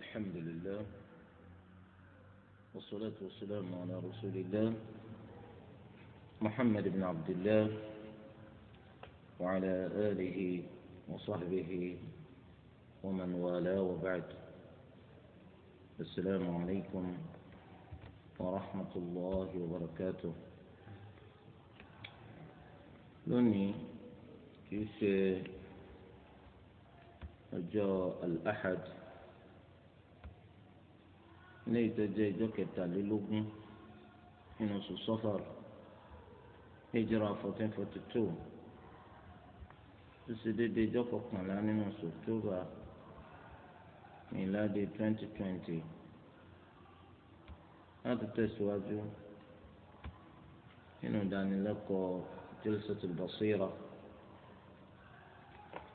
الحمد لله والصلاة والسلام على رسول الله محمد بن عبد الله وعلى آله وصحبه ومن والاه وبعد السلام عليكم ورحمة الله وبركاته لوني كيف جاء الأحد ní ìtọ́jú ìjọ kẹtàlélógún nínú oṣù sọ́fàr ìjọra fourteen forty two ó sì déédéé ìjọ kọkànlá nínú oṣù october ìlàdí twenty twenty láti tẹ̀síwájú nínú ìdánilẹ́kọ̀ọ́ Jalsatul Basira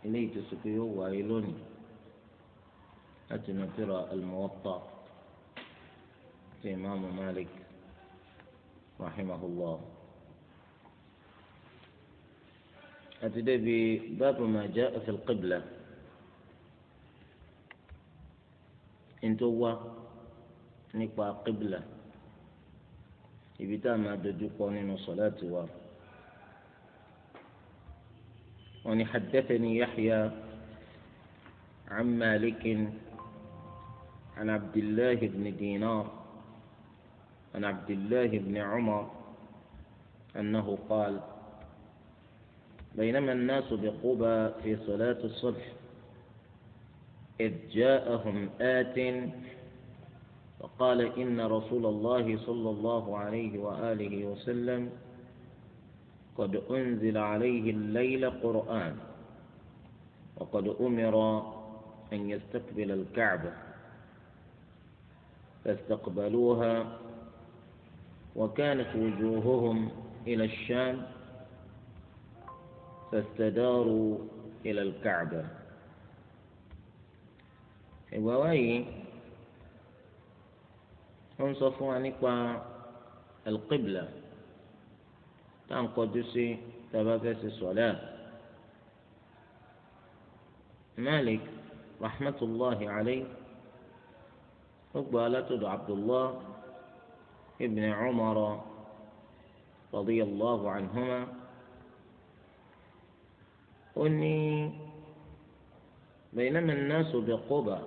ilé ìtòsókè yóò wáyé lónìí láti nà tẹ̀ra الإمام مالك رحمه الله أتدي بباب ما جاء في القبلة إن انتوا نقوى قبلة ibita ما dojú قوانين وصلاة sọláàtì wa حدثني يحيى عن مالك عن عبد الله بن دينار عن عبد الله بن عمر أنه قال بينما الناس بقبى في صلاة الصبح إذ جاءهم آت فقال إن رسول الله صلى الله عليه وآله وسلم قد أنزل عليه الليل قرآن وقد أمر أن يستقبل الكعبة فاستقبلوها وكانت وجوههم إلى الشام فاستداروا إلى الكعبة إبواي أنصفوا عنك القبلة قدسي تبافس الصلاة مالك رحمة الله عليه أقبالته عبد الله ابن عمر رضي الله عنهما أني بينما الناس بقبى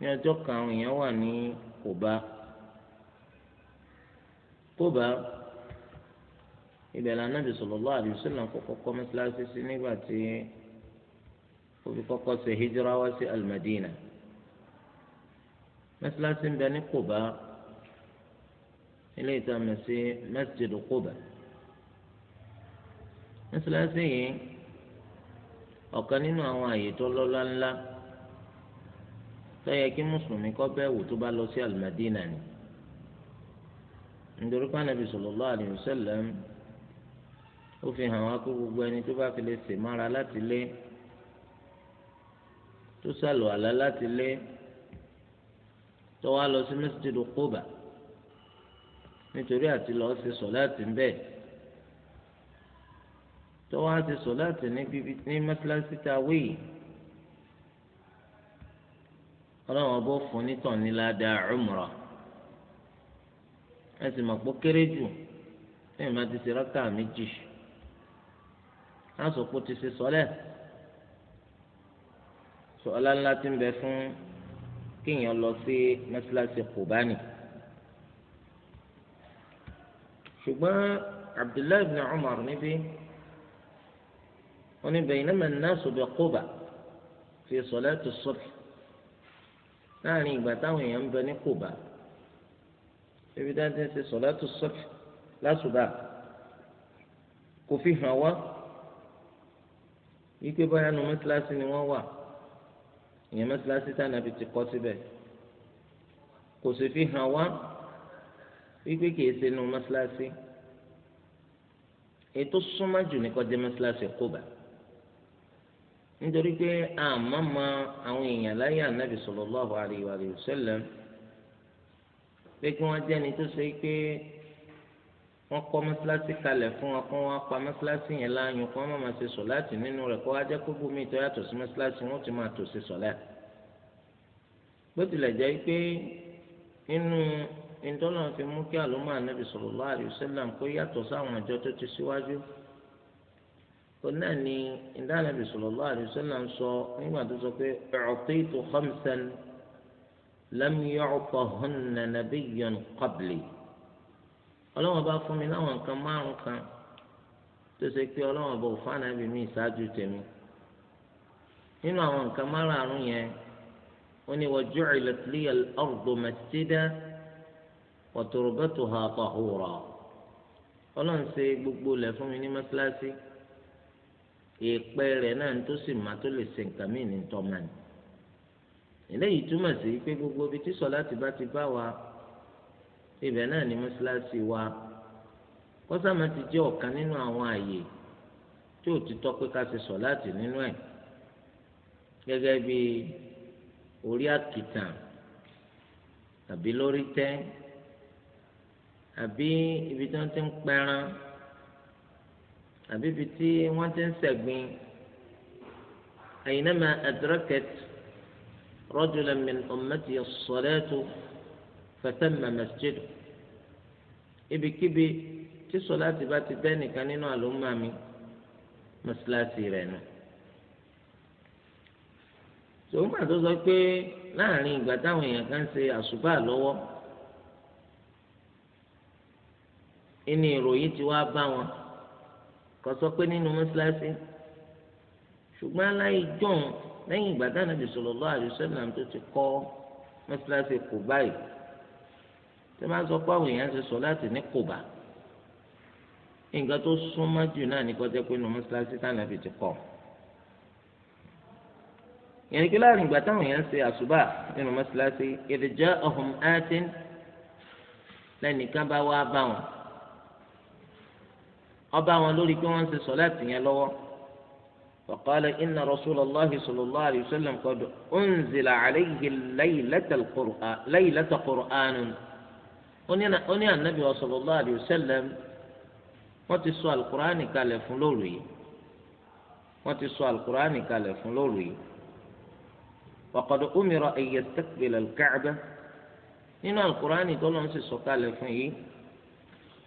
يتوقع يواني قبى قبى إذا لا النبي صلى الله عليه وسلم فوق مثل هذه òbí فقط ṣe hijira wá sí alimadina mẹ́sàlásí ń ilé ìtàmì sí Masjid Quba mọ́sálásí yìí ọ̀kan nínú àwọn àyè tó lọ́lá ńlá tó yẹ kí mùsùlùmí kọ́ bẹ́ẹ̀ wò tó bá lọ sí Al-Madina ni nítorí pé Ànábì sallallahu alayhi wa sallam ó fi hàn wá pé gbogbo ẹni tó bá fi lè sè mára láti lé tó sàlù láti lé tó wá lọ sí Masjid Quba nítorí àti lọ́ọ́ ṣe sọ̀láàtì ń bẹ̀ tó wá ṣe sọ̀láàtì ní bíbí ní mẹ́tíláṣí tá a wéyìí ọlọ́run ọbọ̀ fún nítàn ní ládàá umra ẹ sì mọ̀ pé kéré jù ní ìmọ̀ ti ṣe rákà méjì láti ti ṣe sọ́lẹ̀ sọ́lá ńlá ti ń bẹ fún kéèyàn lọ sí mẹ́tíláṣí kùbánì. ṣùgbọ́n abdullahi bin umar níbí wọ́n ní baynama an-nasu bi Quba fi salati as-subh láàrin ìgbà táwọn èèyàn ń bẹ ní Quba ebi dáadé ṣe salati as-subh lásùbà kò fi hàn wá wípé báyà nu mọ́tíláṣí ni wọ́n wà ìyẹn mọ́tíláṣí tá nàbì ti kọ́ síbẹ̀ kò sì fi hàn wá wípé kìí ṣe nu mọ́ṣáláṣí ètò súnmọ́ jù ní kọjá mọ́ṣáláṣí Kúbà nítorí pé àmọ́ mọ àwọn èèyàn láyé ànábì sallallahu alaihi wa sallam pé kí wọ́n jẹ́ni tó ṣe pé wọ́n kọ́ mọ́ṣáláṣí kalẹ̀ fún wọn kó wọ́n pa mọ́ṣáláṣí yẹn láàyò kó wọ́n má máa ṣe sọ̀láàtì nínú rẹ̀ kó wá jẹ́ kó bómi tó yàtọ̀ sí mọ́ṣáláṣí wọ́n ti máa tò ṣe sọ̀láàtì bó tilẹ̀ jẹ́ pé nínú ìtọ́nà fi mú kí àlùmọ́ ànábì sallallahu alaihi wasallam kó yàtọ̀ sáwọn àjọ tó ti síwájú ó náà ni ìdánàbì sallallahu alaihi wasallam sọ nígbà tó sọ pé u'titu khamsan lam yu'tahunna nabiyyun qabli ọlọ́wọ́n bá fún mi láwọn nǹkan márùn kan tó ṣe pé ọlọ́wọ́n bá òfin ànábì mi ìṣáájú tèmi nínú àwọn nǹkan márùn-ún yẹn ó ní wa ju'ilat liya وتربتها طهورا ọlọ́run ṣe gbogbo lẹ̀ fún mi ní mọ́ṣáláṣí ìpẹ́ rẹ̀ náà tó sì má tó lè ṣe nǹkan mí ní eléyìí túmọ̀ sí pé gbogbo ibi tí sọlá ti bá ti bá wa ibẹ̀ náà ní wa wa kọ́sàmá ti jẹ́ ọ̀kan nínú àwọn àyè tí ò ti tọ́ pé ká ṣe sọlá tì nínú ẹ̀ gẹ́gẹ́ bí orí àkìtàn àbí ibi tí wọ́n ti ń pẹran àbí ibi tí wọ́n ti ń ṣẹ̀gbìn أينما أدركت رجلا من أمتي الصلاة فتم مسجده ibikíbi tí sọláàtì bá ti bẹ́ nìkan nínú àlùmọ́ mi mọ́síláàtì rẹ̀ nù. tòun bá tó sọ pé láàrin ìgbà táwọn èèyàn kan ṣe àṣùbà lọ́wọ́ ìní ìròyìn ti wá bá wọn kò sọ pé nínú mọ́ṣáláṣí ṣùgbọ́n aláì jọ̀hún lẹ́yìn ìgbà dáná bí sallallahu alaihi wasallam tó ti kọ́ mọ́ṣáláṣí kò báyìí tó máa sọ pé àwọn èèyàn ti sọ láti ní kò bá nǹkan tó súnmọ́ jù náà ní kọjá pé nínú mọ́ṣáláṣí dáná bí ti kọ́ yẹn kí láàrin ìgbà táwọn èèyàn ṣe àṣùbà nínú mọ́ṣáláṣí idh ja'ahum atin lẹ́nìkan bá wá bá wọn ọba wọn lórí pé wọ́n ń ṣe sọ̀láàtì yẹn lọ́wọ́ faqala inna rasulallahi sallallahu alayhi wa sallam qad unzila alayhi laylata qur'anun ó ní ànábì wa sallallahu alayhi wa sallam wọ́n ti sọ alukur'ani kalẹ̀ fún lóru yìí wọ́n ti sọ alukur'ani kalẹ̀ fún lóru yìí waqad umira an yastaqbila al nínú alukur'ani tó lọ́n sì sọ kalẹ̀ fún yìí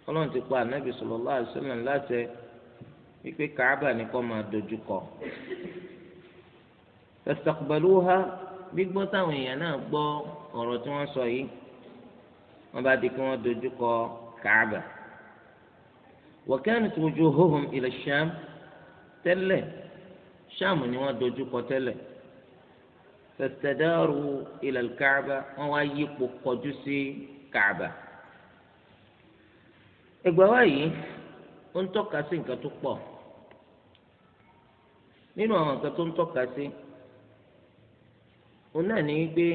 ọlọ́run ti pa ànábì sallallahu alaihi wasallam láti wípé kàábà ní kó máa dojú kọ. fastaqbaluha gbígbọ́ táwọn èèyàn náà gbọ́ ọ̀rọ̀ tí wọ́n sọ yìí wọ́n bá di kí wọ́n dojú kọ kàábà. wa kanat wujuhuhum ila Sham tẹ́lẹ̀ ṣáàmù ni wọ́n dojú kọ tẹ́lẹ̀ fastadaru ila al wọ́n wá yípo kọjú sí kàábà ẹgbẹ́ wa yìí ó ń tọ́ka sí nǹkan tó pọ̀ nínú àwọn nǹkan tó ń tọ́ka sí òun náà ní pé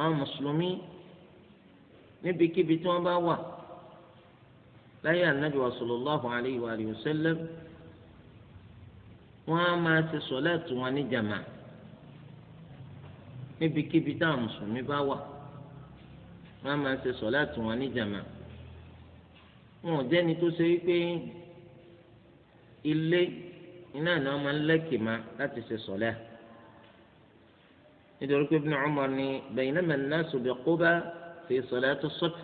àwọn mùsùlùmí níbikíbi tí wọ́n bá wà láyé ànábì wa sallallahu alayhi wa sallam wọ́n á máa ṣe sọ̀lẹ́ẹ̀tì wọn ní jàmá níbikíbi táwọn mùsùlùmí bá wà wọ́n á máa ṣe sọ̀lẹ́ẹ̀tì wọn ní jàmá wọn ò jẹ́ni tó ṣe wípé ilé iná ni wọ́n máa ń lẹ́kìmá láti ṣe sọ̀lẹ́ nítorí pé Ibn Umar ni baynama an-nasu bi Quba fi salati as-subh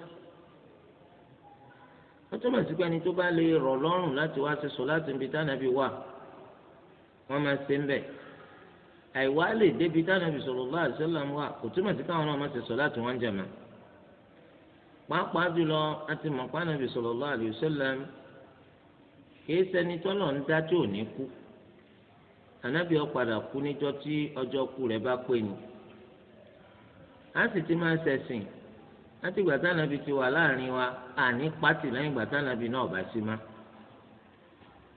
wọ́n túmọ̀ sí pé ẹni tó bá lè rọ̀ lọ́rùn láti wá ṣe sọ̀láàtì níbi tánàbí wà wọ́n máa ṣe ń bẹ̀ àìwá lè débi tánàbí sallallahu alaihi wasallam wà kò túmọ̀ sí káwọn náà máa ṣe sọ̀láàtì wọ́n jàmáà. pàápàá jùlọ àti mọ̀pá nàbì sallallahu alaihi wasallam kìí ṣẹni tọ́lọ̀ ń dá tí ò ní kú ànábì ó kú níjọ́ tí ọjọ́ kú rẹ̀ bá pé ni a sì ti máa ṣẹ̀sìn láti ìgbà tánàbì ti wà láàrin wa àní pátì lẹ́yìn ìgbà tánàbì náà bá sí má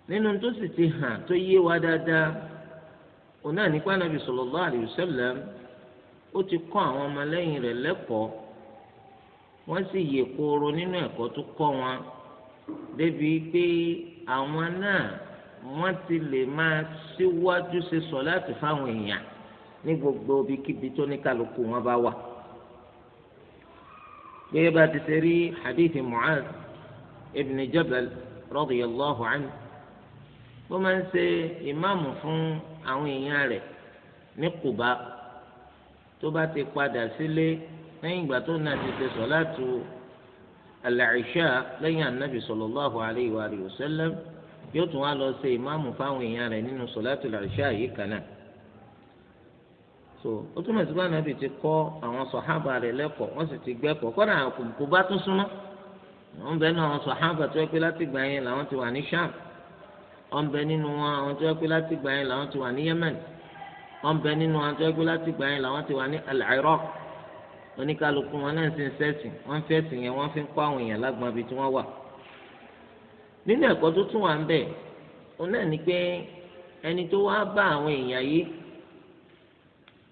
nínú tó sì ti hàn tó yé wa dáadáa òun náà nípa nàbì sallallahu ó ti kọ́ àwọn rẹ̀ lẹ́kọ̀ọ́ wọ́n sì yè kooro nínú ẹ̀kọ́ tó kọ́ wọn débi pé àwọn náà wọ́n ti lè máa síwájú ṣe sọ̀láàtì fáwọn èèyàn ní gbogbo ibikíbi tó ní kálukú wọn bá wà. gẹ́gẹ́ bá ti ṣe rí hadithi Mu'adh ibn Jabal radiyallahu anhu bó máa ń ṣe ìmáàmù fún àwọn èèyàn rẹ̀ ní Kùbá tó bá ti padà sílé. Si lẹ́yìn ìgbà tó náà ti ṣe sọ̀láàtù al-Isha lẹ́yìn anabi sallallahu alayhi wa alihi wa sallam yóò tún wá lọ ṣe ìmáàmù fáwọn èèyàn rẹ̀ nínú sọ̀láàtù al yìí kan náà so ó túmọ̀ sí báwọn nàbì ti kọ́ àwọn sọ̀hábà rẹ̀ lẹ́kọ̀ọ́ wọ́n sì ti gbẹ́kọ̀ọ́ kọ́dà kò bá tún súnmọ́ wọ́n bẹ nínú àwọn sọ̀hábà tó yẹ pé láti gbà yẹn làwọn ti wà ní Sham wọ́n bẹ nínú àwọn tó yẹ pé láti gbà oníkálukú wọn náà sì ń sẹ́sìn wọ́n ń fẹ́sìn yẹn wọ́n fi ń kọ́ àwọn èèyàn lágbọ́n ibi tí wọ́n wà. nínú ẹ̀kọ́ tó tún wà ń bẹ̀ òun náà ni pé ẹni tó wá bá àwọn èèyàn yìí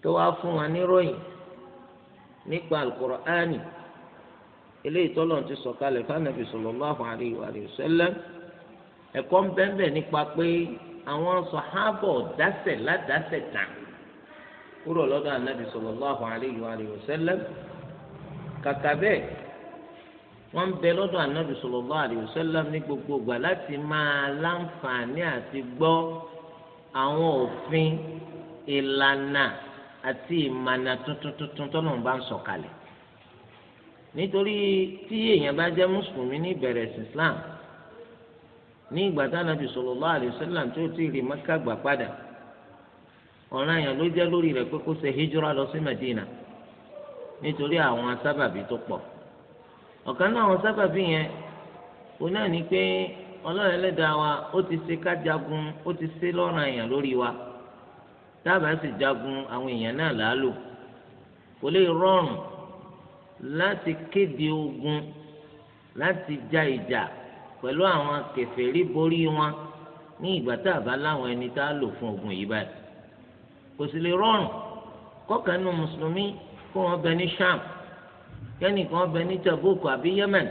tó wá fún wa níròyìn nípa Al-Qur'ani eléyìí tọ́lọ̀ ti sọ̀kalẹ̀ fánàbì sallallahu alaihi wa sallam ẹ̀kọ́ ń bẹ́ẹ̀ nípa pé àwọn sọ̀hábọ̀ dásẹ̀ ládásẹ̀ kúrò lọ́dọ̀ anabi sallallahu alayhi wa sallam kàkà bẹ́ẹ̀ wọ́n ń bẹ lọ́dọ̀ anabi sallallahu alayhi wa sallam ní gbogbo ìgbà láti máa láǹfààní àti gbọ́ àwọn òfin ìlànà àti ìmànà tuntun tuntun tọ́nà bá ń sọ̀kalẹ̀ nítorí tí èèyàn bá jẹ́ mùsùlùmí ní ìbẹ̀rẹ̀ islam ní ìgbà tí anabi sallallahu alayhi wa sallam tó ti rí Mẹ́kà gbà padà. ọ̀ràn yẹn ló jẹ́ lórí rẹ̀ pé kó ṣe hijira lọ sí Medina nítorí àwọn sábàbí tó pọ̀ ọ̀kan náà àwọn sábàbí yẹn òun náà ni pé ọlọ́run ẹlẹ́dàá wa ó ti ṣe ká jagun ó ti ṣe lọ́ràn yẹn lórí wa dábàá sì jagun àwọn èèyàn náà làálò kò lè rọrùn láti kéde ogun láti ja ìjà pẹ̀lú àwọn kèfèrí borí wọn ní ìgbà tá a bá láwọn ẹni tá a lò fún ogun yìí báyìí kò sì lè rọrùn kọ́kàn nínú mùsùlùmí kó wọn bẹ ní sham kẹ́nìkan bẹ ní tabuk àbí yemen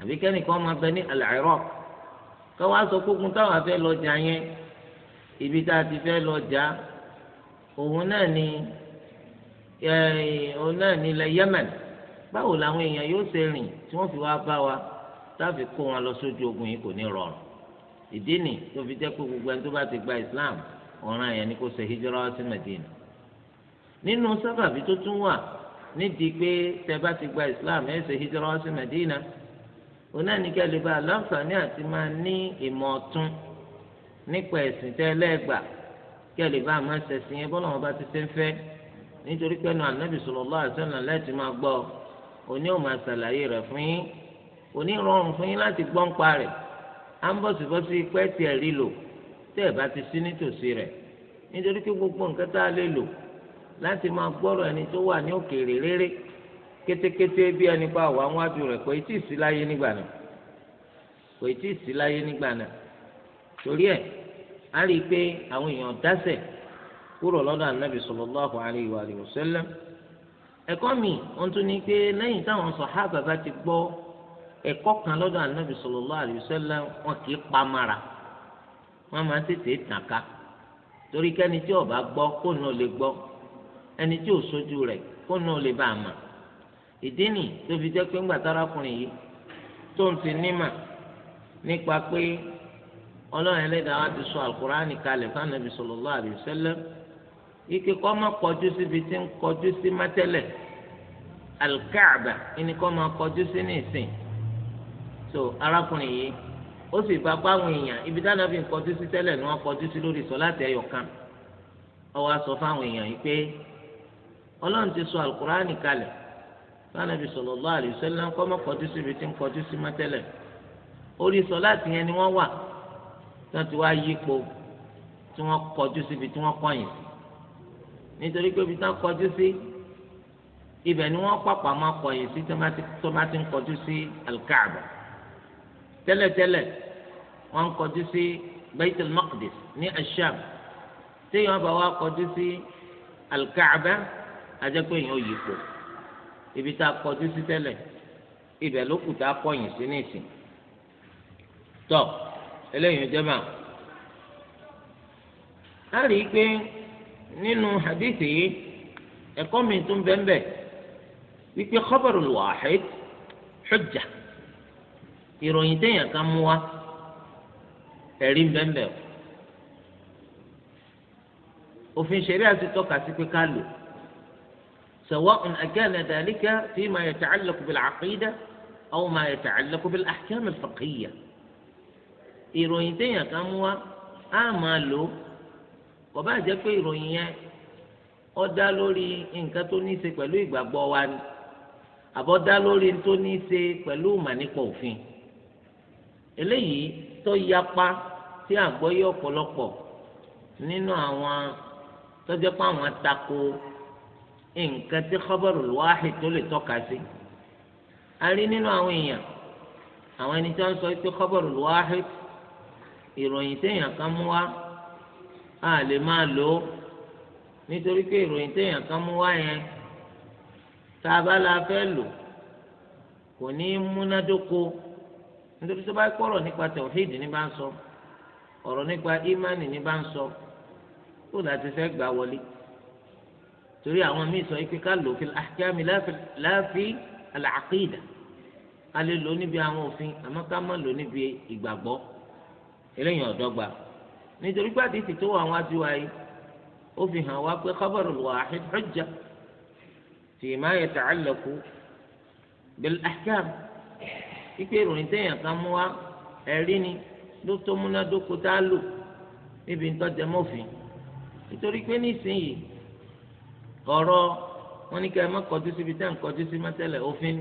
àbí kẹ́nìkan máa bẹ ní al-iraq káwá sọ kókun táwọn afẹ́ lọ jà yẹn ibi tá a ti fẹ́ lọ jà òun náà ni òun náà ni ilẹ̀ yemen báwo làwọn èèyàn yóò ṣe rìn tí wọ́n fi wá bá wa táàfin kó wọn lọ sójú ogun yìí kò ní rọrùn ìdí nì tó fi jẹ́ pé gbogbo ẹni tó bá ti gba islam ọ̀ràn yẹn ni kò ṣe hijira sí Madina nínú sábàbí tó tún wà nídìí pé tẹ́ bá ti gba Islam ẹ ṣe hijira sí Madina onáà ní kẹ́ lè bá aláǹfààní àti máa ní ìmọ̀ ọ̀tún nípa ẹ̀sìn tẹ́ lẹ́gbà kẹ́ lè bá àmọ́ ṣẹ̀sìn yẹn bọ́lá wọn bá ti ṣe ń fẹ́ nítorí pé ẹnu ànábì sallallahu alaihi wasallam láti máa gbọ́ òní ò máa ṣàlàyé rẹ̀ fún yín òní rọrùn fún yín láti gbọ́ ń pa rẹ̀ à ń bọ̀sibọ́sí pẹ́ tiẹ̀ rí lò tẹ́ ẹ̀ bá ti sí nítòsí rẹ̀ nítorí pé gbogbo nǹkan tá a lè lò láti máa gbọ́rọ̀ ẹni tó wà ní òkèèrè réré kétékété bí ẹni pa àwọn awájú rẹ̀ kò tí ì sí láyé nígbà náà kò tí ì sí láyé nígbà náà torí ẹ̀ á rí i pé àwọn èèyàn dásẹ̀ kúrò lọ́dọ̀ ànábì sallallahu alaihi wa alihi wasallam ẹ̀kọ́ mi wọ́n tún ní pé lẹ́yìn táwọn sàhábà bá ti gbọ́ ẹ̀kọ́ kan lọ́dọ̀ ànábì sallallahu alaihi wasallam wọn kì í pa mara wọ́n máa ń tètè tàn ká torí kẹ́ni tí ó bá gbọ́ kó náà lè gbọ́ ẹni tí ò sójú rẹ̀ kó náà lè bá a mà ìdí nì tó fi jẹ́ pé ńgbà tárakùnrin yìí tó ń ti nímà nípa pé ọlọ́run ẹlẹ́dàá wa ti sọ àlùkùránì kalẹ̀ fún ànábì sallallahu alaihi wasallam ike kọ́ máa kọjú síbi tí ń kọjú sí mátẹ́lẹ̀ alkaaba ẹni kọ́ máa kọjú sí ní ìsìn so arákùnrin yìí ó sì bá báwọn èèyàn ibi dáná fi kọjú sí tẹ́lẹ̀ ni wọ́n kọjú sí lórí sọ láti ẹyọ kan ó wá sọ fáwọn èèyàn yìí pé ọlọ́run ti sọ alukurani kalẹ̀ báwọn ibi sallallahu alaihi wasallam kọ́ mọ́ kọjú sí ibi tí ń kọjú sí mọ́ tẹ́lẹ̀ orí sọ láti yẹn ni wọ́n wà tí wọ́n ti wá yípo tí wọ́n kọjú sí ibi tí wọ́n kọ̀yìn sí nítorí pé ibi tí kọjú sí ibẹ̀ ni wọ́n pàpà máa kọ̀yìn sí tó bá ti ń kọjú sí alikaaba tẹ́lẹ̀tẹ́lẹ̀ wọ́n ń kọjú sí Baitul Maqdis ní asham téèyàn bá wá kọjú sí alkaaba ajẹ́pẹ́ èèyàn yìí pò ibi tá a kọjú sí tẹ́lẹ̀ ibẹ̀ ló kù tá a kọ̀yìn sí nísìn tọ́ eléyìí jẹ́ bá a rí i pé nínú hadithi yìí ẹ̀kọ́ mi tún bẹ́ńbẹ́ wípé khabarul wahid hujja ìròyìn téèyàn kan mú wa ẹ̀rí mbẹ́mbẹ́ o òfin ṣẹ̀rí àti tọ́ka sí pé ká lò سواء أكان ذلك فيما يتعلق بالعقيدة أو ما يتعلق بالأحكام الفقهية ìròyìn téèyàn kan mú wa á máa lò ó kò bá jẹ́ pé ìròyìn yẹn ó dá lórí nǹkan tó ní í ṣe pẹ̀lú ìgbàgbọ́ wa ni àbọ̀ dá lórí tó ní í ṣe pẹ̀lú ìmọ̀ nípa òfin eléyìí tó yapa sí àgbọ́yé ọ̀pọ̀lọpọ̀ nínú àwọn tọ́jú pé àwọn tako nǹkan tí khabarul wahid tó lè tọ́ka sí a rí nínú àwọn èèyàn àwọn ẹni tí wọ́n sọ pé khabarul wahid ìròyìn téèyàn kan mú wá a lè máa lò ó nítorí pé ìròyìn téèyàn kan mú wá yẹn tá a bá la fẹ́ lò kò ní í múnádóko nítorí tó bá kọ̀rọ̀ nípa tẹ̀wọ́fíìdì ní bá ń sọ ọ̀rọ̀ nípa ìmánì ní bá ń sọ kó láti fẹ́ gbà wọlé torí àwọn míì sọ pé ká lò fi àjámi láfi àlàkìdà ká lè lò níbi àwọn òfin àmọ́ ká má lò níbi ìgbàgbọ́ eléyìí ọ̀dọ́gba nítorí pé àdìsí tó wà wájú wa yìí ó fi hàn wá pé khabarul wahid hujja fima yata'allaqu bil ahkam ike ìròyìn téèyàn kan mú wa ẹ̀rí ni ló tó múnádóko tá a lò níbi ń tọ́jà mọ́fìn nítorí pé nísìnyìí ọ̀rọ̀ wọn ní ká ẹ má kọjú síbi tá à ń kọjú sí mọ́tẹ́lẹ̀ òfin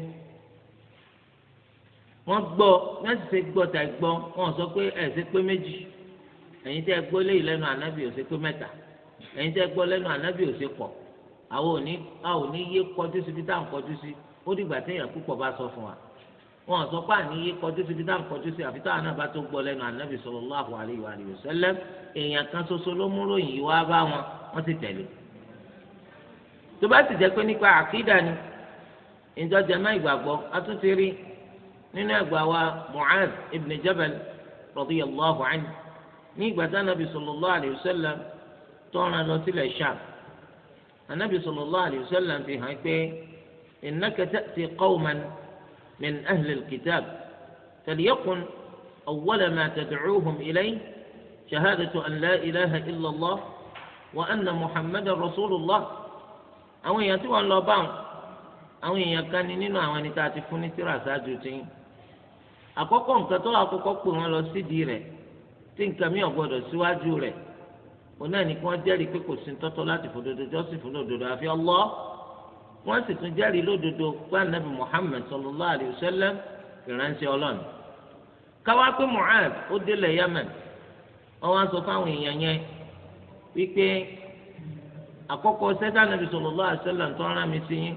wọ́n gbọ́ wọ́n sì ṣe gbọ́ tà gbọ́ wọ́n sọ pé ẹ̀ ṣe pé méjì ẹ̀yin tẹ́ gbọ́ léyìí lẹ́nu ànábì ò ṣe pé mẹ́ta ẹ̀yin tẹ́ gbọ́ lẹ́nu ànábì ò ṣe pọ̀ àwọn ò ní yé kọjú síbi tá à ń kọjú sí ó dìgbà téèyàn púpọ̀ bá sọ fún wa wọn sọ pé àní yí kọjú síbi táwọn kọjú sí àfi táwọn náà bá tó gbọ́ lẹ́nu ànábì sallallahu alaihi wa alihi wasallam èèyàn kan ṣoṣo ló mú ròyìn yìí wá bá wọn wọ́n sì tẹ̀lé tó bá sì jẹ́ pé nípa àkídà ni ìjọjẹ má ìgbàgbọ́ atúntì rí nínú ẹgbà wa Mu'adh ibn Jabal radiyallahu anhu ní ìgbà tí ànábì sallallahu alaihi wasallam tọ́ra lọ sílẹ̀ Sham ànábì sallallahu alaihi wasallam fi hàn pé innaka ta'ti qawman من أهل الكتاب فليكن أول ما تدعوهم إليه شهادة أن لا إله إلا الله وأن محمدا رسول الله أو يتوى الله بان أو يكن نينا وان كون ترى ساجوتين أقوكم كتوى أقوكم ولو سيديره تين كمي أقوده سواجوره ونانيكم أجاري كيكو سنتطلاتي فدودو جوسي فدودو دافي الله wọ́n sì tún jẹ́rìí lódodo pé anabi muhammed sallallahu alayhi wa sallam ìránṣẹ́ ọlọ́run káwá pé mu'ad ó délẹ̀ yemen wọ́n wá sọ fáwọn èèyàn yẹn wípé sallallahu alayhi wa sallam tó rán mi sí yín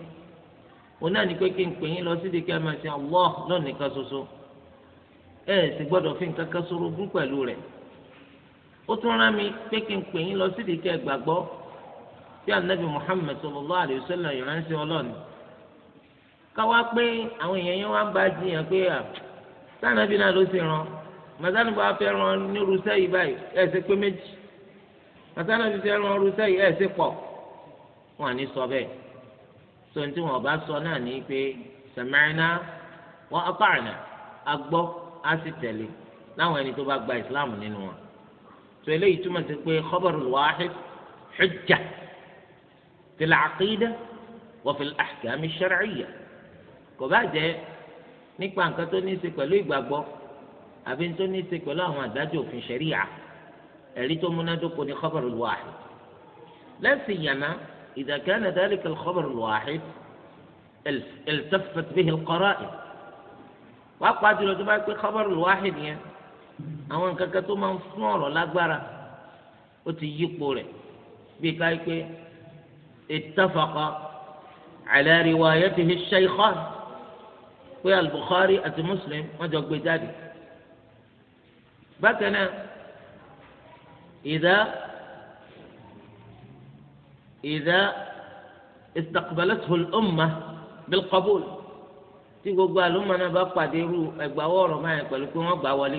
òun náà ní pé kí n pè yín lọ sí di kẹ́ ẹ máa ṣe allah lónìí kan ṣoṣo tí anabi muhammed sallallahu alayhi wa sallam ìránṣẹ́ ọlọ́run káwá pé àwọn èèyàn yẹn wá ń bá jiyàn pé à sànàbí náà ló sì rán màsánù bá fẹ́ rán nírúsẹ́ yìí báyìí ẹ̀ ṣe pé méjì màsánù bí fẹ́ rán rúsẹ́ yìí ẹ̀ ṣe pọ̀ wọn à ní sọ bẹ́ẹ̀ tó ní tí wọn bá sọ náà ní pé sami'na wa ata'na agbọ́ á sì tẹ̀lé láwọn ẹni tó bá gba ìsìláàmù nínú wọn tó eléyìí túmọ̀ sí pé khabarul wahid hujja. في العقيدة وفي الأحكام الشرعية kò bá jẹ́ nípa nǹkan tó ní í ṣe pẹ̀lú ìgbàgbọ́ àbí tó ní í ṣe pẹ̀lú àwọn àdájọ́ òfin ṣẹ̀ríà ẹ̀rí tó múnádóko ní khabar al-wahid لا سيما إذا كان ذلك الخبر الواحد التفت به القرائن pàápàá jùlọ tó bá pé khabar al-wahid yẹn àwọn nǹkan kan tó máa ń fún ọ̀rọ̀ lágbára ó ti yípo rẹ̀ bí ká pé اتفق على روايته الشيخان pé al-Bukhari àti Muslim wọ́n jọ gbé jáde bákan náà إذا إذا استقبلته الأمة بالقبول tí gbogbo àlùmọ́ náà bá pàdé irú ẹgbàáwọ̀ ọ̀rọ̀ máa yẹn pẹ̀lú pé wọ́n gbà wọlé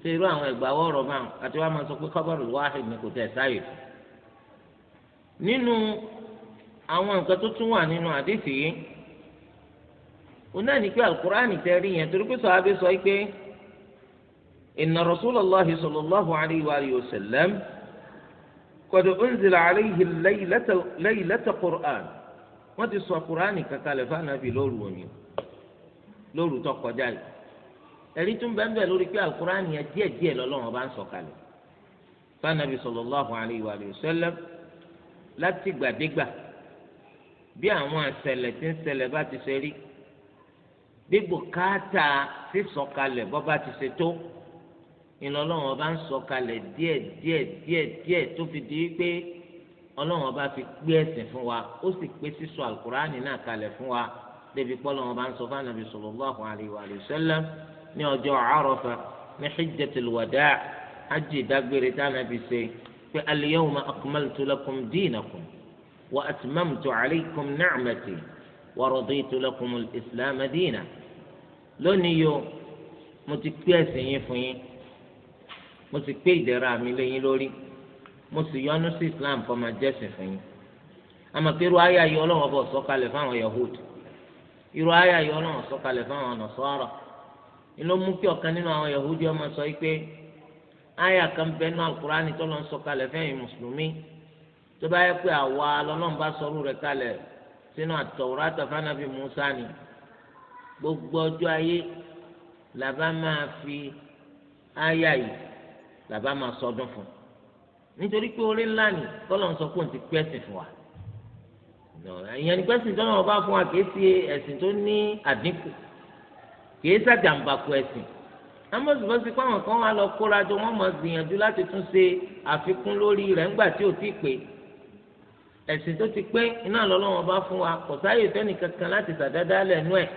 ṣe irú àwọn ẹgbàáwọ̀ ọ̀rọ̀ máa àti wọ́n á máa sọ pé kọ́bọ̀rù wáhìn ni kò tẹ̀ sáyè fún nínú àwọn nǹkan tó tún wà nínú àdéhìí yìí òun náà ní pé alukur'an tẹ rí yẹn torí pé sọ̀hábí sọ pé inna rasulallahi sallallahu alayhi wa sallam qad unzila alayhi laylata qur'an wọ́n ti sọ alukur'an kankanlẹ̀ fanabi lóru òní lóru tó kọjá yìí ẹ̀rí tún bẹ́ẹ̀ bẹ́ẹ̀ lórí pé alukur'an yẹn díẹ̀díẹ̀ lọ́lọ́run bá ń sọ̀kalẹ̀ fanabi sallallahu alayhi wa sallam láti gbàdégbà bí àwọn àṣẹlẹ̀ tí ń ṣẹlẹ̀ bá ti ṣe rí bí bùkátà sísọ̀kalẹ̀ bọ́ bá ti ṣe tó ìlọlọ́wọ́n bá ń sọ̀kalẹ̀ díẹ̀ díẹ̀ díẹ̀ díẹ̀ tó fi di pé ọlọ́wọ́n bá fi gbé ẹ̀sìn fún wa ó sì pé sísọ àlùkùránì náà kalẹ̀ fún wa débi pọ́lọ́wọ́n bá ń sọ fún ànàbì sallallahu alaihi wa sallam ní ọjọ́ Àrafà ní hijjatul wada' hajj ìdágbére tánàbì ṣe pé al-yawma akmaltu lakum dinakum wa atmamtu alaykum ni'mati wa raditu lakum al-islam diina lónìí yo mo ti pé ẹ̀sìn yín fún yín mo ti pé ìdẹ̀ra mi lé yín lórí mo sì yọ́nú sí islam kó jẹ́sìn fún yín àmọ́ pé irú àyà yìí Ọlọ́run ọba sọ̀kalẹ̀ fáwọn yahood irú àyà yìí Ọlọ́run sọ̀kalẹ̀ fáwọn nasara ni ló mú kí ọ̀kan nínú àwọn yahood ọmọ sọ yìí pé àyà kan bẹ nínú alukurani tó lọ ń sọ kalẹ̀ fẹ́yìn mùsùlùmí tó bá yẹ pé àwa lọ́lọ́run bá sọ̀rọ̀ rẹ̀ kalẹ̀ sínú àtọ̀wúrọ̀ àtàfánàbí musa ni gbogbo ọjọ́ ayé làbá máa fi àyà yìí làbá máa sọdún fún nítorí pé orí ńlá ni tọ́lọ́run sọ pé òun ti pẹ́ sí fún wa ìyẹn ni pẹ́sìn tọ́lọ́run bá fún wa kì í ṣe ẹ̀sìn tó ní àdínkù kì í ṣàjàǹbàkù ẹ̀sìn amọ̀sibọ́sí pé àwọn kan wá lọ kóra jọ wọ́n mọ̀ gbìyànjú láti tún ṣe àfikún lórí rẹ̀ ńgbà tí ò tí ì pé ẹ̀sìn tó ti pé iná lọ́lọ́wọ́n bá fún wa kò sáyè fẹ́ni kankan láti sàdádá lẹ́nu ẹ̀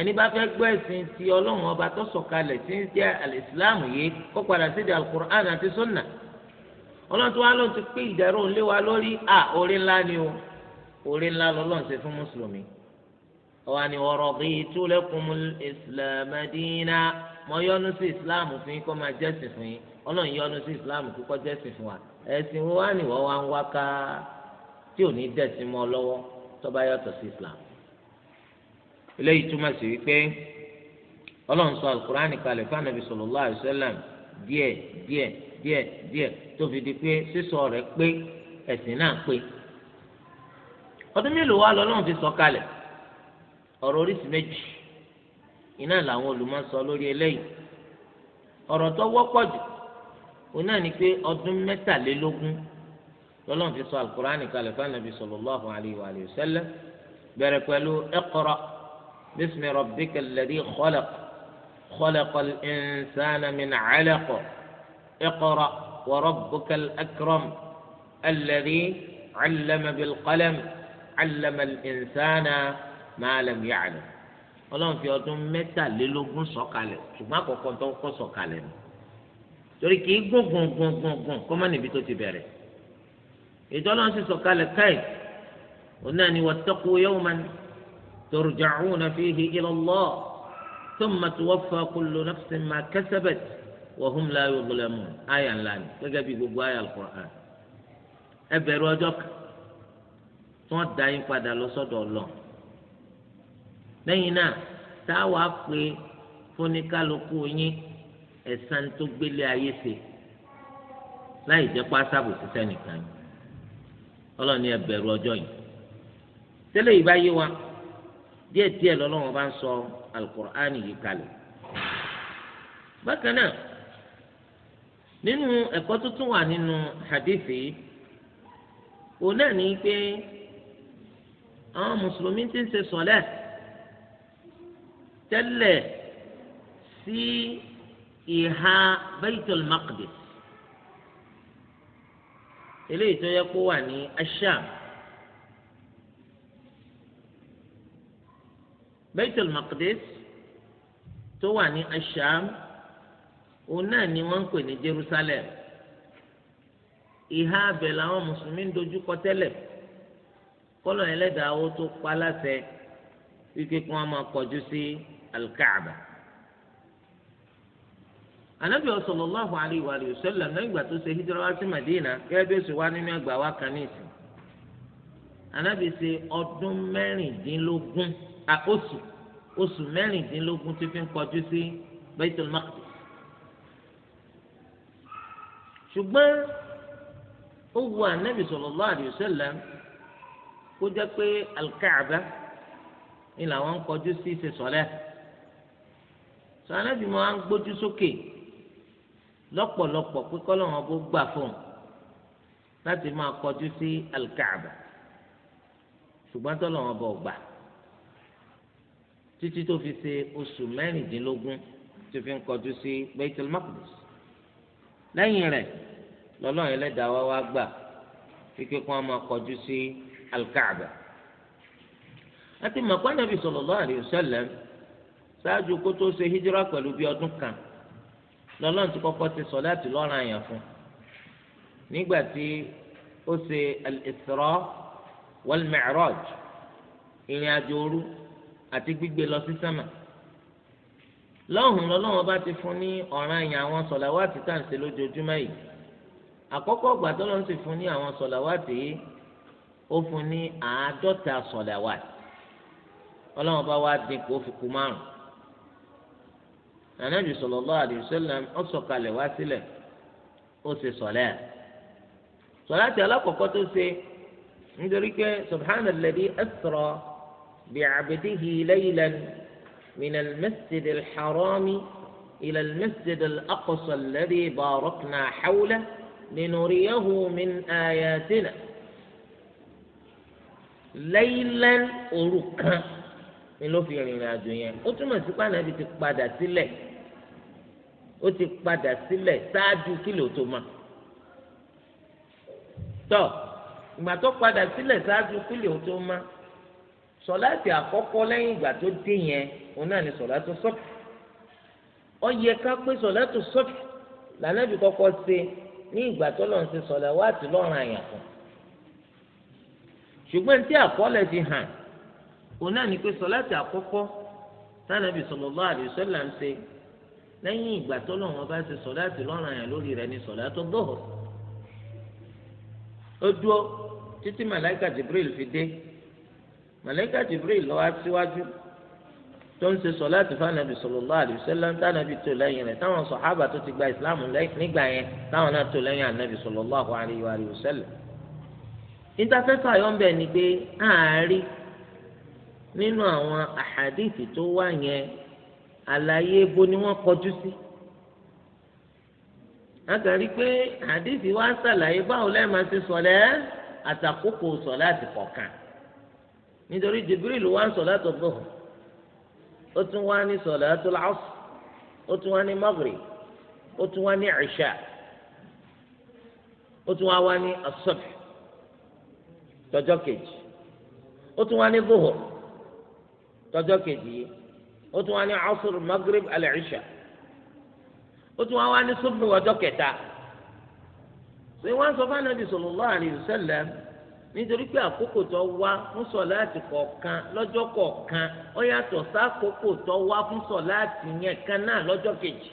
ẹni bá fẹ́ gbọ́ ẹ̀sìn ti ọlọ́run ọba tó sọ̀kalẹ̀ tí ń jẹ́ alìsílámù yìí kó padà sídi alukur'an àti sunna ọlọ́run tó wá ti pé ìdàrú òun lé wa lórí à orí ńlá ni o orí ńlá lọ́lọ́run ṣe fún mùsùlùmí ọ̀wá ni ọ̀rọ̀ bíi túlẹ̀kùnmù ìsìlámù dínà mo yọ́nú sí islam fún yín kó máa jẹ́sìn fún yín ọlọ́run yọ́nú sí islam kó kọ́ jẹ́sìn fún wa ẹ̀sìn wo wá nìwọ́ wá ń wá ká tí ò ní dẹ̀sìn mọ́ lọ́wọ́ tó bá sí islam. eléyìí túmọ̀ sí wípé ọlọ́run sọ alukur'an kalẹ̀ fún anabi sallallahu alaihi wasallam díẹ̀ díẹ̀ díẹ̀ díẹ̀ tó fi di pé sísọ rẹ̀ pé ẹ̀sìn náà pé. ọdún mélòó wá lọ́lọ́run fi sọ kalẹ̀ ọ̀rọ̀ oríṣi méjì iná làwọn olùmọ̀ sọ lórí eléyìí ọ̀rọ̀ tó wọ́pọ̀ jù òun náà ni pé ọdún mẹ́tàlélógún lọ́lọ́run fi sọ alukur'an kalẹ̀ fún anabi sallallahu alayhi wa sallam bẹ̀rẹ̀ pẹ̀lú iqra bismi rabbika alladhi xọlẹ̀ khalaqal insana min alaq iqra wa rabbukal akram alladhi allama bil qalam allama al insana ma lam ya'lam. ọlọ́run fi ọdún mẹ́tàlélógún sọ̀kalẹ̀ ṣùgbọ́n àkọ́kọ́ tó kọ́ sọ̀kalẹ̀ nù torí kì í gùn gùn gùn gùn gùn kó má níbi tó ti bẹ̀rẹ̀ ètò ọlọ́run sì sọ̀kalẹ̀ káì ọ̀nà ni wattaqu yawman turja'una fihi ila Allah thumma tuwaffa kullu nafsin ma kasabat wa hum la yuzlamun àyà ńlá ni gẹ́gẹ́ bí gbogbo àyà al-Qur'an ẹ bẹ̀rù ọjọ́ kan tí wọ́n dá yín lẹ́yìn náà tá a wàá pè fúnikálukú yín ẹ̀san tó gbélé ayé ṣe láì jẹ́ pásáàbò sísẹ́ nìkan yìí ọlọ́ọ̀ni ẹ bẹ̀rù ọjọ́ yìí tẹ́lẹ̀ yìí bá yé wa díẹ̀ díẹ̀ lọ́lọ́wọ́n bá ń sọ alukur'ani yìí kalẹ̀ bákan náà nínú ẹ̀kọ́ tuntun wà nínú hadithi òun náà ní pé àwọn mùsùlùmí ti ń ṣe sọ̀lẹ́ tẹ́lẹ̀ sí ìhà Baitul Maqdis eléyìí tó yẹ kó wà ní Asham Baitul Maqdis tó wà ní Asham òun náà ni wọ́n ń pè ní Jerusalem ìhà abẹ làwọn mùsùlùmí ń dojúkọ tẹ́lẹ̀ kọ́lọ̀ ẹlẹ́dàá ó tó pa láṣẹ wípé kí wọ́n máa kọjú sí. Si alikaaba anabi sallallahu alayhi wa sallam lẹ́yìn ìgbà tó ṣe hijira wá sí madina gẹ́gẹ́ bí ó ṣe wá nínú ẹgbà wá kan níìsì anabi ṣe ọdún mẹ́rìndínlógún oṣù oṣù mẹ́rìndínlógún tó fi ń kọjú sí anabi kó jẹ́ pé alikaaba ni làwọn ń kọjú sọ anábì máa ń gbójú sókè lọ́pọ̀lọpọ̀ pé kọ́lọ́hún ọbọ̀ gbà fún un láti máa kọjú sí alikaaba ṣùgbọ́n tọ́lọ́hún ọbọ̀ gbà títí tó fi ṣe oṣù mẹ́rìndínlógún tó fi ń kọjú sí Baitul Maqdis lẹ́yìn rẹ̀ lọ́lọ́run ẹlẹ́dàá wá wá gbà kíkẹ́ kó wọn máa kọjú sí alikaaba àti màkúwá nàbì sallallahu alaihi wasallam ṣáájú kó tó ṣe hijira pẹ̀lú bíi ọdún kan lọ́lọ́run ti kọ́kọ́ ti sọ láti lọ́ràn àyàn fún nígbà tí ó ṣe al-Isra wal-Mi'raj ìrìn àjò òru àti gbígbé lọ sí sánmà lọ́hùn lọ́lọ́wọ́n bá ti fún ní ọ̀ràn àyàn àwọn sọ̀làwátì tá à ń ṣe lójoojúmọ́ yìí àkọ́kọ́ ọgbà tó lọ́n sì fún ní àwọn sọ̀làwátì yìí ó fún ní àádọ́ta sọ̀làwátì ọlọ́wọ́n bá wá dín kó fi kú márùn-ún anabi sallallahu alayhi wa sallam ó sọ̀kalẹ̀ wá sílẹ̀ ó ṣe sọlẹ sọláàtì alákọ̀ọ́kọ́ tó ṣe nítorí pé subhana alladhi asra bi'abdihi laylan min al-masjid al-harami ila al-masjid al-aqsa alladhi barakna hawla linuriyahu min ayatina laylan òru kan ni ló fi rìnrìn àjò yẹn ó túmọ̀ sí pé ànábi ti padà sílẹ̀. Si ó ti padà sílẹ̀ ṣáájú kílò tó ma tọ ìgbà tó padà sílẹ̀ ṣáájú kílò tó ma sọláàtì àkọ́kọ́ lẹ́yìn ìgbà tó dé yẹn òun náà ni sọláàtì sọ́ọ̀kì ó yẹ ká pé sọláàtì sọ́ọ̀kì lànàbì kọ́kọ́ ṣe ní ìgbà tó lọ́n ṣe sọ̀lẹ̀ wá ti lọ́rùn àyàn fún ṣùgbọ́n tí àkọọ́lẹ̀ ti hàn òun náà ni pé sọláàtì àkọ́kọ́ tánàbì sallallahu alaihi wasallam ń lẹ́yìn ìgbà tó lọ́wọ́ bá ṣe sọ̀láàtì lọ́rùn àyàn lórí rẹ̀ ní sọ̀láàtì dọ́hùr ó dúró títí màláìka jibril fi dé màláìka jibril lọ wá síwájú tó ń ṣe sọ̀láàtì fànàbì sallallahu alaihi wasallam tànàbì tó lẹ́yìn rẹ̀ táwọn sọ̀hábà tó ti gba ìsìláàmù nígbà yẹn táwọn náà tó lẹ́yìn ànàbì sallallahu alaihi wasallam ìtafẹ́fẹ́ àyọ̀ǹbẹ̀ ni pé àárí nínú àwọn àhàdìtì tó wà yẹn àlàyé ebo ni wọ́n kọjú sí agàrí pé àdìsí wa ṣàlàyé báwo lẹ́ẹ̀ máa ṣe sọ̀lẹ́ àtàkókò sọ̀lẹ́ àti kọ̀ọ̀kan nítorí Jibril wa ń sọ̀lẹ́ tó bọ̀ ó tún wá ní sọ̀lẹ́ tó láàfù ó tún wá ní Maghrib ó tún wá ní Isha ó tún wá wá ní asọ́bì tọjọ́ kejì ó tún wá ní bòhò tọjọ́ kejì yìí. ó tún wá ní asr magreb al-isha ó tún wá wá ní subh ọjọ́ kẹta ṣé wọ́n sọ fún anabi wa sallam nítorí pé àkókò tó wá fún sọláàtì kọ̀ọ̀kan lọ́jọ́ kọ̀ọ̀kan ó yàtọ̀ sákòókò kan náà lọ́jọ́ kejì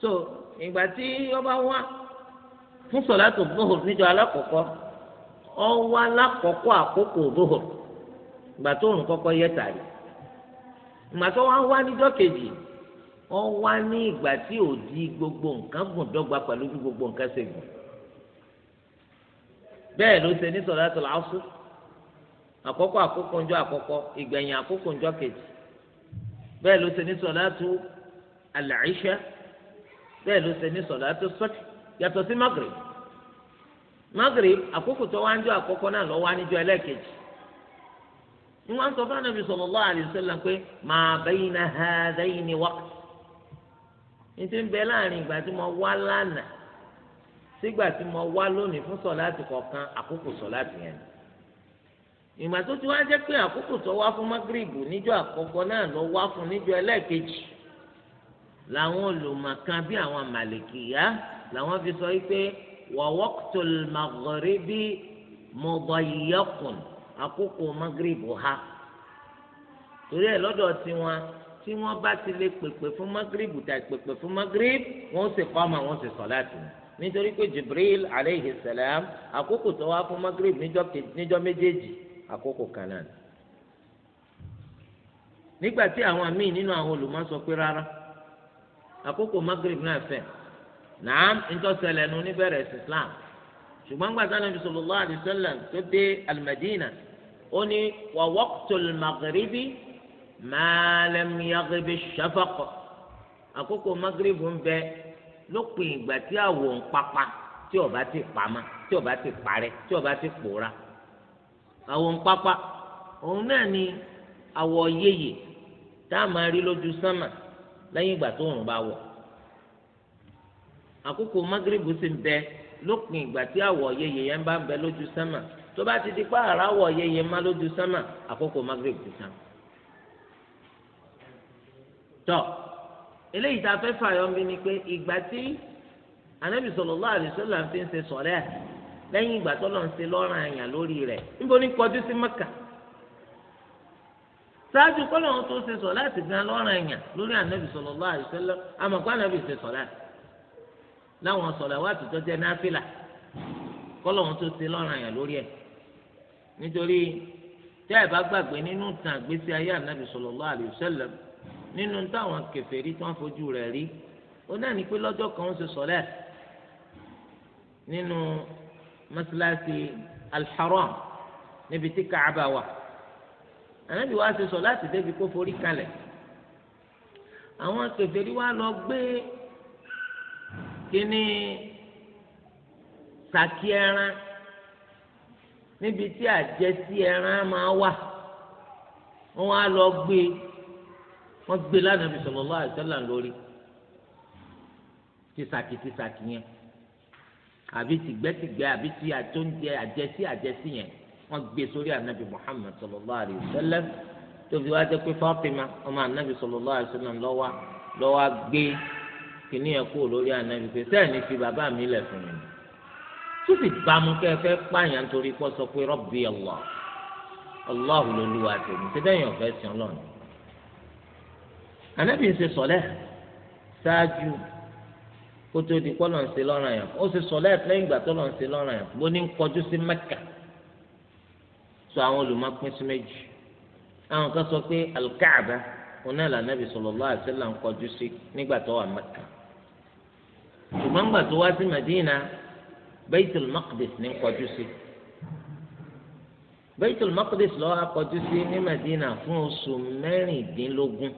so ìgbà tí ọba wá fún lati zuhur níjọ́ alákọ̀ọ́kọ́ ó wá lákọ̀ọ́kọ́ àkókò ìgbà tó òrùn kọ́kọ́ yẹ tàrí ìgbà wá kejì wọ́n wá ní ìgbà gbogbo nǹkan gùn dọ́gba pẹ̀lú bí gbogbo nǹkan ṣe gùn bẹ́ẹ̀ ló ṣe ní sọ̀rọ̀ àkọ́kọ́ àkókò ńjọ́ àkọ́kọ́ ìgbẹ̀yìn àkókò ńjọ́ kejì bẹ́ẹ̀ ló ṣe ní sọ̀rọ̀ àtọ̀ bẹ́ẹ̀ ló ṣe ní sọ̀rọ̀ àtọ̀ yàtọ̀ sí magrib magrib àkókò tó wá ń jọ ni wọ́n sọ fún anabi sallallahu alaihi wasallam pé ma bayna hadaini waqt ní ti ń bẹ láàrin ìgbà tí mo wá lánàá sígbà tí mo wá lónìí fún sọláàtì kọ̀ọ̀kan àkókò sọláàtì yẹn ni ìgbà tó ti wá jẹ́ pé àkókò tó wá fún magrebu níjọ́ àkọ́kọ́ náà lọ wá fún níjọ́ ẹlẹ́ẹ̀kejì làwọn olùmọ̀kan bí àwọn màlìkìyà làwọn fi sọ wípé wa waqtul maghribi mudayyaqun akụkụ magrib ha torí ẹ̀ lọ́dọ̀ tiwọn tí wọ́n bá ti lè pèpè fún magrib tà pèpè fún magrib wọ́n sì kọ́mà wọ́n sì sọ̀láàtì nítorí pé jibril aleyhi salam àkókò tó wá fún magrib níjọ́ méjèèjì àkókò kan nígbà tí àwọn míì nínú àwọn sọ pé rárá náà náà islam ṣùgbọ́n gbàtà nàbì tó dé ó ní wà waqtul maghribi ma lam yaghribi shafaq àkókò maghribi ń bẹ lópin ìgbà tí àwọ̀ ń papa tí ó bá ti pamọ́ tí ó bá ti parẹ́ tí ó bá ti pòórá àwọ̀ ń papa òun náà ni àwọ̀ yéye tá a máa rí lójú sánmà lẹ́yìn ìgbà tó òun bá wọ̀ àkókò maghribi ń bẹ lópin ìgbà tí àwọ̀ yéye yẹn bá ń bẹ lójú sánmà tó bá ti di pa àràwọ̀ yẹyẹ má lójú sánmà àkókò magrib ti tán. tọ eléyìí tá a fẹ́ fààyàn bí ni pé ìgbà tí anabi sallallahu alaihi fi ń ṣe sọ̀rẹ́ à lẹ́yìn ìgbà tó lọ́n ṣe lọ́rùn àyàn lórí rẹ̀ níbo ní kọjú sí mẹ́kà ṣáájú tó ṣe gan àyàn lórí anabi àmọ̀kọ́ anabi ṣe láwọn jẹ́ náfìlà tó ṣe àyàn lórí nítorí tẹ́ ẹ̀ bá gbàgbé nínú ìtàn àgbésí ayé ànábì sallallahu alayhi wa sallam nínú táwọn kèfèrí tí wọ́n fojú rẹ̀ rí ó náà ní pé lọ́jọ́ kan ó ṣe sọ̀lẹ́ nínú mọ́sálásí al-haram níbi tí káàbà wà ànábì wa ṣe sọ̀lẹ́ àti débi kó forí kalẹ̀ àwọn kèfèrí wa lọ gbé kíní sàkí níbi tí àjẹsí ẹran máa wà wọn á lọ gbé wọn gbé lánàá bí sallallahu alaihi wasallam lórí tìsàkì tìsàkì yẹn àbí tìgbẹ́tìgbẹ́ àbí tí àjọǹjẹ àjẹsí àjẹsí yẹn wọ́n gbé sórí anabi muhammed sallallahu alayhi wa sallam tóbi wá jẹ́ pé fatima ọmọ anabi sallallahu alayhi wa sallam lọ́wọ́ lọ́wọ́ gbé kìnìyàn kúrò lórí anabi pé sẹ́ẹ̀ ní fi bàbá mi lẹ̀ fún mi tó sì bámu kẹ́ ẹ fẹ́ pààyàn torí pọ́ sọ pé rọ́bì ọ̀lọ́ ọlọ́hùn lolúwa tèmi tẹ́tẹ́yìn ọ̀fẹ́ sí ọlọ́run. ànábì ń ṣe sọ̀lẹ́ ṣáájú kó tó di pọ́lọ̀ ń ṣe lọ́rùn àyàn ó ṣe sọ̀lẹ́ lẹ́yìn ìgbà tó lọ́ ń ṣe lọ́rùn àyàn bó ní ń kọjú sí mẹ́kà sọ àwọn olùmọ̀pín sí méjì àwọn kan sọ pé alkaaba oná lànàbì sallallahu alaihi wasallam ń kọjú sí nígbà tó wà mẹ́kà ṣùgbọ́n nígbà tó wá sí Mẹ́dínà Baitul Maqdis ní kọjú sí Baitul Maqdis lọ́wọ́ akọjú sí ní Madina fún oṣù mẹ́rìndínlógún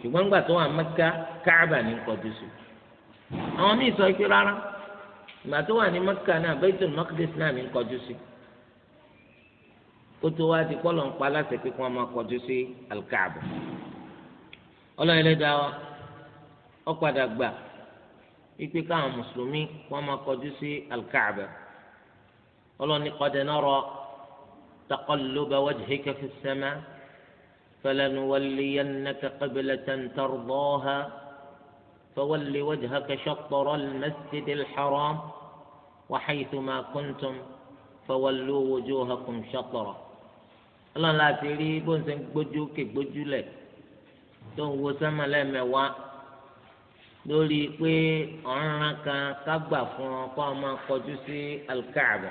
ṣùgbọ́n gbà tó wà Mẹ́kà Káàbà ní kọjú sí àwọn míì sọ pé rárá ìgbà tó wà ní Mẹ́kà náà Baitul Maqdis náà ní kọjú sí kótó wa ti kpọlọ̀ ń pa aláṣẹ pé kí wọ́n máa kọjú sí alikaaba ọlọ́yin lè padà gbà ikpe àwọn mùsùlùmí wọn máa kọjú sí alkaaba ọlọ́ni qad nara taqalluba wajhika fi as-samaa falanuwalliyannaka qiblatan tardaha fawalli wajhaka shatra al-masjid al-haram wa haythuma kuntum fawallu wujuhakum shatrahu ọlọ́ni láti rí bó ń sẹ́ gbójú kè gbójú lẹ̀ tó ń wo sẹ́mà wá. lórí pé ọ̀ràn kan ká gbà fún ọ kó ọ máa kọjú sí alkaaba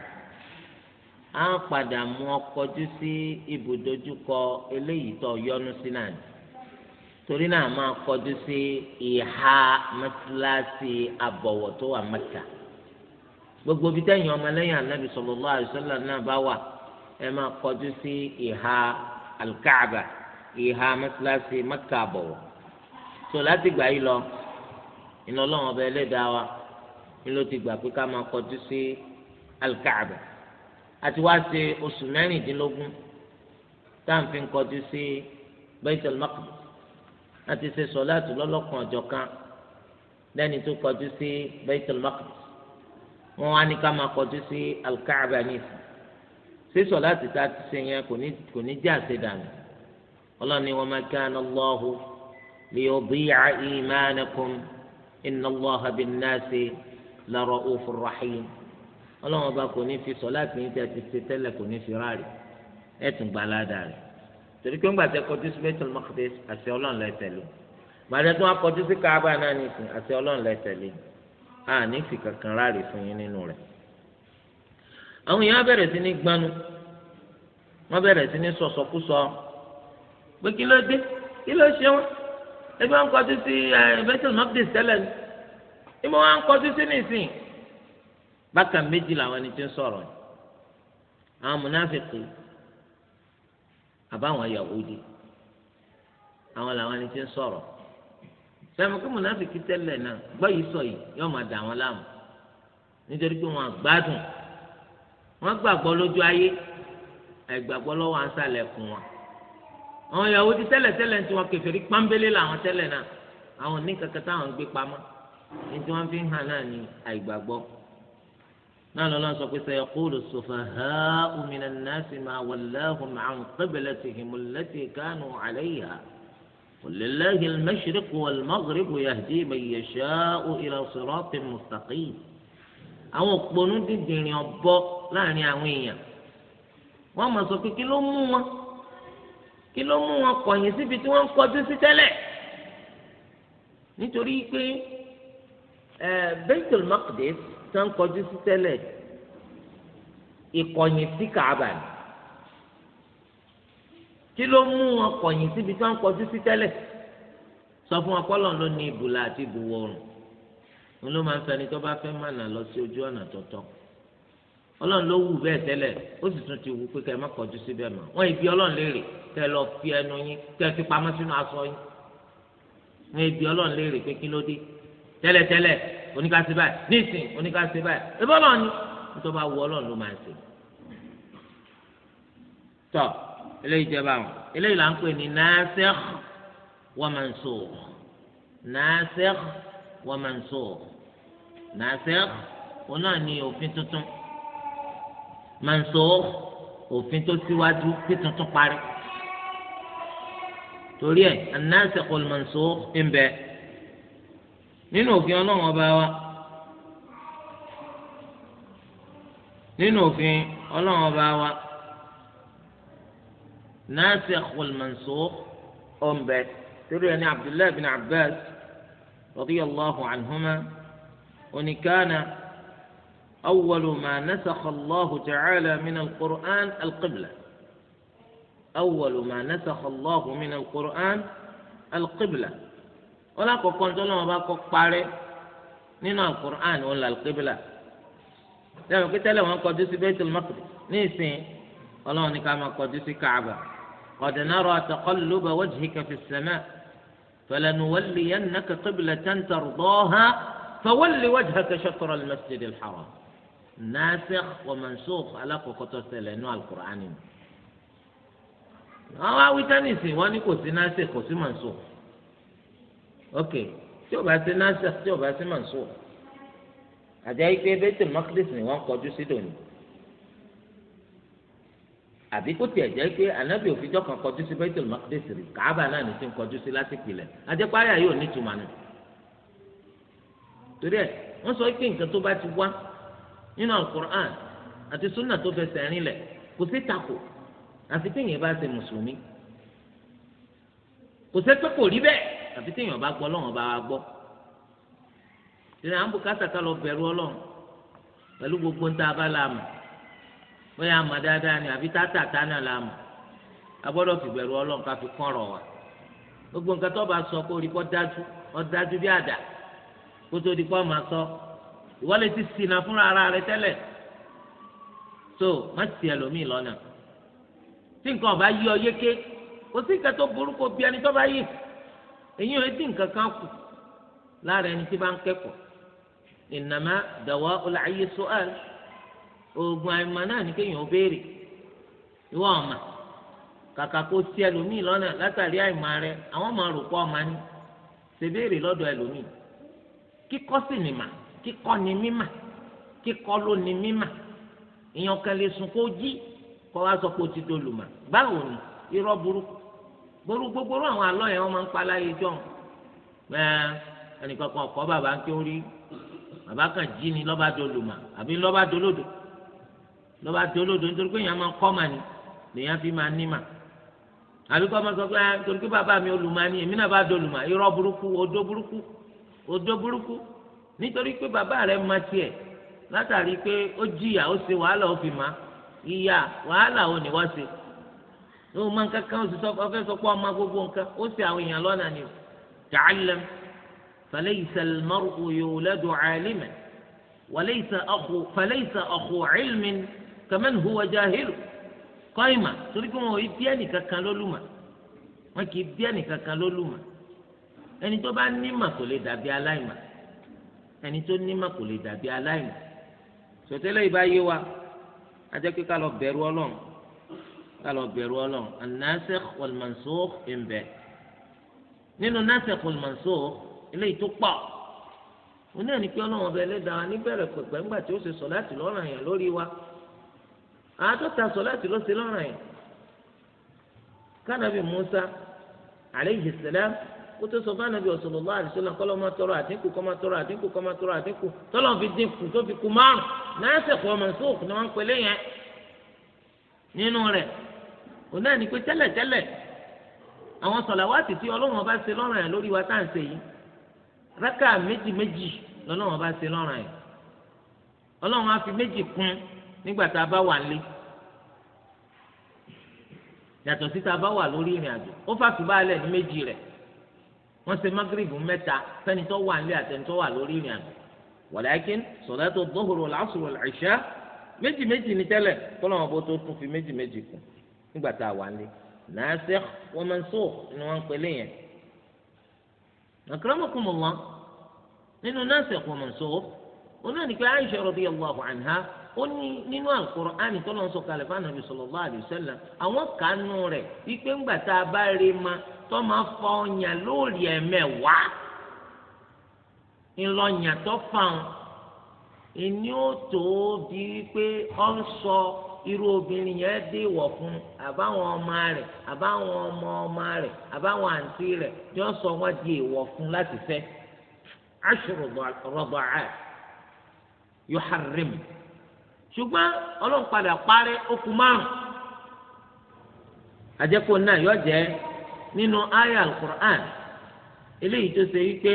á padà mú ọ kọjú sí ibùdójúkọ eléyìí tó yọnu sí náà torí náà máa kọjú sí ìhà àbọ̀wọ̀ tó wà gbogbo bí ọmọlẹ́yìn anabi sallallahu alaihi náà bá wà ẹ máa kọjú sí ìhà alkaaba ìhà iná ọlọ́run ọba ẹlẹ́dàá wa ni ló ti gbà pé ká máa kọjú sí alikaaba àti wá ṣe oṣù mẹ́rìndínlógún táǹfì ń kọjú sí baitul maqdis àti ṣe sọláàtù lọ́lọ́kan ọ̀jọ̀ kan lẹ́ni tó kọjú sí baitul maqdis wọ́n wá ní ká máa kọjú sí alikaaba nísìn ṣe sọláàtù tá a ti ṣe yẹn kò ní jẹ́ àṣedànù ọlọ́ni wa ma kana Allahu liyudi'a imanakum inna الله بالناس nasi la ra'ufur rahim ọlọ́run ọba kò ní fi sọ̀láàtì yín tí a ti ṣe tẹ́lẹ̀ kò ní fi ráàlì ẹ̀ tún gba aládà rẹ̀ torí pé ńgbà tẹ kọjú sí Baitul Maqdis àṣẹ ọlọ́run lẹ tẹ̀lé gbàdé tó wá kọjú sí Kaaba náà nìsín àṣẹ ọlọ́run lẹ tẹ̀lé a ní fi kankan ráàlì fún yín nínú rẹ̀. àwọn èèyàn bẹ̀rẹ̀ sí ní gbanu wọ́n bẹ̀rẹ̀ sí ní sọ̀sọ̀kúsọ pé kí ló dé kí ló ṣe wọ́n ebi wọn kọjú sí Baitul Maqdis tẹ́lẹ̀ ni ebi wọn kọjú sí nìsín bákan méjì làwọn ẹni tí ń sọ̀rọ̀ ni àwọn mùnáfìkì àbáwọn Yahudi àwọn làwọn ẹni tí ń sọ̀rọ̀ sẹ́mi kí mùnáfìkì tẹ́lẹ̀ náà gbọ́ yìí sọ yìí yóò máa dà wọ́n láàmú nítorí pé wọ́n gbádùn wọ́n gbàgbọ́ lójú ayé àìgbàgbọ́ lọ́wọ́ à ń wọn àwọn Yahudi tẹ́lẹ̀tẹ́lẹ̀ tí wọ́n kèfèrí pánbélé làwọn tẹ́lẹ̀ náà àwọn ní kankan táwọn gbé pamọ́ ní tí wọ́n fi ń hàn náà ní àìgbàgbọ́ náà lọ́la sọ pé sayaqulu sufaha'u minan nasi ma wallahum an qiblatihim allati kanu 'alayha qul lillahi al-mashriqu wal-maghribu yahdi man yasha'u ila siratin mustaqim àwọn òpònú dídìrín ọ̀bọ láàrin àwọn èèyàn wọ́n mọ̀ sọ pé kí ló mú wọn kí ló mú wọn kọ̀yìn síbi tí wọ́n ń kọjú sí tẹ́lẹ̀ nítorí pé Baitul Maqdis tó ń kọjú sí tẹ́lẹ̀ ìkọ̀yìn sí Kaaba ni kí ló mú wọn kọ̀yìn síbi tí wọ́n ń kọjú sí tẹ́lẹ̀ sọ fún wọn kọ́lọ̀ ló ní ibùlà àti ibùwọ̀rùn wọn ló máa ń fẹni tó bá fẹ́ mànà lọ sí ojú ọ̀nà tó ọlọ́run ló wù bẹ́ẹ̀ tẹ́lẹ̀ ó sì tún ti wù pé kẹ́ ẹ má kọjú síbẹ̀ mọ́ wọ́n ibi ọlọ́run léèrè kẹ́ ẹ lọ fi ẹnu yín kẹ́ ẹ fi pamọ́ sínú aṣọ yín wọ́n ibi ọlọ́run léèrè pé kí ló dé tẹ́lẹ̀tẹ́lẹ̀ oníkàṣe báyìí nísìn oníkàṣe báyìí ẹbí ọlọ́run ni nítorí wọ́n wù ọlọ́run ló máa ṣe. tọ́ eléyìí jẹba àwọn eléyìí là ń pè ní nasikh wa mansukh nasikh wa mansukh nasikh òun náà ni òfin tuntun mansukh òfin tó síwájú sí tuntun parí torí ẹ an-nasikh wal-mansukh ń bẹ nínú òfin ọlọ́run ọba wa nínú òfin ọlọ́run ọba wa nasikh wal-mansukh ń bẹ abdullahi bin abbas radiyallahu anhuma oníkànnà. أول ما نسخ الله تعالى من القرآن القبلة أول ما نسخ الله من القرآن القبلة ولا كنت لما باكوك باري من القرآن ولا القبلة لما قلت لهم قدسي بيت المقدس نيسين الله نكام قدسي كعبة قد نرى تقلب وجهك في السماء فلنولينك قبلة ترضاها فول وجهك شطر المسجد الحرام nasikh wa mansukh alákọ̀ọ́kọ́tọ́ ṣẹlẹ̀ nínú alukur'ani wọn wá wí tánìsì wọn ní kò sí nasikh kò sí mansukh ok tí o bá sí nasikh tí o bá sí mansukh àjẹ́ ike bẹ́tẹ̀ maqdis ni wọ́n kọjú sí dòní àbí kó tiẹ̀ jẹ́ pé ànábì òfijọ́ kan kọjú sí bẹ́tẹ̀ maqdis rí kàábà náà ní ti ń kọjú sí lásìkò ilẹ̀ ajẹ́páyà yóò ní ìtumọ̀ nù torí ẹ̀ wọ́n sọ pé nǹkan nínú alukur'an àti sunna tó fẹsẹ̀ rinlẹ̀ kò sí tako àfi téèyàn bá ṣe mùsùlùmí kò sẹ́tọ́ kò rí bẹ́ẹ̀ àfi téèyàn bá gbọ́ lọ́wọ́n bá wa gbọ́ ìrìn àbùkátà ká lọ bẹ̀rù ọlọ́run pẹ̀lú gbogbo ń tá a bá bóyá a mọ̀ dáadáa ni àbí tá a tà tá náà la mọ̀ a gbọ́dọ̀ fi bẹ̀rù ọlọ́run ká fi kọ́ ọ̀rọ̀ wa gbogbo nǹkan tó bá sọ kó rí kó dájú ó dájú bí àdá kó tó di kó máa sọ ìwọ lè ti ṣìnà fúnra ara rẹ tẹ́lẹ̀ so má sì ẹlòmíì lọ́nà tí nǹkan ọba yí ọ yéké kò sí nǹkan tó burú kó bí ẹni tó bá yí èyí ò dín nǹkan kan kù lára ẹni tí bá ń kẹ́kọ̀ọ́ ìnàmá dàwọ́ ọláyé sọ́àl oògùn àìmọ̀ náà ní kéèyàn ó béèrè ìwọ ọ̀mà kàkà kó sí ẹlòmíì lọ́nà látàrí àìmọ̀ rẹ àwọn ọmọ rò pọ̀ ọmọ ni ṣèbéèrè lọ́dọ̀ ẹlòmíì kíkọ́ sí nìmọ̀ kíkọ́ ni mímà kíkọ́ ló ni mímà èèyàn kan lè sùn kó jí kó wá sọ pé ó ti dolùmọ̀ báwo ni irọ́ burúkú ború gbogbo àwọn àlọ́ yẹn wọ́n máa ń pa láyé jọ́ ẹ̀ẹ́n ẹnìkan kan ọ̀kọ́ bàbá ń ké orí bàbá kan jí ni lọ́ba dolùmọ̀ àbí lọ́ba dolódo lọ́ba dolódo nítorí pé èèyàn máa kọ́ mà ni lèèyàn fi máa ní mà àbí kọ́ máa sọ pé ah, nítorí pé bàbá mi olùmọ̀ ni èmi náà bá dolùmọ̀ irọ́ burúkú odó burúkú odó burúkú nítorí pé bàbá rẹ̀ ma tiẹ̀ látàrí pé ó jìyà ó ṣe wàhálà ó fi ma ìyà wàhálà ò ní wá ṣe ó máa ń kankan ó sì sọ ọ sọ pé ọmọ gbogbo nǹkan ó sì àwọn èèyàn lọ́nà ni ta'allam فليس المرء يولد عالما وليس أخو فليس أخو علم كمن هو جاهل قائما torí pé wọn ò bí ẹnì kankan lólùmọ̀ wọn kì í bí ẹnì kankan lólùmọ̀ ẹni tó bá nímọ̀ kò lè dàbí aláìmọ̀ ẹni tó nímọ̀ kò lè dàbí aláìní sọtẹ́lẹ̀ ìbá yé wa ajẹ́ pé ká lọ bẹ̀rù ọlọ́run ká lọ bẹ̀rù ọlọ́run an-nasikh wal-mansukh ń bẹ nínú an-nasikh wal-mansukh eléyìí tó pọ̀ wọn náà ní pé ọlọ́run ọbẹ̀ ẹlẹ́dàá níbẹ̀rẹ̀ pẹ̀pẹ̀ ńgbà tí ó ṣe sọ̀láàtì lọ́ràn yẹn lórí wa àádọ́ta sọ̀láàtì ló ṣe lọ́ràn yẹn kánàbì Musa alayhi salam ó tó sọ fún anabi sallallahu alaihi wasallam kọ́ lọ́ máa tọrọ àdínkù kọ́ máa tọrọ àdínkù kọ́ máa tọrọ àdínkù tọ́lọ́ fi dínkù tó fi kú márùn nasikh wa mansukh ni wọ́n ń pè léyìn nínú rẹ̀ òun náà ní pé tẹ́lẹ̀tẹ́lẹ̀ àwọn sọ̀làwátì tí ọlọ́run ọba ṣe lọ́rùn yẹn lórí wa tá à ń ṣe yìí rákà méjì méjì lọ́lọ́run ọba ṣe lọ́rùn yẹn ọlọ́run wọ́n ṣe magrib mẹ́ta fẹ́ni tó wà nílé àtẹni tó wà lórí ìrìn àjò wàlákin salatu dhuhr wal asr wal méjì méjì ní tẹ́lẹ̀ bó tó tún fi méjì méjì kù nígbà tá a wà nílé nasikh wa mansukh ni wọ́n ń pè léyìn. akramakumullah nínú nasikh wa mansukh oní anha ó ní nínú Al-Qur'ani tọ́lọ́ sọ kalẹ̀ fún àwọn kàánú tó máa fọ ọyàn lórí ẹ̀mẹ́wàá ńlọyàn tó fáwọn ìní ó tó di pé ọ ń sọ irú obìnrin yẹn dé ìwọ̀ fún àbáwọn ọmọ rẹ̀ àbáwọn ọmọ ọmọ rẹ̀ àbáwọn àǹtí rẹ̀ jọ sọ wọ́n di ìwọ̀ fún láti fẹ́ aṣọ rọgbọ yóò ṣùgbọ́n nínú aya alukur'an eléyìí tó ṣe wípé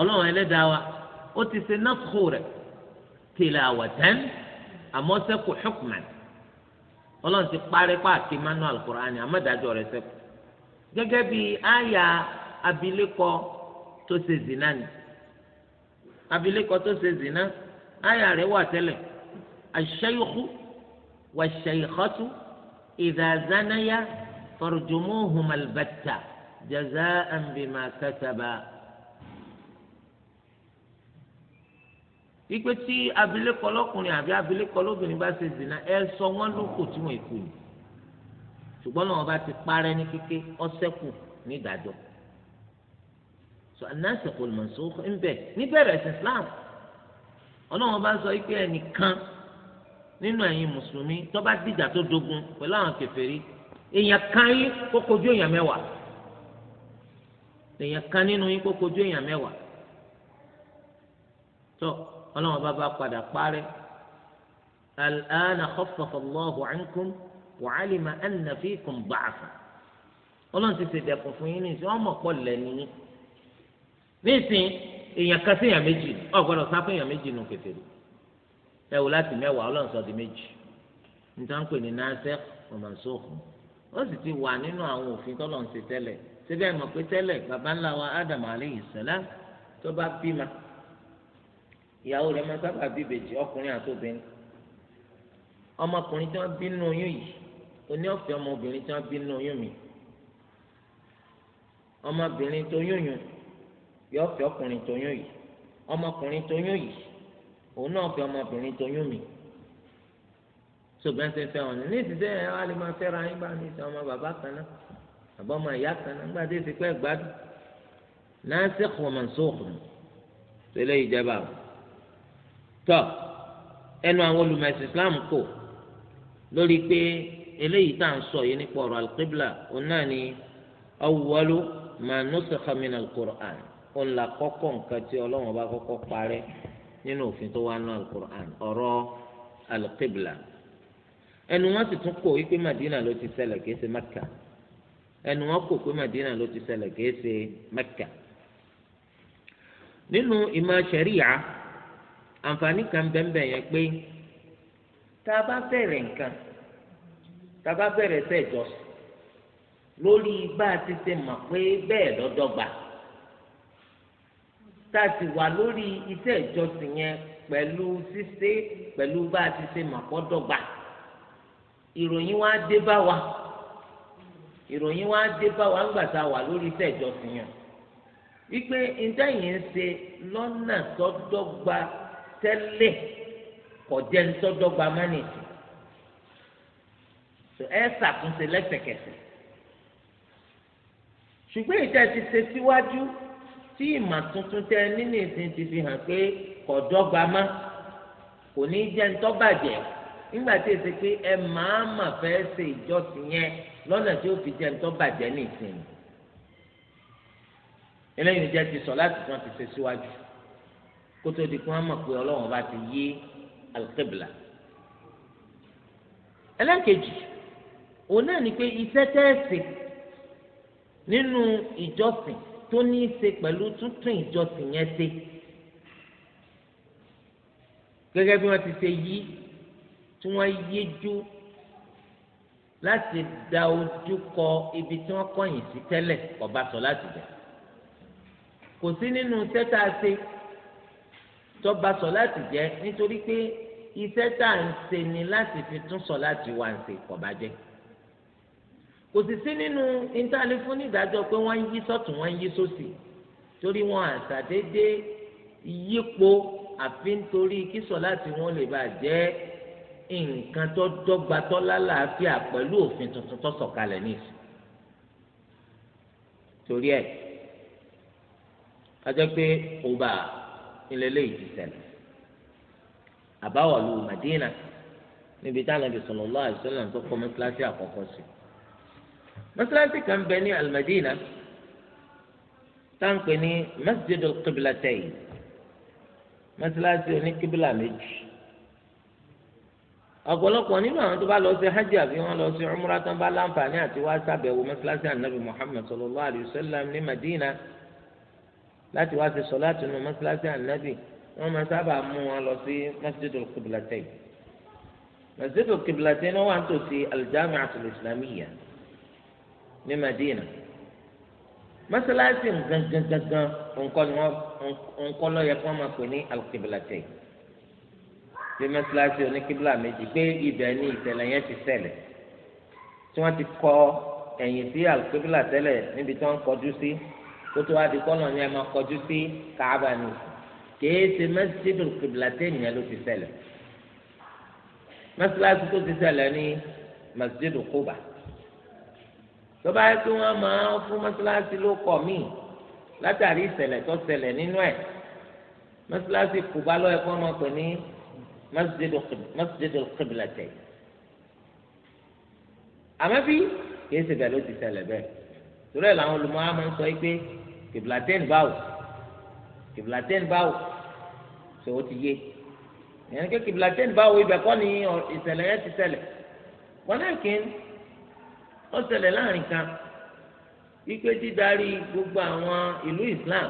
ọlọ́run ẹlẹ́dàá wa ó ti ṣe nafkhu rẹ̀ tilawatan àmọ́ sẹ́kù hukman ọlọ́run ti parí pààkì manu alukur'an àmọ́ dájọ́ rẹ̀ sẹ́kù gẹ́gẹ́ bí aya abilékọ tó ṣe zina ni abilékọ tó ṣe zina aya rẹ̀ wà tẹ́lẹ̀ aṣẹ́yìkú wàṣẹ́yìkọ́tù ìdàzánayá farjumuhum البتة جزاء بما kasaba. ikpe tí abilékọ lọkùnrin àbí abilékọ lóbìnrin bá ṣe zina ẹ sọ wọn lóko tí wọn èkó ni ṣùgbọ́n náà wọn bá ti parẹ́ ní kéke ọ̀sẹ́kù ní ìdájọ́ sọ anásẹ̀kù lọ́sọ̀kù ńbẹ níbẹ̀rẹ̀ ẹ̀sìn Islam ọlọ́wọ́n bá sọ ikpe ẹnìkan nínú ẹ̀yin mùsùlùmí tó dìjà tó dogun pẹ̀lú àwọn kèfèrí èèyàn kan yín kó kojú èèyàn mẹ́wàá èèyàn kan nínú yín kó kojú èèyàn mẹ́wàá tó ọlọ́run bá bá padà parẹ́ al-ana khaffafa Allahu ankum wa alima anna fikum da'fa ọlọ́run ti ṣe dẹ̀kùn fún yín nìyí wọ́n pọ̀ lẹ́nu yín nísìn èèyàn kan sí èèyàn méjì ọ̀ gbọ́dọ̀ sá fún èèyàn méjì nù kẹfẹ́rẹ́ ẹ wò láti mẹ́wàá ọlọ́run sọ di méjì nítorí wọn pè ní nasẹ́ ọ̀mọ̀nsókùn ó sì ti wà nínú àwọn òfin tọ́lọ̀ ń ṣe tẹ́lẹ̀ síbẹ̀ mọ̀ pé tẹ́lẹ̀ bàbá ńlá wa Adam aleyhi salam tó bá bímọ ìyàwó rẹ̀ máa sábà bí ìbejì ọkùnrin àti obìnrin ọmọkùnrin tí wọ́n bí nínú oyún yìí oní ọ̀fẹ́ ọmọbìnrin tí wọ́n bí nínú oyún mi ọmọbìnrin tó yún yún yọ ọ̀fẹ́ ọkùnrin tó yún yìí ọmọkùnrin tó yún yìí òun náà ọ̀fẹ́ ọmọbìnrin tó yún mi ṣùgbọ́n ṣe fẹ́ wọn ní ní ìsìtẹ́ ẹ̀ wá lè máa fẹ́ra yín bá ní ìsìn ọmọ bàbá kan náà àbọ̀ ọmọ ìyá kan náà nígbà tí èsì pẹ́ gbádùn náà ṣe kùmọ̀ sóòkùn tẹ́lẹ̀ ìjẹba o tọ́ ẹnu àwọn olùmọ̀ẹ̀sìn Islam kò lórí pé eléyìí tá à ń sọ yìí nípa ọ̀rọ̀ alqibla òun náà ni awwalu ma nusikha alqur'an òun là kọ́kọ́ nǹkan tí Ọlọ́run bá kọ́kọ́ parẹ́ nínú òfin tó wà nínú alqur'an ọ̀rọ̀ alqibla ẹnu wọn sì tún kò wípé Madina ló ti ṣẹlẹ̀ kìí ṣe Mẹ́kà ẹnu wọn kò pé Madina ló ti ṣẹlẹ̀ kìí ṣe Mẹ́kà nínú ìmọ̀ ṣẹ̀ríyà àǹfààní kan bẹ́ẹ̀ yẹn pé tá a bá bẹ̀rẹ̀ nǹkan tá a bá bẹ̀rẹ̀ sẹ́ẹ̀jọ́ lórí bá a ti ṣe mọ̀ pé bẹ́ẹ̀ lọ́dọ́gba tá a sì wà lórí iṣẹ́ ìjọsìn yẹn pẹ̀lú ṣíṣe pẹ̀lú bá a ti ṣe mọ̀ pọ́ ìròyìn wa dé bá wa ìròyìn wa dé bá wa ńgbà tá a wà lórí iṣẹ́ ìjọsìn yẹn wípé ntẹ́yìn ń ṣe lọ́nà tọ́dọ́gba tẹ́lẹ̀ kọjá ntọ́dọ́gba mánìtì ẹ ṣàtúnṣe lẹ́sẹ̀kẹsẹ̀ ṣùgbọ́n ìtẹ́ ti ṣe síwájú tí ìmọ̀ tuntun tẹ nínú ìsìn ti fi hàn pé kọ̀dọ́gba má kò ní jẹ́ ntọ́bàjẹ́. nígbà tí èsì pé ẹ máa mà fẹ́ ṣe ìjọsìn yẹn lọ́nà tí ó fi jẹ́ ńtọ́ bàjẹ́ ní ìsinmi eléyìí jẹ́ ti sọ láti tún àti ṣe síwájú kó tó di kí wọ́n mọ̀ pé ọlọ́run bá ti yí alqibla ẹlẹ́kejì òun náà ni pé iṣẹ́ tẹ́ẹ̀sì nínú ìjọsìn tó ní í ṣe pẹ̀lú tuntun ìjọsìn yẹn ṣe gẹ́gẹ́ bí wọ́n ti ṣe yí tí wọ́n yéjú láti da ojú kọ ibi tí wọ́n kọ̀yìn sí tẹ́lẹ̀ ọba sọ láti bẹ̀ kò sí nínú iṣẹ́ tá a ṣe tọba sọ láti jẹ nítorí pé iṣẹ́ tá à ń ṣe ni láti fi tún sọ láti wá ń ṣe kọba jẹ kò sì sí nínú intanet fún nídàájọ́ pé wọ́n ń yí sọ́tún wọ́n ń yí sósì torí wọn àṣàdédé yípo àfi nítorí kí sọ láti wọn lè bàa jẹ́ nǹkan tó dọ́gba tó lálàáfíà pẹ̀lú òfin tuntun tó sọ̀kalẹ̀ nìyí torí ẹ̀ kájọ pé ọba ìlẹ́lẹ̀ yìí ti ṣẹlẹ̀ àbáwọ̀lù Madina níbi tí Ànábì sallallahu alaihi wasallam tó kọ́ mọ́sálásí àkọ́kọ́ sí mọ́sálásí kan bẹ ní al táǹpẹ̀ ní Masjidul Qiblatayn mọ́sálásí oní méjì ọ̀pọ̀lọpọ̀ nínú àwọn tó bá lọ sí hajj àbí wọ́n lọ sí umrah tán bá láǹfààní àti wá sábẹ̀wò mọ́sálásí ànábì muhammad sallallahu alayhi wa sallam ní madina láti wá sí sọláàtì nínú mọ́sálásí ànábì wọ́n máa sábà mú wọn lọ sí masjidul qiblatain masjidul qiblatain wọ́n wà ń tòsí aljami'atul islamiyya ní madina mọ́sálásí gangan gangan nǹkan ló yẹ kó máa pè ní alqiblatain bí mẹsàlásì oníkíbla méjì gbé ibẹ̀ ní ìṣẹ̀lẹ̀ yẹn ti ṣẹlẹ̀ tí wọ́n ti kọ ẹ̀yìn sí alùkíbla tẹ́lẹ̀ níbi tí wọ́n kọjú sí kó tó wá di kọ́nà ni ẹ máa kọjú sí káàbà ni kèé ṣe mẹsàlásì alùkíbla tẹ́yìn yẹn ló ti ṣẹlẹ̀ mẹsàlásì tó ti ṣẹlẹ̀ ní mẹsàlásì kóbà tó bá yẹ kí máa fún mẹsàlásì ló kọ̀ míì látàrí ìṣẹ̀lẹ̀ tó ṣẹlẹ̀ nínú ẹ̀ mẹsàlásì kóbà lọ́yẹ̀ kó wọ́n máa ní masjidu qiblatay àmọ́ bí kìí ṣe bẹ́ẹ̀ ló ti ṣẹlẹ̀ bẹ́ẹ̀ torí ẹ̀ làwọn olùmọ̀ á máa ń sọ yìí pé qiblatay báwò qiblatay báwò ṣe ó ti yé ìyẹn ní pé qiblatay báwò ibẹ̀ kọ́ ni ìṣẹ̀lẹ̀ yẹn ti ṣẹlẹ̀ wọn náà kí ó ṣẹlẹ̀ láàrin kan wípé dídarí gbogbo àwọn ìlú Islam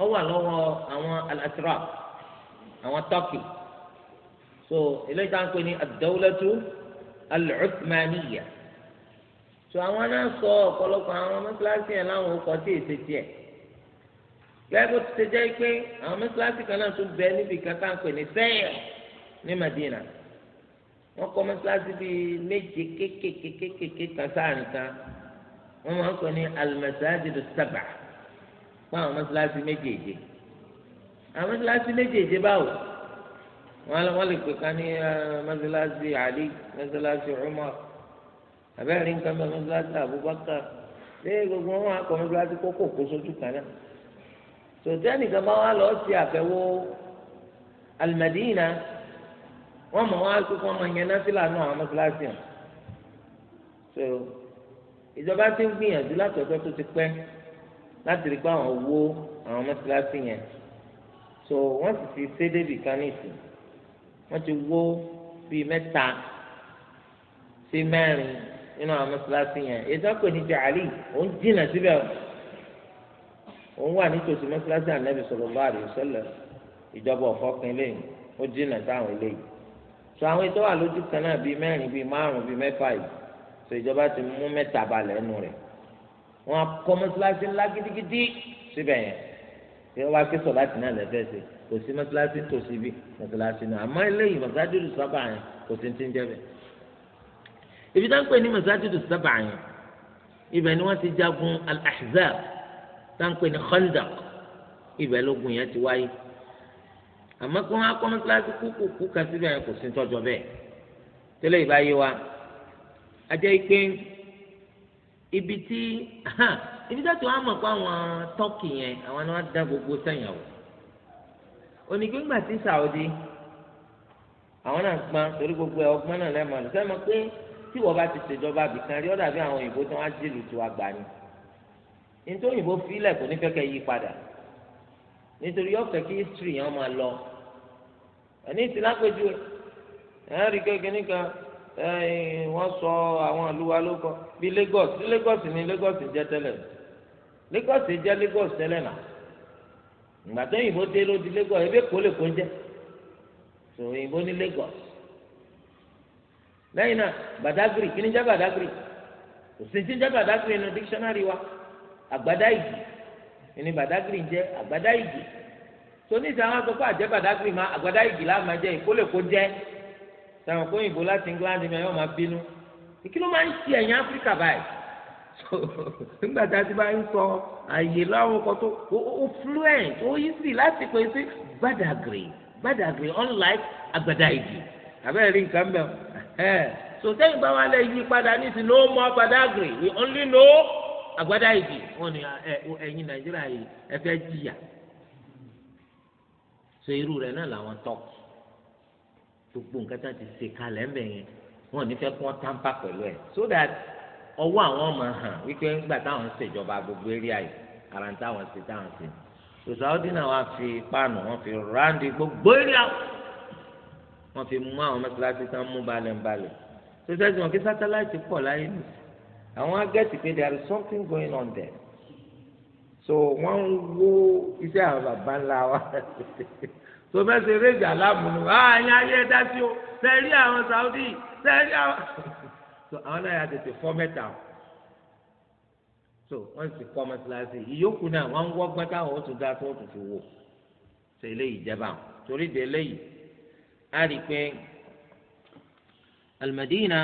ó wà lọ́wọ́ àwọn al àwọn Turkey so eléyìí tá à ń pè ní ad-dawlatu so àwọn náà sọ ọ̀pọ̀lọpọ̀ àwọn mẹ́tíláṣí yẹn láwọn ọkọ̀ tí èsì tiẹ̀ gẹ́gẹ́ bó ti ṣe jẹ́ pé àwọn mẹ́tíláṣí kan náà tún bẹ níbi kankan ń pè ní sẹ́yìn ní Madina wọ́n kọ́ mẹ́tíláṣí bíi méje kékèkékèké kan sáàrin kan wọ́n máa ń pè ní al-masajidu fún àwọn mẹ́tíláṣí méjèèje àwọn mẹ́tíláṣí méjèèje báwo wọ́n lè pè ká ní mọ́sálásí Ali mọ́sálásí Umar abẹ́rẹ́ nǹkan bẹ́ẹ̀ mọ́sálásí Abubakar ṣé gbogbo wọn akọ mọ́sálásí kókó kó sojú kan náà tòtẹ́ nìkan bá wà lọ sí àfẹ́wọ́ Al-Madina wọ́n mọ̀ wọ́n á kó kọ́ ọmọ yẹn náà sílà náà àwọn mọ́sálásí hàn so ìjọba ti ń gbìyànjú láti ọjọ́ tó ti pẹ́ láti rí pé àwọn wó àwọn mọ́sálásí yẹn so wọ́n sì fi ṣé débì kan ní ìsìn wọ́n ti wó bíi mẹ́ta sí mẹ́rin nínú àwọn mọ́sálásí yẹn ètò ọ̀pẹ ní jàálì òun jìnnà síbẹ̀ òun wà nítòsí mọ́sálásí ànábì sallallahu alaihi wasallam ìjọba ọ̀fọ́kùn eléyìí ó jìnnà sáwọn eléyìí sọ àwọn ètò wà lójú kan náà bíi mẹ́rin bíi márùn-ún bíi mẹ́fà yìí sọ ìjọba ti mú mẹ́ta balẹ̀ ẹnu rẹ̀ wọ́n kọ́ mọ́sálásí ńlá gidigidi síbẹ̀ yẹn ìjọba kí sọ̀ láti náà lẹ́fẹ̀ẹ́ sí i kò sí mọ́sálásí tòsí bí mọ́sálásí náà àmọ́ eléyìí mọ́sájúdù sábà yẹn kò sí ti ń jẹ́ bẹ́ẹ̀. ibi tá ń pè ní mọ́sájúdù sábà yẹn ibẹ̀ ni wọ́n ti jagun al-ahzab tá ń pè ní khandaq ibẹ̀ lógun yẹn ti wáyé àmọ́ kí wọ́n á kọ́ kúkúkú kan síbẹ̀ yẹn kò sí tọ́jọ́ bẹ́ẹ̀ tẹ́lẹ̀ ìbáyé wa ajẹ́ pé ibi tí ibi tá ti mọ̀ pé àwọn tọ́kì yẹn àwọn ni wọ́n dá gbogbo sẹ́yìn àwọ̀ onígbégbà tí Saudi àwọn náà gbọ́n torí gbogbo ẹ ọgbọ́n náà lẹ́mọ̀ ní sẹ́mi pé tí wọ́n bá ti ṣèjọba àbìkan rí ọ̀dà bí àwọn òyìnbó tí wọ́n á jìlù tó àgbà ni nítorí òyìnbó fílẹ̀ kò ní fẹ́kẹ́ yí padà nítorí ọ̀fẹ́ kí history yẹn máa lọ ẹni tí lápẹjù ẹ ẹ rí kékeré nìkan ẹ wọn sọ àwọn àlùwà ló kọ Lagos Lagos ní Lagos jẹ tẹ́lẹ̀ Lagos jẹ Lagos tẹ́lẹ̀ náà ìgbà tó òyìnbó dé ló di Lagos ebi èkó lè kó jẹ tó òyìnbó ní Lagos lẹ́yìn náà Badagry kí ni jẹ́ Badagry kò sí ti jẹ́ Badagry nínú dictionary wa àgbádá ìgì ní Badagry jẹ́ àgbádá ìgì tó ní ìsàn àwọn sọ pé àjẹ́ Badagry máa àgbádá ìgì láàmà jẹ́ èkó lè kó jẹ́ sàwọn kó òyìnbó láti England ni wọ́n máa bínú ìkí ló máa ń ṣe ẹ̀yìn Áfíríkà báyìí. nígbà tá a ti bá ń sọ àyè láwọn kan tó ó fluent ó easy láti pè sí Badagry Badagry unlike agbada igi abẹ́rẹ́ rí nǹkan mẹ́ so sẹ́yìn bá wà lẹ́ yí padà ní ti no more Badagry we only know agbada igi wọn ni ẹ̀yin Nàìjíríà yìí ẹ fẹ́ jìyà so irú rẹ̀ náà làwọn tọ́kù gbogbo nǹkan tá a ti ṣe kalẹ̀ ń bẹ̀ yẹn wọn ò ní fẹ́ kí wọ́n tàǹpà pẹ̀lú ẹ̀ so that ọwọ́ àwọn ọmọ hàn wípé ńgbà táwọn ń ṣèjọba gbogbo eréà yìí ara ń táwọn ṣe táwọn ṣe sòsáwọ́dì náà wọ́n fi páànù wọ́n fi ráńdì gbogbo eréà wọ́n fi mú àwọn mọ́ṣáláṣí tán mú balẹ̀ ń balẹ̀ sòsáwọ́dì wọn kí sátáláìtì pọ̀ láyé nì àwọn agẹ́tì pé there is something going on there so wọ́n ń wó iṣẹ́ àwọn bàbá ńlá wa tó bẹ́ẹ̀ ṣe rédíò aláàmúnú ààyè ayé dá sí o tẹ̀rí àwọn Saudi tẹ̀rí àwọn. so àwọn náà yà tètè fọ́ mẹ́ta so wọ́n sì kọ́ mọ́sálásí ìyókù náà wọ́n ń wọ́gbọ́n táwọn oṣù dá tó oṣù fi wò ṣe eléyìí jẹba torí de eléyìí a rí i pé Al-Madina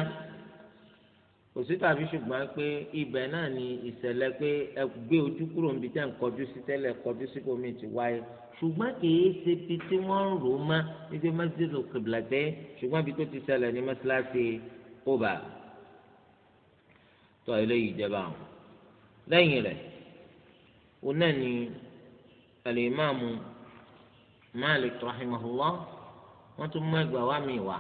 kò sí tàbí ṣùgbọ́n pé ibẹ̀ náà ni ìṣẹ̀lẹ̀ pé ẹ gbé ojú kúrò níbi tẹ́ ń kọjú sí tẹ́lẹ̀ kọjú sí bomi ti wáyé ṣùgbọ́n kìí ṣe ibi tí wọ́n ń rò ó mọ́ níbi mọ́sálásí lòkèbìlà pé ṣùgbọ́n ibi tó ti ṣẹlẹ̀ ní mọ́sálásí kóbá. tọ́ eléyìí jẹba àwọn lẹ́yìn rẹ̀ wọn náà ni alimami malik rahimahullah wọn tún mú ẹgbàá wa mi wá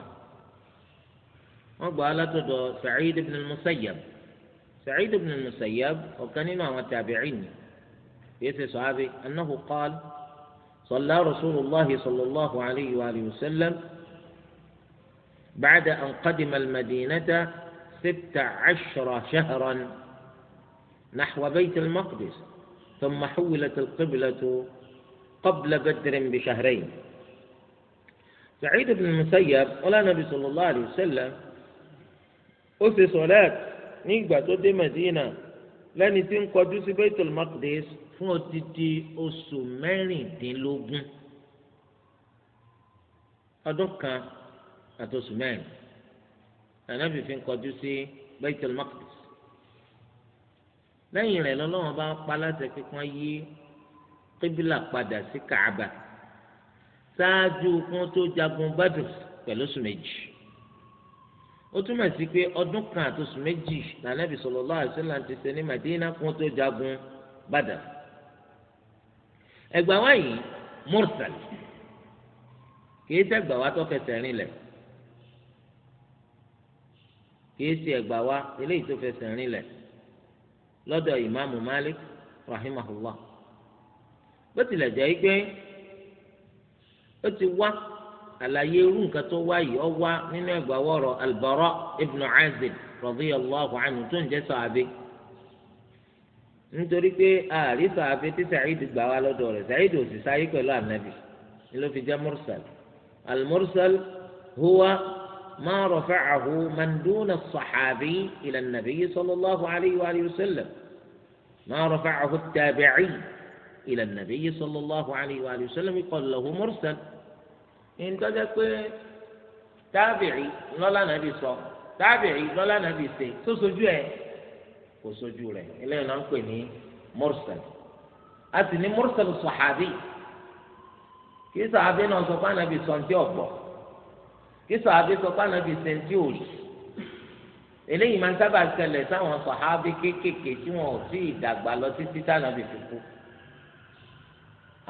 wọn gbọ alátọdọ látọ̀dọ̀ sa'id ibn musayab musayyab sa'id ibn musayab ọ̀kan nínú àwọn tabi'in ni kìí ṣe sọ́hábì annahu qaal صلى رسول الله صلى الله عليه وآله وسلم بعد أن قدم المدينة ست عشر شهرا نحو بيت المقدس ثم حولت القبلة قبل بدر بشهرين سعيد بن المسيب قال النبي صلى الله عليه وسلم أسي صلاة نيجبا تودي مدينة لاني tí ń kọjú sí Baitul Maqdis fún odidi oṣù mẹ́rìndínlógún ọdún ànábì fi ń kọjú sí Baitul Maqdis lẹ́yìn rẹ̀ lọ́lọ́wọ́n bá pa láti pípọ́n yí kíbílà padà sí Kàába ṣáájú kún tó jagun Badr pẹ̀lú oṣù méjì ó túmọ̀ sí pé ọdún kan àti oṣù méjì lànàbì sallallahu alaihi wasallam ti ṣe ní Madina kún tó jagun Badr ẹgbàá wáyé mursal kìí tẹ́gbàá wá tó fẹsẹ̀ rìn lẹ̀ kìí ṣe ẹgbà wa eléyìí tó fẹsẹ̀ rìn lẹ̀ lọ́dọ̀ ìmáàmù Malik rahimahullah bó tilẹ̀ jẹ́ pé ó ti wá àlàyé irú nǹkan tó wá yìí ó wá nínú ẹgbà wọ̀rọ̀ Al-Bara ibn Azib radiyallahu anhu tó ń jẹ́ sàábé nítorí pé ààrí sàábé tí Sa'id gbà wá lọ́dọ̀ rẹ̀ Sa'id ò sì sáyé pẹ̀lú ànábì ni ló fi jẹ́ mursal al-mursal huwa. ما رفعه من دون الصحابي إلى النبي صلى الله عليه وآله وسلم ما رفعه التابعي إلى النبي صلى الله عليه وآله وسلم يقول له مرسل إن تجد تابعي ولا نبي صلى تابعي ولا نبي سي تسجوه وسوجوه إلا نقول مرسل أتني مرسل الصحابي كي sàbẹ̀ náà نبي صلى الله عليه kíso àbí sọ pé ànábì sẹ́ńtì ò rí eléyìí máa ń sábà ṣẹlẹ̀ sáwọn sọ̀hábí kéékèèké tí wọn ò tí ì dàgbà lọ títí tànàbì fi kú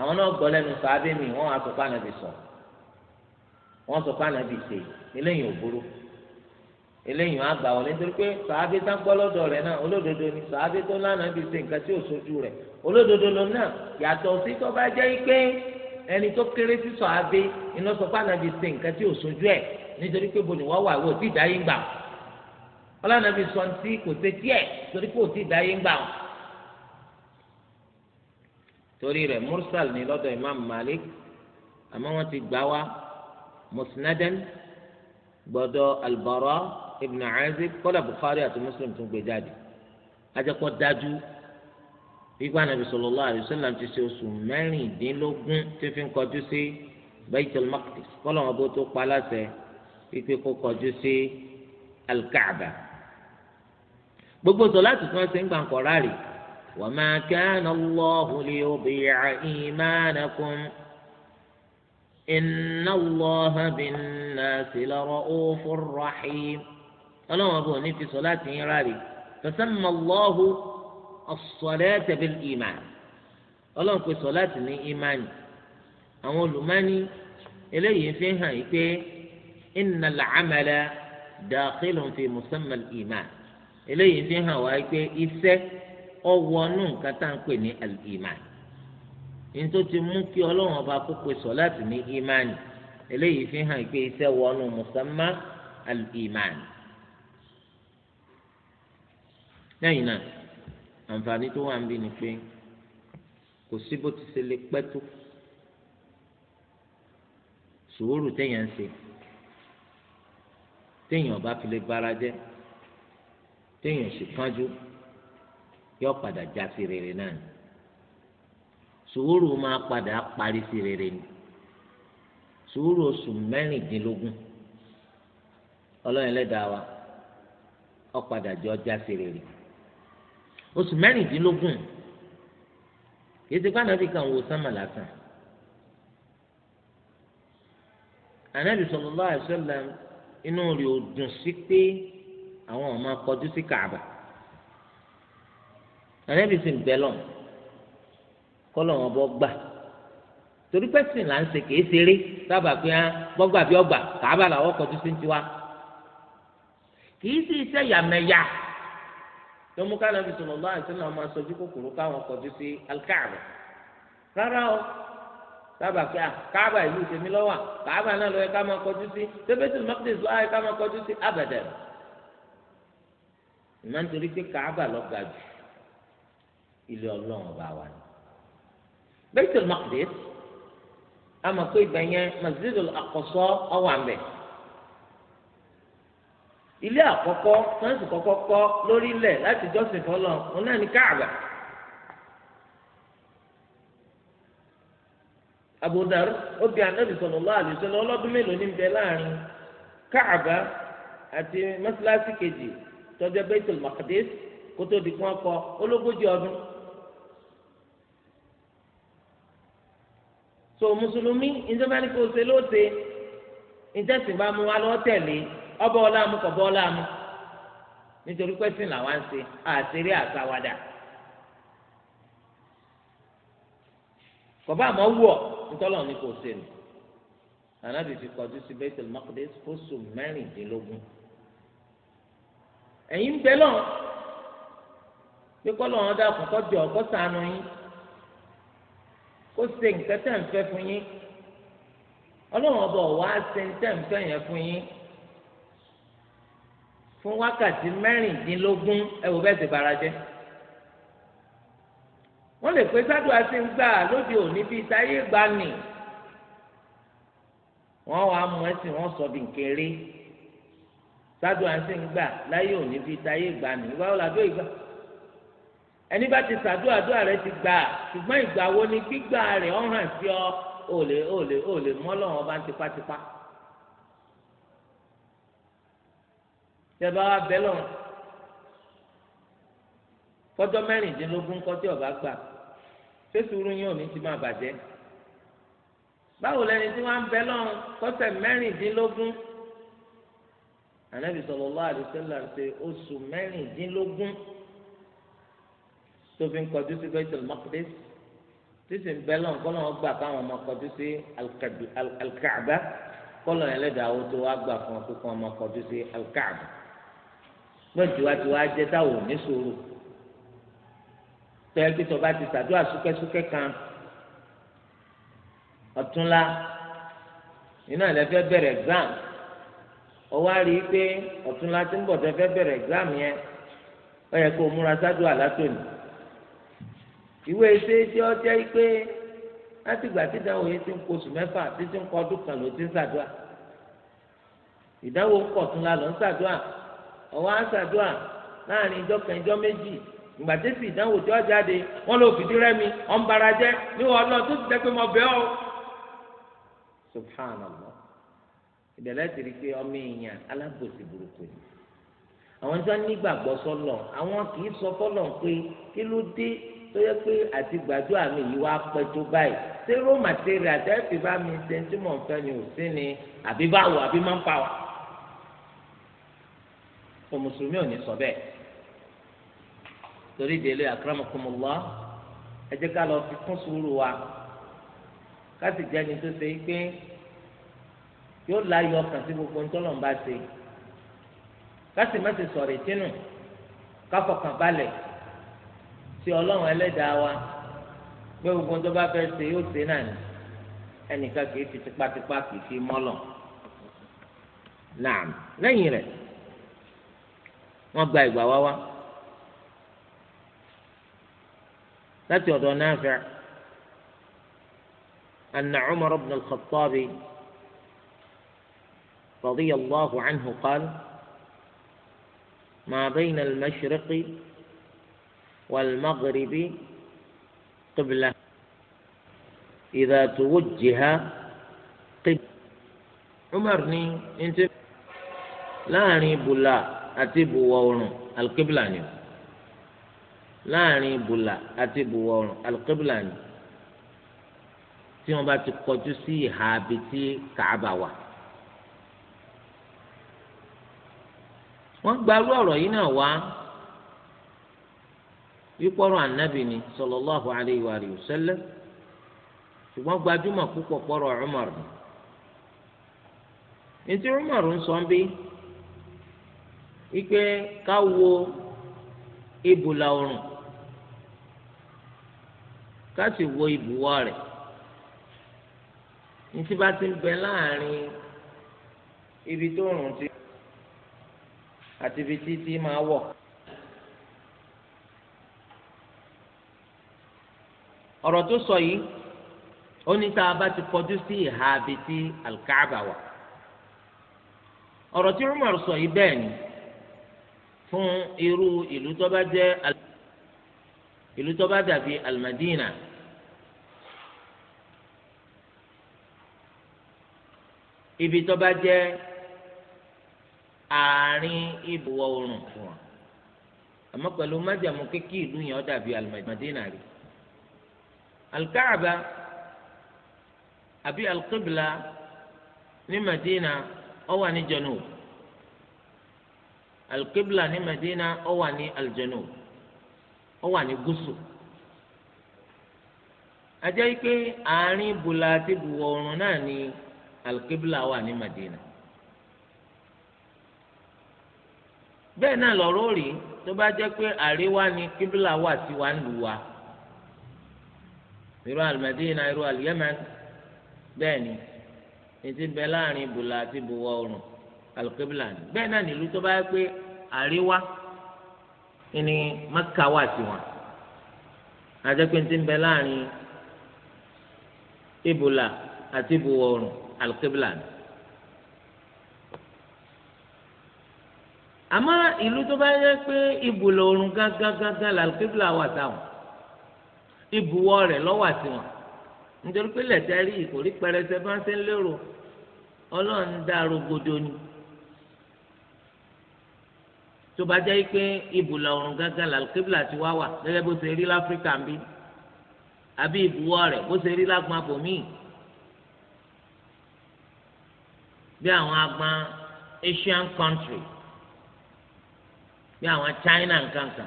àwọn náà gbọ́ lẹ́nu sọ̀hábí mi wọ́n á sọ pé ànábì sọ wọ́n sọ pé ànábì eléyìí ò burú eléyìí á gbà wọlé nítorí pé sọ̀hábí tán gbọ́ lọ́dọ̀ rẹ̀ náà olódodo ni sọ̀hábí tó lánàá bí ṣe nǹkan tí ò sójú rẹ̀ olódodo lọ náà yàtọ̀ sí tó bá jẹ́ pé ẹni tó kéré sí sọ̀hábé iná sọ pé ànábi ṣe nǹkan tí ò sojú ẹ̀ nítorí pé bo ni wọ́n wà wọ́n ò tí ì dáyé ń gbà wọn ọlọ́nàbí sọ ti kò ṣe tiẹ̀ torí pé ò tí ì dáyé ń gbà torí rẹ̀ mursal ni lọ́dọ̀ imam malik àmọ́ wọ́n ti gbà wá musnadan gbọ́dọ̀ albara ibn azib kọ́lá bukhari àti muslim tún gbé jáde ajẹ́kọ́ dájú igba nàbì sallallahu alaihi wasallam ti ṣe oṣù mẹ́rìndínlógún tí fi ń kọjú sí Baitul Maqdis kọlọ wọn bó tó pa láṣẹ pípé kó kọjú sí alkaaba gbogbo sọláàtì tí wọn ṣe ń gbà ń kọ ráàlì wa ma kana Allahu liyudi'a imanakum inna Allaha bin-nasi la-ra'ufur rahim Ọlọ́run ọba ò ní fi sọláàtì yín ráàlì fasamma Allahu as-salata bil iman ọlọ́run pè sọ̀láàtì ní ìmánì àwọn olùmọ́ni eléyìí fi hàn yí pé innal amala dakhilun fi musamma al-iman eléyìí fi hàn wá pé iṣẹ́ ọwọ́nú nǹkan tá à ń pè ní al-iman ti mú kí ọlọ́run ọba kó pè sọ̀láàtì ní ìmánì eléyìí fi hàn pé iṣẹ́ wọnú musamma al-iman lẹ́yìn náà àǹfààní tó wà ń bí ni pé kò sí bó ti ṣe lè pẹ́ tó sùúrù téèyàn ń ṣe téèyàn bá fi lè bára jẹ́ téèyàn sì kánjú yóò padà já sí rere náà ni sùúrù máa padà parí sí rere ni sùúrù oṣù mẹ́rìndínlógún ọlọ́run ẹlẹ́dàá wa ó padà jọ já sí rere ni oṣù mẹ́rìndínlógún yìí ti kó ànábì kan wò sánmà lásán ànábì sallallahu alaihi wasallam inú rẹ̀ ò dùn sí pé àwọn ọmọ akọjú sí kààbà ànábì sì ń bẹ lọ kọlọ wọn bọ gbà torí pẹ́sìn là ń ṣe kìí ṣeré sábà pé bọ́gbà bí ọgbà kààbà làwọn kọjú sí ń tiwa kìí sì iṣẹ́ yàmẹ̀yà ló mú káàdà fi sọ̀rọ̀ lọ́wọ́ àti náà máa sọjú kòkòrò káwọn kọjú sí alikaaba rárá o kábà pé káàbà ìlú tèmi lọ́wọ́ káàbà náà lọ́wọ́ ká máa kọjú sí Baitul Maqdis lọ́wọ́ ká máa kọjú sí abadan ìmọ̀ nítorí pé káàbà lọ jù ilé ọlọ́run ọba wa ni Baitul Maqdis àmọ̀ pé ibẹ̀ yẹn Masjidul Aqsa ọwọ́ àmbẹ̀ ilé àkọ́kọ́ sáǹsì kọ́kọ́ kọ́ lórílẹ̀ láti jọ́sìn fọlọ́ òun náà ní káàbà abudar obi anabi sallallahu alaihi wasallam ọlọ́dún mélòó ní bẹ láàrin káàbà àti mọ́sálásí kejì tọ́jọ́ baitul maqdis kótó di kí wọ́n kọ́ ológójì ọdún. so mùsùlùmí ìjọba ní kò ṣe lóde ìjọsìn bá mu wa lọ́ tẹ̀lé ọbọ ọláàmú kọbọ ọláàmú nítorí pẹ́sìn làwọn ń ṣe àṣírí àṣàwádà kọba àmọ́ wù ọ́ ntọ́lọ́ ní kò ṣe nù ànábì fi kọjú sí Baitul Maqdis fóṣù mẹ́rìndínlógún ẹ̀yin bẹ́ẹ̀ lọ́n pé kọ́ lọ́wọ́n dàkún kọ́jọ kọ́ sànù yín kó ṣe nǹkan tẹ̀ ń fẹ́ fún yín ọlọ́wọ́n bọ̀ wá ṣe ń tẹ̀ ń fẹ́ yẹn fún yín fún wákàtí mẹ́rìndínlógún ẹ wò bẹ́ẹ̀ sì bara jẹ́ wọ́n lè pé sádùá sí ń gbà lóde òní bíi táyé gbani wọ́n wàá mú ẹ̀sìn wọ́n sọ bí nkéré sádùá sí ń gbà láyé òní bíi táyé gbani ìgbà wo làdó ìgbà ẹni bá ti sàdúrà dúrà rẹ ti gbà ṣùgbọ́n ìgbà wo ni gbígbà rẹ̀ ọ̀hàn sí ọ ò lè ò lè ò lè mọ́ lọ́wọ́ bá ń tipátipá. Tipa. tipa. tẹ́bá wa bẹ́ lọ kọjọ́ mẹ́rìndínlógún kọjọ́ ọba gbà fésùrù yín òní ti máa bàjẹ́ báwo lẹni tí wọ́n ń bẹ́ lọ kọ́sẹ̀ mẹ́rìndínlógún ànábì sallallahu alaihi wasallam ṣe oṣù mẹ́rìndínlógún tó fi ń kọjú sí Baitul Maqdis tí sì ń bẹ́ lọ kọ́ lọ́wọ́ gbà káwọn ọmọ kọjú sí Al-Kaaba ẹlẹ́dàá owó tó wá gbà fún ọ lọ́jọ́ wa ti wá jẹ́ táwọn ò ní sòrò tẹ́ pé tọba ti ṣàdúrà súkẹ́súkẹ́ kan ọ̀túnla iná ẹ̀ lẹ́fẹ́ bẹ̀rẹ̀ exam ọwọ́ àrí pé ọ̀túnla ti ń bọ̀ tẹ́fẹ́ bẹ̀rẹ̀ exam yẹn ó yẹ kó o múra ṣàdúrà látòní ìwé ṣe é ṣe ọjọ́ pé láti ìgbà tí ìdáwó yẹn ti ń kó oṣù mẹ́fà títí ń kọ́ ọdún kan ló ti ń ṣàdúrà ìdáwó ń pọ̀ tún la lọ ń ṣàdúrà ọwọ́ àṣàdúà láàrin ìjọ kan ìjọ méjì ìgbàdésì ìdánwò tí wọ́n jáde wọ́n lọ fìdí rẹ́mi ọ̀n bara jẹ́ níwọ̀n ọlọ́run tó ti jẹ́ pé mo bẹ̀ ọ́ subhanallah ìdẹ̀lẹ́ ti rí i pé ọmọ èèyàn alágbòsí burúkú ni àwọn tí wọn nígbàgbọ́ sọlọ àwọn kì í sọ fọlọ pé kí ló dé tó yẹ pé àti gbàdúrà mi yìí wá pẹ́ tó báyìí ṣé ró màtẹ́rì àtẹ́fì bá mi ṣe tí mò ń fẹ́ ni ò sí ni àbí báwo àbí máa ń pa wà o mùsùlùmí ò ní sọ bẹ́ẹ̀ torí délé akramakumullah ẹ jẹ́ ká lọ fi kún sùúrù wa ká sì jẹ́ ẹni tó ṣe é pé yóò láyọ̀ ọkàn sí gbogbo ntọ́lọ̀ ń bá ṣe ká sì má ti sọ̀rọ̀ ìtinú ká fọkàn balẹ̀ sí ọlọ́run ẹlẹ́dàá wa pé gbogbo tó bá fẹ́ ṣe yóò ṣe náà ni ẹnìkan kì í fi tipátipá kì í fi mọ́lọ̀ náà lẹ́yìn rẹ̀. wọ́n gba ìgbà wá wá láti ọ̀dọ̀ Nafi' anna Umar ibn al-Khattab radiyallahu anhu qala ma bayna al-mashriqi wal-maghribi qibla idha tuwajjaha qibla Umar ní ntẹ láàrin bùlá. àti ìbùwọ̀ oòrùn alùkébìlà ni láàrin ìbùlà àti ìbùwọ̀ oòrùn alùkébìlà ni tí wọ́n bá ti kọjú sí ìhà ibi tí kàába wà. wọ́n gbarú ọ̀rọ̀ yìí náà wá wípọ́rọ̀ ànábì ni sallallahu alayhi wa sallam ṣùgbọ́n gbajúmọ̀ púpọ̀ pọ̀rọ̀ Umar ni. ètò Umar ń sọ bí wípé ká wo ibùlà oòrùn ká sì wo ibùwọ̀ rẹ̀ ní tí bá ti ń bẹ láàrin ibi tó rùn ti àti ibi tí tí máa wọ̀. ọ̀rọ̀ tó sọ yìí ó ní tá a bá ti kọjú sí ìhà ibi alkaaba wà ọ̀rọ̀ tí Umar sọ yìí bẹ́ẹ̀ ni fún irú ìlú tó bá jẹ́ ìlú tó bá dàbí almadina. ibi tó bá jẹ́ àárín ìbùwọ̀ oòrùn fún wa àmọ́ pẹ̀lú májàmú kékè ìlú yẹn ó dàbí almadina rí alkaaba àbí alqibla ní madina ó wà ní jẹnub alqibla ní Medina ó wà ní aljanub ó wà ní gúúsù ajẹ́ pé àárín bùlà àti bùwọ̀ oòrùn náà ni alqibla wà ní Medina bẹ́ẹ̀ náà lọ́rọ́ rí tó bá jẹ́ pé àríwá ni kíbla wà sí wa ń lù wa irú al irú al-Yaman ni ètí bẹ láàrin bùlà àti bùwọ̀ oòrùn alùkébìlà ni bẹ́ẹ̀ náà nílùú tó bá yẹ pé àríwá ni mẹ́kà wà tiwọn àjẹpẹ́ ti ń bẹ láàrin ibùlà àti ibùwọ̀ oòrùn alùkébìlà ni. àmọ́ ìlú tó bá yẹ pé ibùlà oòrùn gángangán làlùkébìlà wà táwọn ibùwọ̀ rẹ̀ lọ́wọ́ àtiwọn nítorí pé lẹ́tẹ̀rí ìkórí pẹrẹsẹ bá ń ṣe ń lérò ọlọ́run dá rogodo ni tó bá jẹ́ pé ibùlà ọ̀run gángan là kébìlà ti wá wà gẹ́gẹ́ bó ṣe rí láfíríkà ń bí àbí ìbúwọ́ rẹ̀ bó ṣe rí lágbọn abòmíì bí àwọn agbọn Asian country bí àwọn China nkankan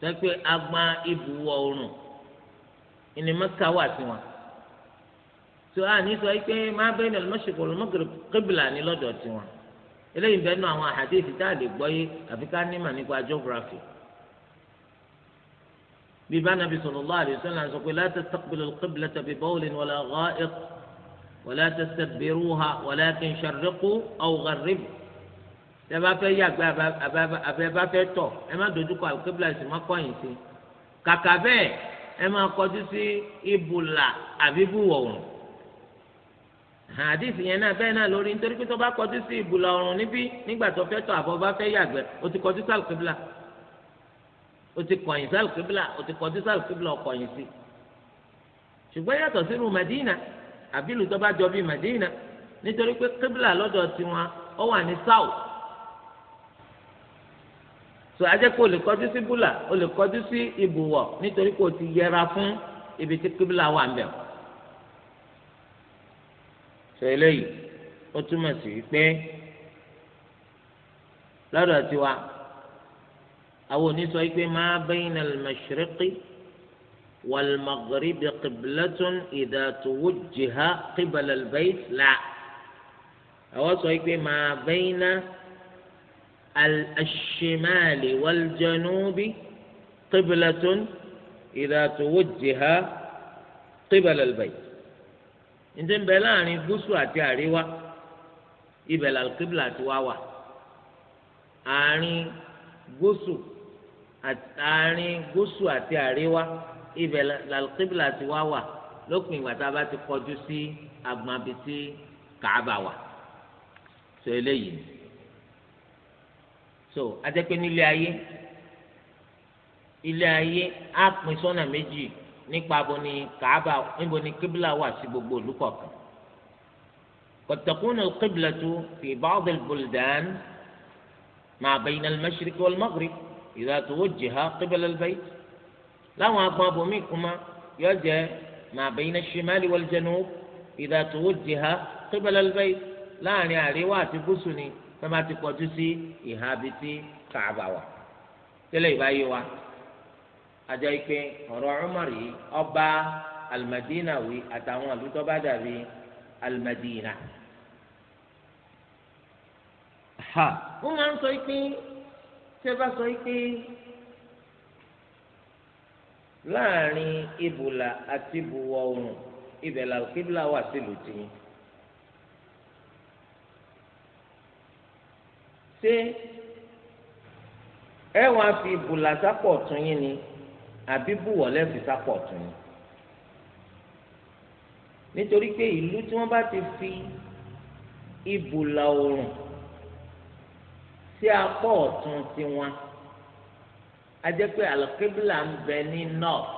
tó pé agbọn ibùwọ̀ ọ̀run ìnìmọ́ká wà sí wọn tó a sọ pé má bẹ́ẹ̀ ni ọlọ́mọṣẹ́kọ̀ọ́ ọlọ́mọkẹ́rẹ́ kébìlà lọ́dọ̀ tiwọn eléyìí bẹ́ẹ̀ nù àwọn àhàdíìsì tá a lè gbọ́ yé àfi ká nímọ̀ nípa geography bí bá nàbí sallallahu alaihi wasallam sọ pé la tastaqbilu al-qiblata bi bawlin wala gha'iq wala tastadbiruha walakin sharriqu aw gharribu tẹ́ bá fẹ́ yàgbẹ́ abẹ́ bá fẹ́ tọ̀ ẹ má dojúkọ al-qibla sì má kọ̀yìn sí kàkà bẹ́ẹ̀ ẹ má kọjú sí ibùlà àbí bùwọ̀ hadith yẹn náà bẹ́ẹ̀ náà lórí nítorí pé tó bá kọjú sí ìbùlà ọ̀run níbí nígbà tó fẹ́ tọ̀ àbọ̀ bá fẹ́ yàgbẹ́ o ti kọjú sálù kíbla o ti kọ̀yìn sálù kíbla o ti kọjú sálù kíbla ọ̀kọ̀yìn sí ṣùgbọ́n yàtọ̀ sínú Madina àbílù tó bá jọ bíi Madina nítorí pé kíbla lọ́dọ̀ tiwọn ó wà ní south so ajẹ́ pé o lè kọjú sí bùlà o lè kọjú sí ìbùwọ̀ nítorí pé o ti yẹra fún ibi tí kíbla wà ń sọ eléyìí ó túmọ̀ sí wípé lọ́dọ̀ ti tiwa àwọn onísọ wípé ma bayna al-mashriqi wal-maghribi qiblatun idha tuwujjiha qibala al-bayt la awo sọ wípé ma bayna al-shimali wal-janubi qiblatun idha tuwujjiha qibala al-bayt. ǹjẹ́ ń bẹ láàrin gúúsù àti àríwá ibẹ̀ làlùkíbìlà ti wá wà àárín gúúsù àárín gúúsù àti àríwá ibẹ̀ làlùkíbìlà ti wá wà lópin ìgbà tá a bá ti kọjú sí agbọ̀nabitì kàábà wà so eléyìí ni so ajẹ́pẹ́ nílé ayé ilé ayé á pín sọ́nà méjì. So, nípa bo ni kaaba níbo ni kibla wà sí gbogbo olùkọ̀ọ̀kan kọtàkùn kibla tó fi báwọ̀dì buldan máa bẹ̀yìn al-mashriq wal-maghrib ìdá tó wọ́n jìhá kibla al-bayt láwọn agbọn abomi kuma yọ jẹ máa bẹ̀yìn al-shimali wal-janub ìdá tó wọ́n jìhá kibla al-bayt láàrin àríwá àti gúúsù ni tọ́ba ti kọjú sí ìhà bìtì kaaba wa tẹ́lẹ̀ ìbáyé wa ajá ikpe ọ̀rọ̀ ọmọrì ọba alimadina wi àtàwọn àlùtọ́ba dàbí alimadina. wọ́n máa ń sọ ikpe tí ẹ bá sọ ikpe láàrin ibùlà àti ibùwọ̀ oòrùn ibẹ̀ wà sílùú tì ṣé ẹ wàá fi ibùlà sápọ̀ tún yín ni àbí bùwọ̀ lẹ́fì sápọ̀ tún ni nítorí pé ìlú tí wọ́n bá ti fi ibùlà oòrùn sí apá ọ̀tún tiwọn a jẹ́ pé alùkébìlà ń bẹ ní north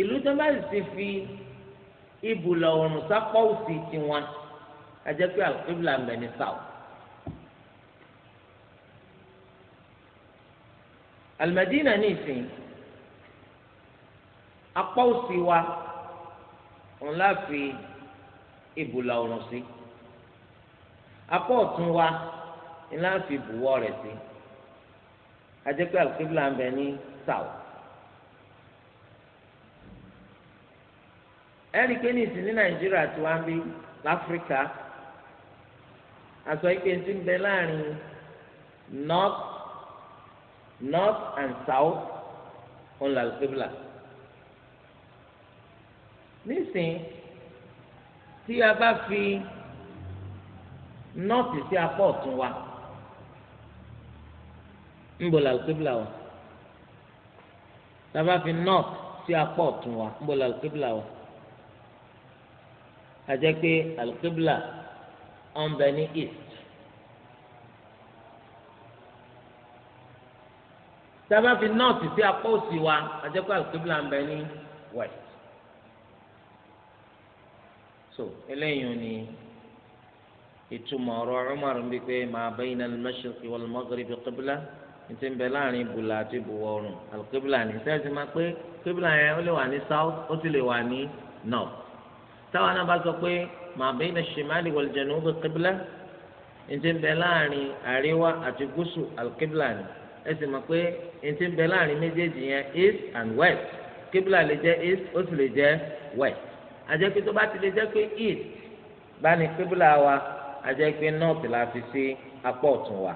ìlú tí wọ́n bá ti fi ibùlà oòrùn sápọ̀ òsì tiwọn a jẹ́ pé alùkébìlà ń bẹ ní south. alimadina ní ìsìn apá òsì wa òun láfi ìbùlà òrùn sí apá ọ̀tún wa ni láfi ìbùwọ̀ rẹ̀ sí ajẹ́pẹ́ àlùkíbùlà ń bẹ ní south. ẹnì pé ní ìsìn ní nàìjíríà tí wọ́n á bí láfíríkà àsọ ìpè ti ń bẹ láàrin north north and south òun là lùkébìlà nísìn tí a bá fi north sí apá ọ̀tún wa ńbọ là lùkébìlà wa tá a bá fi north sí apá ọ̀tún wa ńbọ là lùkébìlà wa a jẹ́ pé àlùkébìlà ọ̀nbẹ ní east. sábà fi nọ́ọ̀tì sí apá òsì wa àjẹpọ̀ àlùkébìlà ń bẹ ní west so eléyìí ni ìtumọ̀ ọ̀rọ̀ Umar ń bí pé ma bayna al-mashriqi wal-maghribi qibla ntí ń bẹ láàrin ibùlà àti ibùwọ̀rùn al-qibla ni sẹ́ẹ̀sì máa pé qibla yẹn ó lè wà ní south ó sì lè wà ní north táwọn náà bá sọ pé ma bayna ash-shimali wal-janubi qibla ntí ń bẹ láàrin àríwá àti gúúsù al-qibla ẹ sì mọ̀ pé ẹni ń bẹ láàrin méjèèjì yẹn east and west kíbla lè jẹ́ east ó sì lè jẹ́ west àjẹ́ pé tó bá ti lè jẹ́ pé east bá ní kíbla wa àjẹ́ pé north la fi sí apá ọ̀tún wa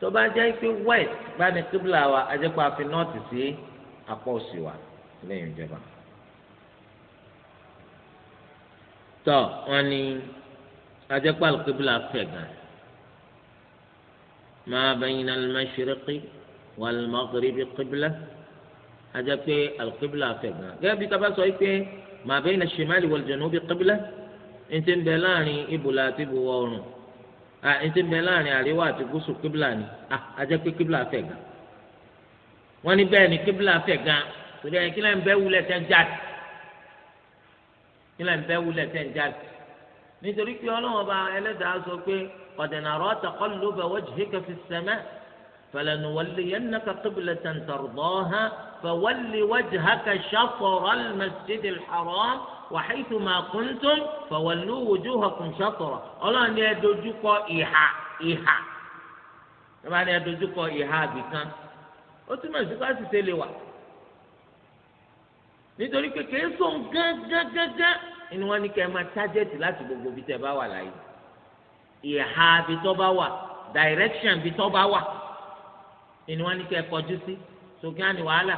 tó bá jẹ́ pé west bá ní kíbla wa àjẹ́ pé a fi north sí apá òsì wa lẹ́yìn ìjọba. tọ́ wọn ni àjẹ́ pé alùpùpù fẹ̀ gan-an. ما بين المشرق والمغرب قبلة أجا القبلة فقنا جاء بك بس ما بين الشمال والجنوب قبلة أنت بلاني إبولا تبوون آه أنت بلاني عليوا تقصوا قبلاني آه أجا قبلة فقنا وأنا بيني قبلة فقنا torí ẹni kí ló ń bẹ wulẹ̀ tẹ́ ń jáde kí ló قد نرى تقلب وجهك في السماء فلنولينك قبلة ترضاها فول وجهك شطر المسجد الحرام وحيث ما كنتم فولوا وجوهكم شطرة الله أن يدوجك إيحاء إيحاء كما أن يدوجك إيحاء بك أتما شكا سيليوا نتوني كيسون جا جا جا جا إنواني كما تجد لا تبقوا بتباوى لأيه ìhà bí tó bá wà direction bí tó bá wà ni wọ́n ní kẹ́ kọjú sí sókè àní wàhálà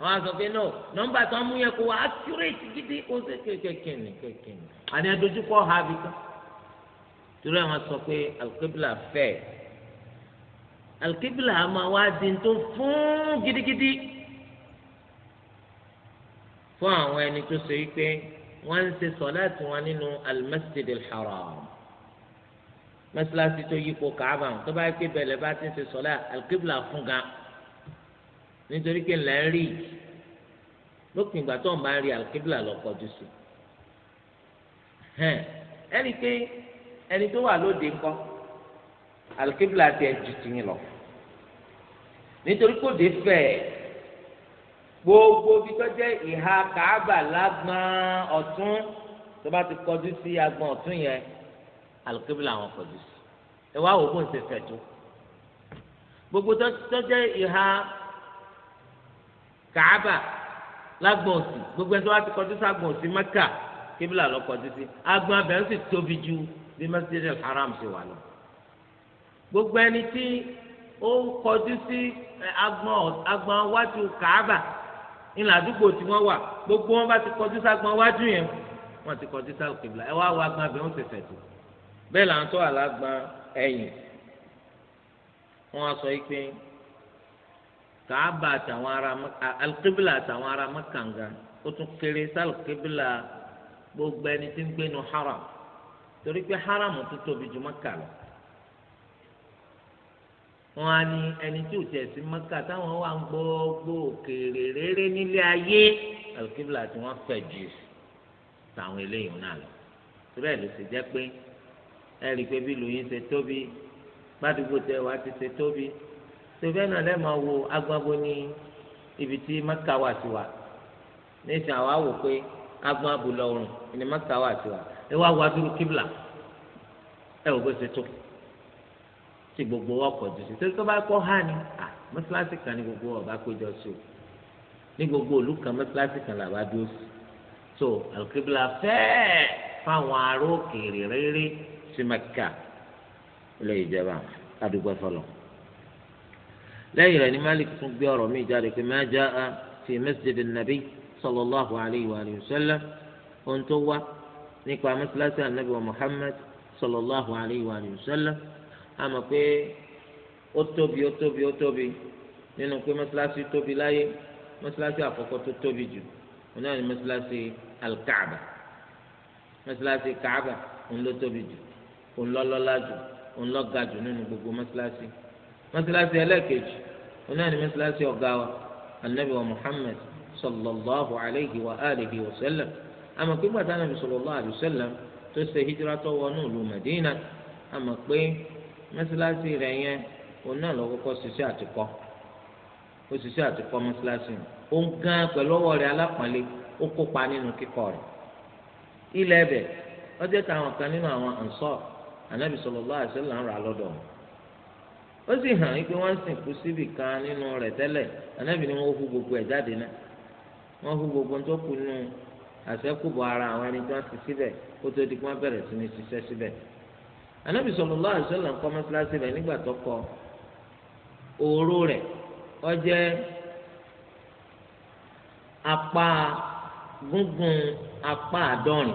wọ́n á sọ pé no nọ́mbà tó ń mú yẹ kó wà accurate gidi ó sì kékeré ní kékeré àní adójúkọ ha bí kan torí àwọn sọ pé alukébìlà fẹ́ alukébìlà máa wá di tó fún gidigidi fún àwọn ẹni tó ṣe wípé wọ́n ń ṣe sọ̀láàtì wọn nínú almasjid alharam mọ́sálásí tó yípo kàábà tó bá ké bẹ̀lẹ̀ bá ti ń ṣe sọ́lá alqibla fún gan nítorí pé ńlá ń rí lópin ìgbà tó ń bá ń rí alqibla lọ kọjú sí ẹni pé ẹni tó wà lóde ńkọ́ alqibla tiẹ̀ jù tìyín lọ nítorí kò dé fẹ́ẹ̀ gbogbo bí tó jẹ́ ìhà kàábà lágbọ́n ọ̀tún tó bá ti kọjú sí agbọ́n ọ̀tún yẹn alùkébìlà àwọn kọjú sí ẹ wá wò ó ń ṣe fẹ̀tọ́ gbogbo tó jẹ́ ìhà kàába lágbọ̀n òsì gbogbo ẹni tó wá ti kọjú sí agbọ̀n òsì mẹ́kà kébìlà lọ kọjú sí agbọ̀n abẹ́rẹ́ sì tóbi ju bí mẹ́sídẹ̀ẹ́dẹ̀ haram ṣe wà lọ gbogbo ẹni tí ó kọjú sí agbọ̀n wájú kàába ńlá àdúgbò tí wọ́n wà gbogbo wọn bá ti kọjú sí agbọ̀n wájú yẹn wọ́n ti kọjú sí alùkébìlà ẹ wá wọ agbọ̀n abẹ́rẹ́ ó ti fẹ̀tọ́ bẹ́ẹ̀ là ń tó àlágbọn ẹ̀yìn wọ́n á sọ pé kàába àtàwọn ará alikébìlà àtàwọn ará mẹ́kànga ó tún kéré sálùkébìlà gbogbo ẹni tí ń gbénu haram torí pé haram tó tóbi ju mẹ́kà lọ wọ́n á ní ẹni tí ò tẹ̀ sí mẹ́kà táwọn wà ń gbogbo òkèèrè réré nílé ayé alikébìlà tí wọ́n fẹ̀ jù táwọn eléyìí náà lọ torí ẹ̀ ló ti jẹ́ pé ẹ̀rí pé bí lóyún ṣe tóbi gbàdúgbò tẹ wá ti ṣe tóbi ṣèfẹ́ náà lẹ́ẹ̀ máa wo agbábo ní ibi tí mẹ́kà wà sí wa níṣẹ́ àwa wò pé agbọ́n abùlọ ọ̀run ní mẹ́kà wà sí wa ẹ wá wá dúró kíbla ẹ wò bó ṣe tó tí gbogbo ọkọ̀ jù sí torí tó bá kọ́ hà ní mọ́sálásí kan ní gbogbo ọba péjọ sí o ní gbogbo òlú kan mọ́sálásí kan làbá dúró sí so alùkíbla fẹ́ẹ̀ fáwọn arókèrè rere sí mẹ́kà ilé ìjẹba adúgbò fọlọ. lẹ́yìn rẹ̀ ni malik tún gbé ọ̀rọ̀ mi jáde pé má já a fi masjid nabi sallallahu alayhi wa sallam ohun tó wá nípa mọ́sálásí anabi wa muhammad sallallahu alayhi wa sallam a mọ̀ pé ó tóbi ó tóbi ó tóbi nínú pé mọ́sálásí tóbi láyé mọ́sálásí àkọ́kọ́ tó tóbi jù wọn náà ni mọ́sálásí alkaaba mọ́sálásí kaaba ń ló tóbi jù ńlọ́lọ́lá jù ńlọ́ga jù nínú gbogbo mọ́sálásí mọ́sálásí ẹlẹ́ẹ̀kejì onáàni mọ́sálásí ọ̀gá wa anabi wa muhammed sallallahu alayhi wa alihi wa sallam àmọ́ pé gbàtà anabi sallallahu alayhi wa sallam tó ṣe hijira tó wọnú ìlú madina àmọ́ pé mọ́sálásí rẹ̀ yẹn onáà lọ kọ́kọ́ ṣiṣẹ́ àtikọ́ ó ṣiṣẹ́ ó ń ó kópa nínú ilẹ̀ ẹ̀bẹ̀ anabi sallallahu alaihi wasallam ń rà lọ́dọ̀ ó sì hàn yín pé wọ́n ń sìnkú síbì kan nínú rẹ̀ tẹ́lẹ̀ anabi ni wọ́n hu gbogbo ẹ̀ jáde náà wọ́n hu gbogbo tó kù nù àṣẹ́kùbọ̀ ara àwọn ẹni tó ń ti síbẹ̀ kó tó di kí wọ́n bẹ̀rẹ̀ sí ní ṣiṣẹ́ síbẹ̀ anabi sallallahu alaihi wasallam ń kọ́ mọ́sálásí rẹ̀ nígbà tó kọ́ òru rẹ̀ ó apá gúngún apá àdọ́rin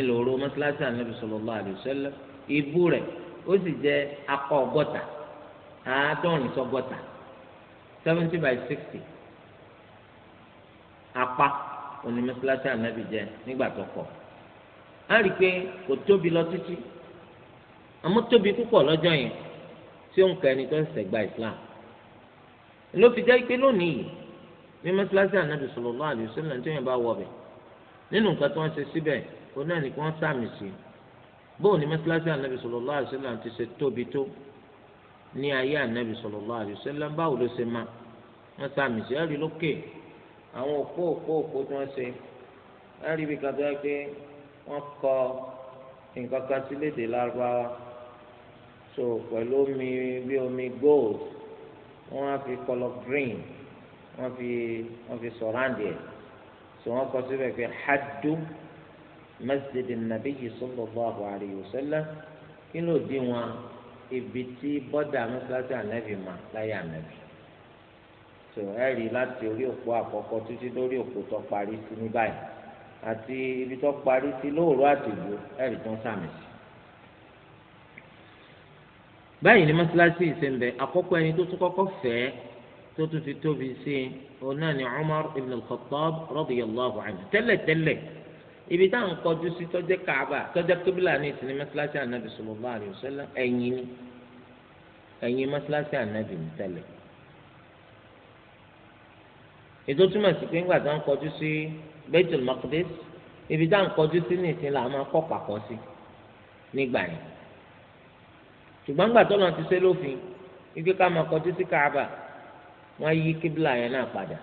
ńlọ ro mọ́sálásí ànábì sallallahu alaihi wasallam ìbú rẹ̀ ó sì jẹ́ akọ ọgọ́ta àádọ́rin sọgọ́ta seventy by sixty apá òní mọ́sálásí ànábì jẹ́ nígbà tó kọ́ á rí i pé kò tóbi lọ títí àmọ́ tóbi púpọ̀ lọ́jọ́ yẹn tí ó ń ka ẹni tó ń ṣẹ̀gbà Islam ló fi jẹ́ pé lónìí yìí ní mọ́sálásí ànábì sallallahu tó yẹn bá wọ̀ bẹ̀ nínú nǹkan tí wọ́n ṣe síbẹ̀ yìí òun náà ní kí wọ́n sàmì sí bóun ní mẹ́sàlásí ànábì sallallahu alaihi wasallam ti ṣe tóbi tó ní ayé ànábì sallallahu alaihi wasallam báwo ló ṣe máa wọ́n sàmì sí ẹ̀rí lókè àwọn òpó òpó òpó tí wọ́n ṣe ẹ̀rí bí kan tó yẹ pé wọ́n kọ nǹkan kan sí léde lárúbáwá so pẹ̀lú omi bí omi gold wọ́n á fi color green wọ́n fi wọ́n fi sọ̀ráǹdì ẹ̀ so wọ́n kọ síbẹ̀ pé hadu. مسجد النبي صلى الله عليه وسلم، kí ديوان، dé wọn ibi النبي ما لا ànábì mà láyé ànábì tó ẹ rí láti orí òpó àkọ́kọ́ títí lórí òpó tó parí sí ní báyìí àti ibi tó parí sí lóòrò àtìgbò ẹ rí tó ń sàmì sí. báyìí ni mọ́sálásí ìsẹ̀mbẹ̀ àkọ́kọ́ ẹni tó tún kọ́kọ́ fẹ́ẹ́ tó tún fi tóbi sí i òun ni Umar ibn al-Khattab radiyallahu anhu tẹ́lẹ̀tẹ́lẹ̀ ibi táwọn kọjú sí tọ́jẹ́ kaaba tọ́jẹ́ kébìlà ní ìtìní mọ́sálásí ànábì sallallahu alaihi wasallam ẹ̀yìn ni ẹ̀yìn mọ́sálásí ànábì ní tẹ́lẹ̀ ètò túmọ̀ sí pé ńgbà táwọn kọjú sí Baitul Maqdis ibi táwọn kọjú sí ní ìtìní làwọn máa kọ́ pàkọ́ sí nígbà yẹn ṣùgbọ́n ńgbà tọ́lọ́ ti ṣe lófin wípé ká máa kọjú sí kaaba wọ́n yí kébìlà yẹn náà padà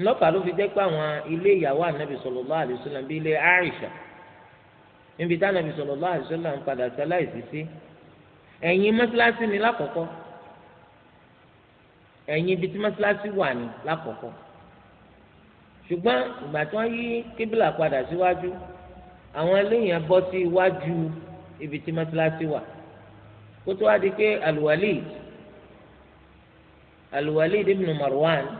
ńlọ́pàá ló fi jẹ́ pé àwọn ilé ìyàwó ànábì sallallahu alaihi wasallam bíi ilé Aisha níbi tá ànábì sallallahu alaihi wasallam ń padà sáláìsì sí ẹ̀yìn mọ́sálásí ni lákọ̀ọ́kọ́ ẹ̀yìn ibi tí mọ́sálásí wà ní lákọ̀ọ́kọ́ ṣùgbọ́n ìgbà tí wọ́n yí kíbìlà padà síwájú àwọn eléyìí bọ́ sí iwájú ibi tí mọ́sálásí wà kótó wá di pé Al-Walid al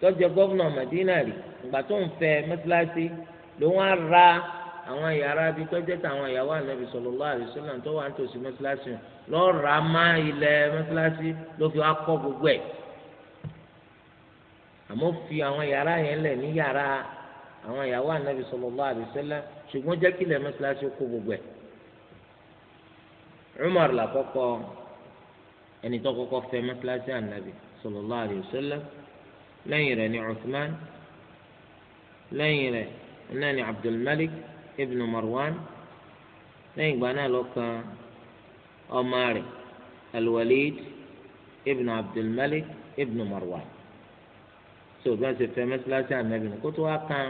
tó jẹ́ gọ́vnà Madina rí ìgbà tó ń fẹ́ mẹ́tíláṣí ló wá ra àwọn yàrá bí tó jẹ́ ìyàwó ànábì sallallahu alaihi wasallam tó wà nítòsí mẹ́tíláṣí ra má ilẹ̀ mẹ́tíláṣí ló fi wá kọ́ gbogbo ẹ̀ àmọ́ fi àwọn yàrá yẹn lẹ̀ ní yàrá àwọn ìyàwó ànábì sallallahu alaihi wasallam ṣùgbọ́n jẹ́ kí ilẹ̀ mẹ́tíláṣí gbogbo ẹ̀ Umar làkọ́kọ́ lẹ́yìn rẹ̀ ni Uthman lẹ́yìn rẹ̀ náà ni Abdulmalik ibn Marwan lẹ́yìn ìgbà náà ló kan ọmọ rẹ̀ Al-Walid ibn Abdulmalik ibn Marwan tó bá ṣe fẹ́ mẹ́sàlásì ànábì ní kó tó wá kan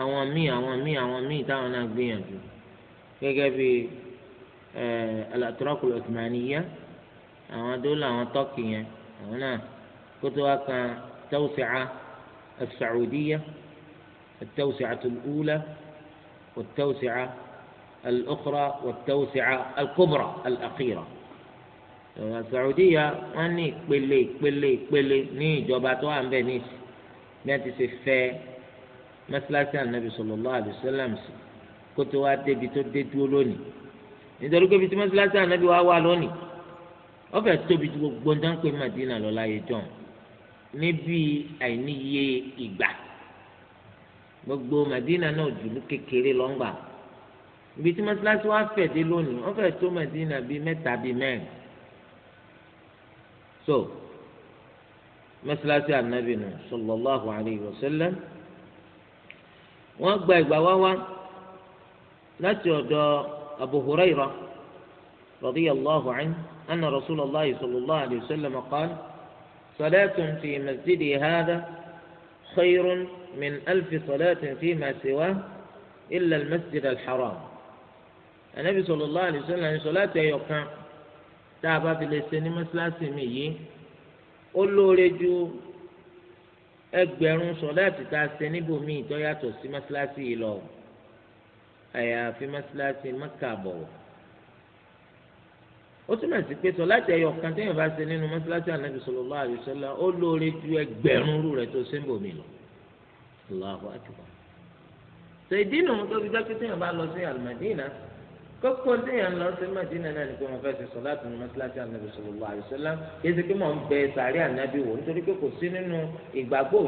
àwọn míì àwọn míì àwọn míì táwọn náà gbìyànjú gẹ́gẹ́ bí eh, al-Atrak al-Uthmaniyya àwọn dólà àwọn tọ́kì yẹn àwọn náà kó tó wá kan. التوسعة السعودية التوسعة الأولى والتوسعة الأخرى والتوسعة الكبرى الأخيرة السعودية أني قلي قلي قلي ني جوباتو أم بنيس نانتي سفي مثلا النبي صلى الله عليه وسلم كنت واتي بتودي تولوني نزلو كبيت مثلا النبي واوالوني أفتو بتو بنتان كل مدينة لولاي جون níbi àìníye ìgbà gbogbo Madina náà jùlọ kékeré lọ́ngbà ibi tí mọ́sálásí wa fẹ̀ dé lónìí wọ́n fẹ̀ tó Madina bíi mẹ́ta bíi mẹ́rin so mọ́sálásí anabi nù sallallahu alayhi wa sallam wọ́n gba ìgbà wá wá láti ọ̀dọ̀ Abu Hurairah radiyallahu anhu anna rasulallah sallallahu alayhi wa sallam صلاة في مسجدي هذا خير من ألف صلاة فيما سواه إلا المسجد الحرام النبي صلى الله عليه وسلم يعني صلاة يوقع تابا في لسان مسلا سمي قل له ẹgbẹ̀rún أكبر صلاة a ṣe níbòmíì tó yàtọ̀ sí mọ́ṣáláṣí yìí lọ àyàfi ó túmọ̀ sí pé sọláàtì ẹyọ kan téèyàn bá ṣe nínú mọ́sálásí ànábì sallallahu alaihi wasallam ó lóore ju ẹgbẹ̀rún rú rẹ̀ tó sẹ́ńbò mi lọ. Allahu akbar. sọ ìdínà tó fi dákẹ́ téèyàn bá lọ sí àlùmọ̀dínà kókó téèyàn lọ sí mọ̀dínà náà ni pé wọ́n fẹ́ ṣe sọláàtì nínú mọ́sálásí ànábì sallallahu alaihi wasallam kí ẹsẹ̀ pé mọ̀ ń bẹ sàárẹ̀ ànábì wò nítorí pé kò sí nínú ìgbàgbọ́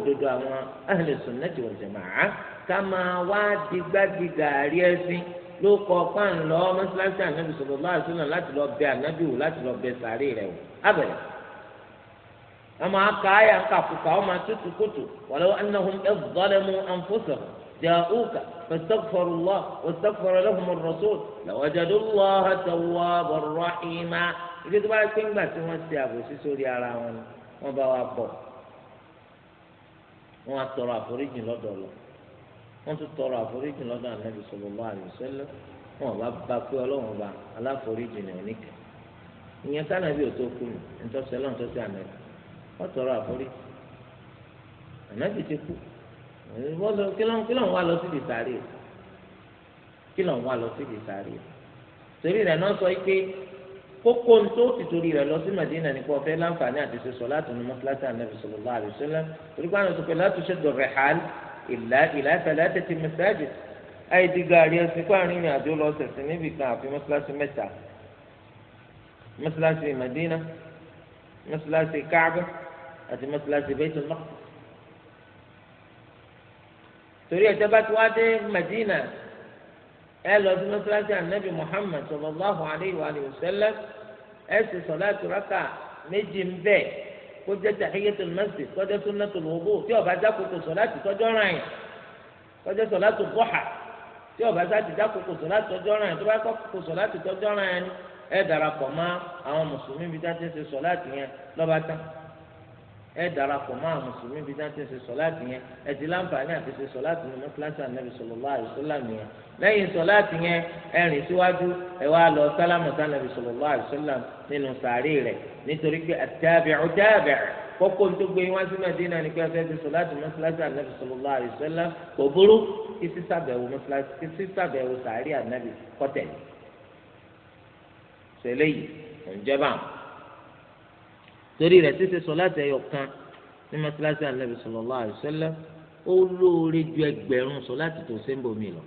ló kọ fáàn lọ mọ́sálásí ànábì sọ̀rọ̀ lọ́wọ́ àṣìlọ́ láti lọ bẹ ànábì wò láti lọ bẹ sàárè rẹ̀ wò abẹ̀rẹ̀ aka ayà ń kàkùkà ọmọ àtútù kùtù wàlẹ́ anahum ẹ̀dọ́lẹ́mu ànfọ́sọ̀rọ̀ جاءوك فاستغفروا الله واستغفر لهم الرسول لوجدوا wọn bá wa bọ̀ àforíjì wọ́n tún tọrọ àforíjì lọ́dọ̀ ànábì sallallahu alaihi wasallam wọn bá bá pé ọlọ́run bá aláforíjì ní oníkẹ́ ìyẹn sànàbí ò tó kú nù ntọ́sẹ̀ lọ́n tó sẹ́ ànábì wọ́n tọrọ àforíjì ànábì ti kú kí lọ́n wá lọ sí di sáré kí lọ́n wá lọ sí di sáré torí rẹ̀ náà sọ pé kókó ntó ti torí rẹ̀ lọ sí Madina nípa ọ̀fẹ́ láǹfààní àti sísọ láti mọ́tíláṣí ànábì sallallahu alaihi wasallam torí pé àwọn ìlà ìlà tẹ̀lé tẹ̀tẹ̀ mẹsáàgì ayé ti gaari ẹsìn kó àárín ìrìn àjò lọ sẹ̀sìn níbì kan àfi mọ́sálásí mẹ́ta mọ́sálásí Madina mọ́sálásí Káàbà àti mọ́sálásí Baitul Maqdis torí ẹ̀jẹ̀ bá ti wá dé Madina ẹ lọ sí mọ́sálásí anabi Muhammad sallallahu alayhi wa sallam ẹ sì sọ̀lá àtúrákà méjì ń bẹ́ẹ̀ kó jẹ́ tahiyatul masjid kó jẹ́ sunnatul wudu tí ó bá jákòókò sọ̀láàtì tọ́jọ́ ràn yẹn kó jẹ́ sọ̀láàtù duha tí ó bá sáàtì jákòókò sọ̀láàtì tọ́jọ́ ràn yẹn tó bá kókò sọ̀láàtì tọ́jọ́ ràn yẹn ẹ darapọ̀ mọ́ àwọn mùsùlùmí bíi tá a ti ṣe yẹn lọ́ba tán. ẹ darapọ̀ mọ́ àwọn mùsùlùmí bíi dáńtẹ́ ṣe sọ̀láàtì yẹn ẹ ti láǹfààní àti ṣe sọ̀láàtì ní mọ́tíláṣí ànábì sallallahu alaihi wasallam yẹn lẹ́yìn sọ̀láàtì yẹn ẹ rìn síwájú ẹ wá lọ sálámù sànábì sallallahu alaihi wasallam nínú sàárè rẹ̀ nítorí pé àtàbẹ̀rù tàbẹ̀rù kókó tó gbé wá sí Madina ni pé ẹfẹ́ ti sọ̀láàtì mọ́tíláṣí ànábì sallallahu kò burú kí sísàbẹ̀wò torí rẹ̀ ṣíṣe sọ̀láàtì ẹyọ kan ní mọ́sálásí ànábì sallallahu alaihi wasallam ó lóore ju ẹgbẹ̀rún sọ̀láàtì tó ṣe ń bomi lọ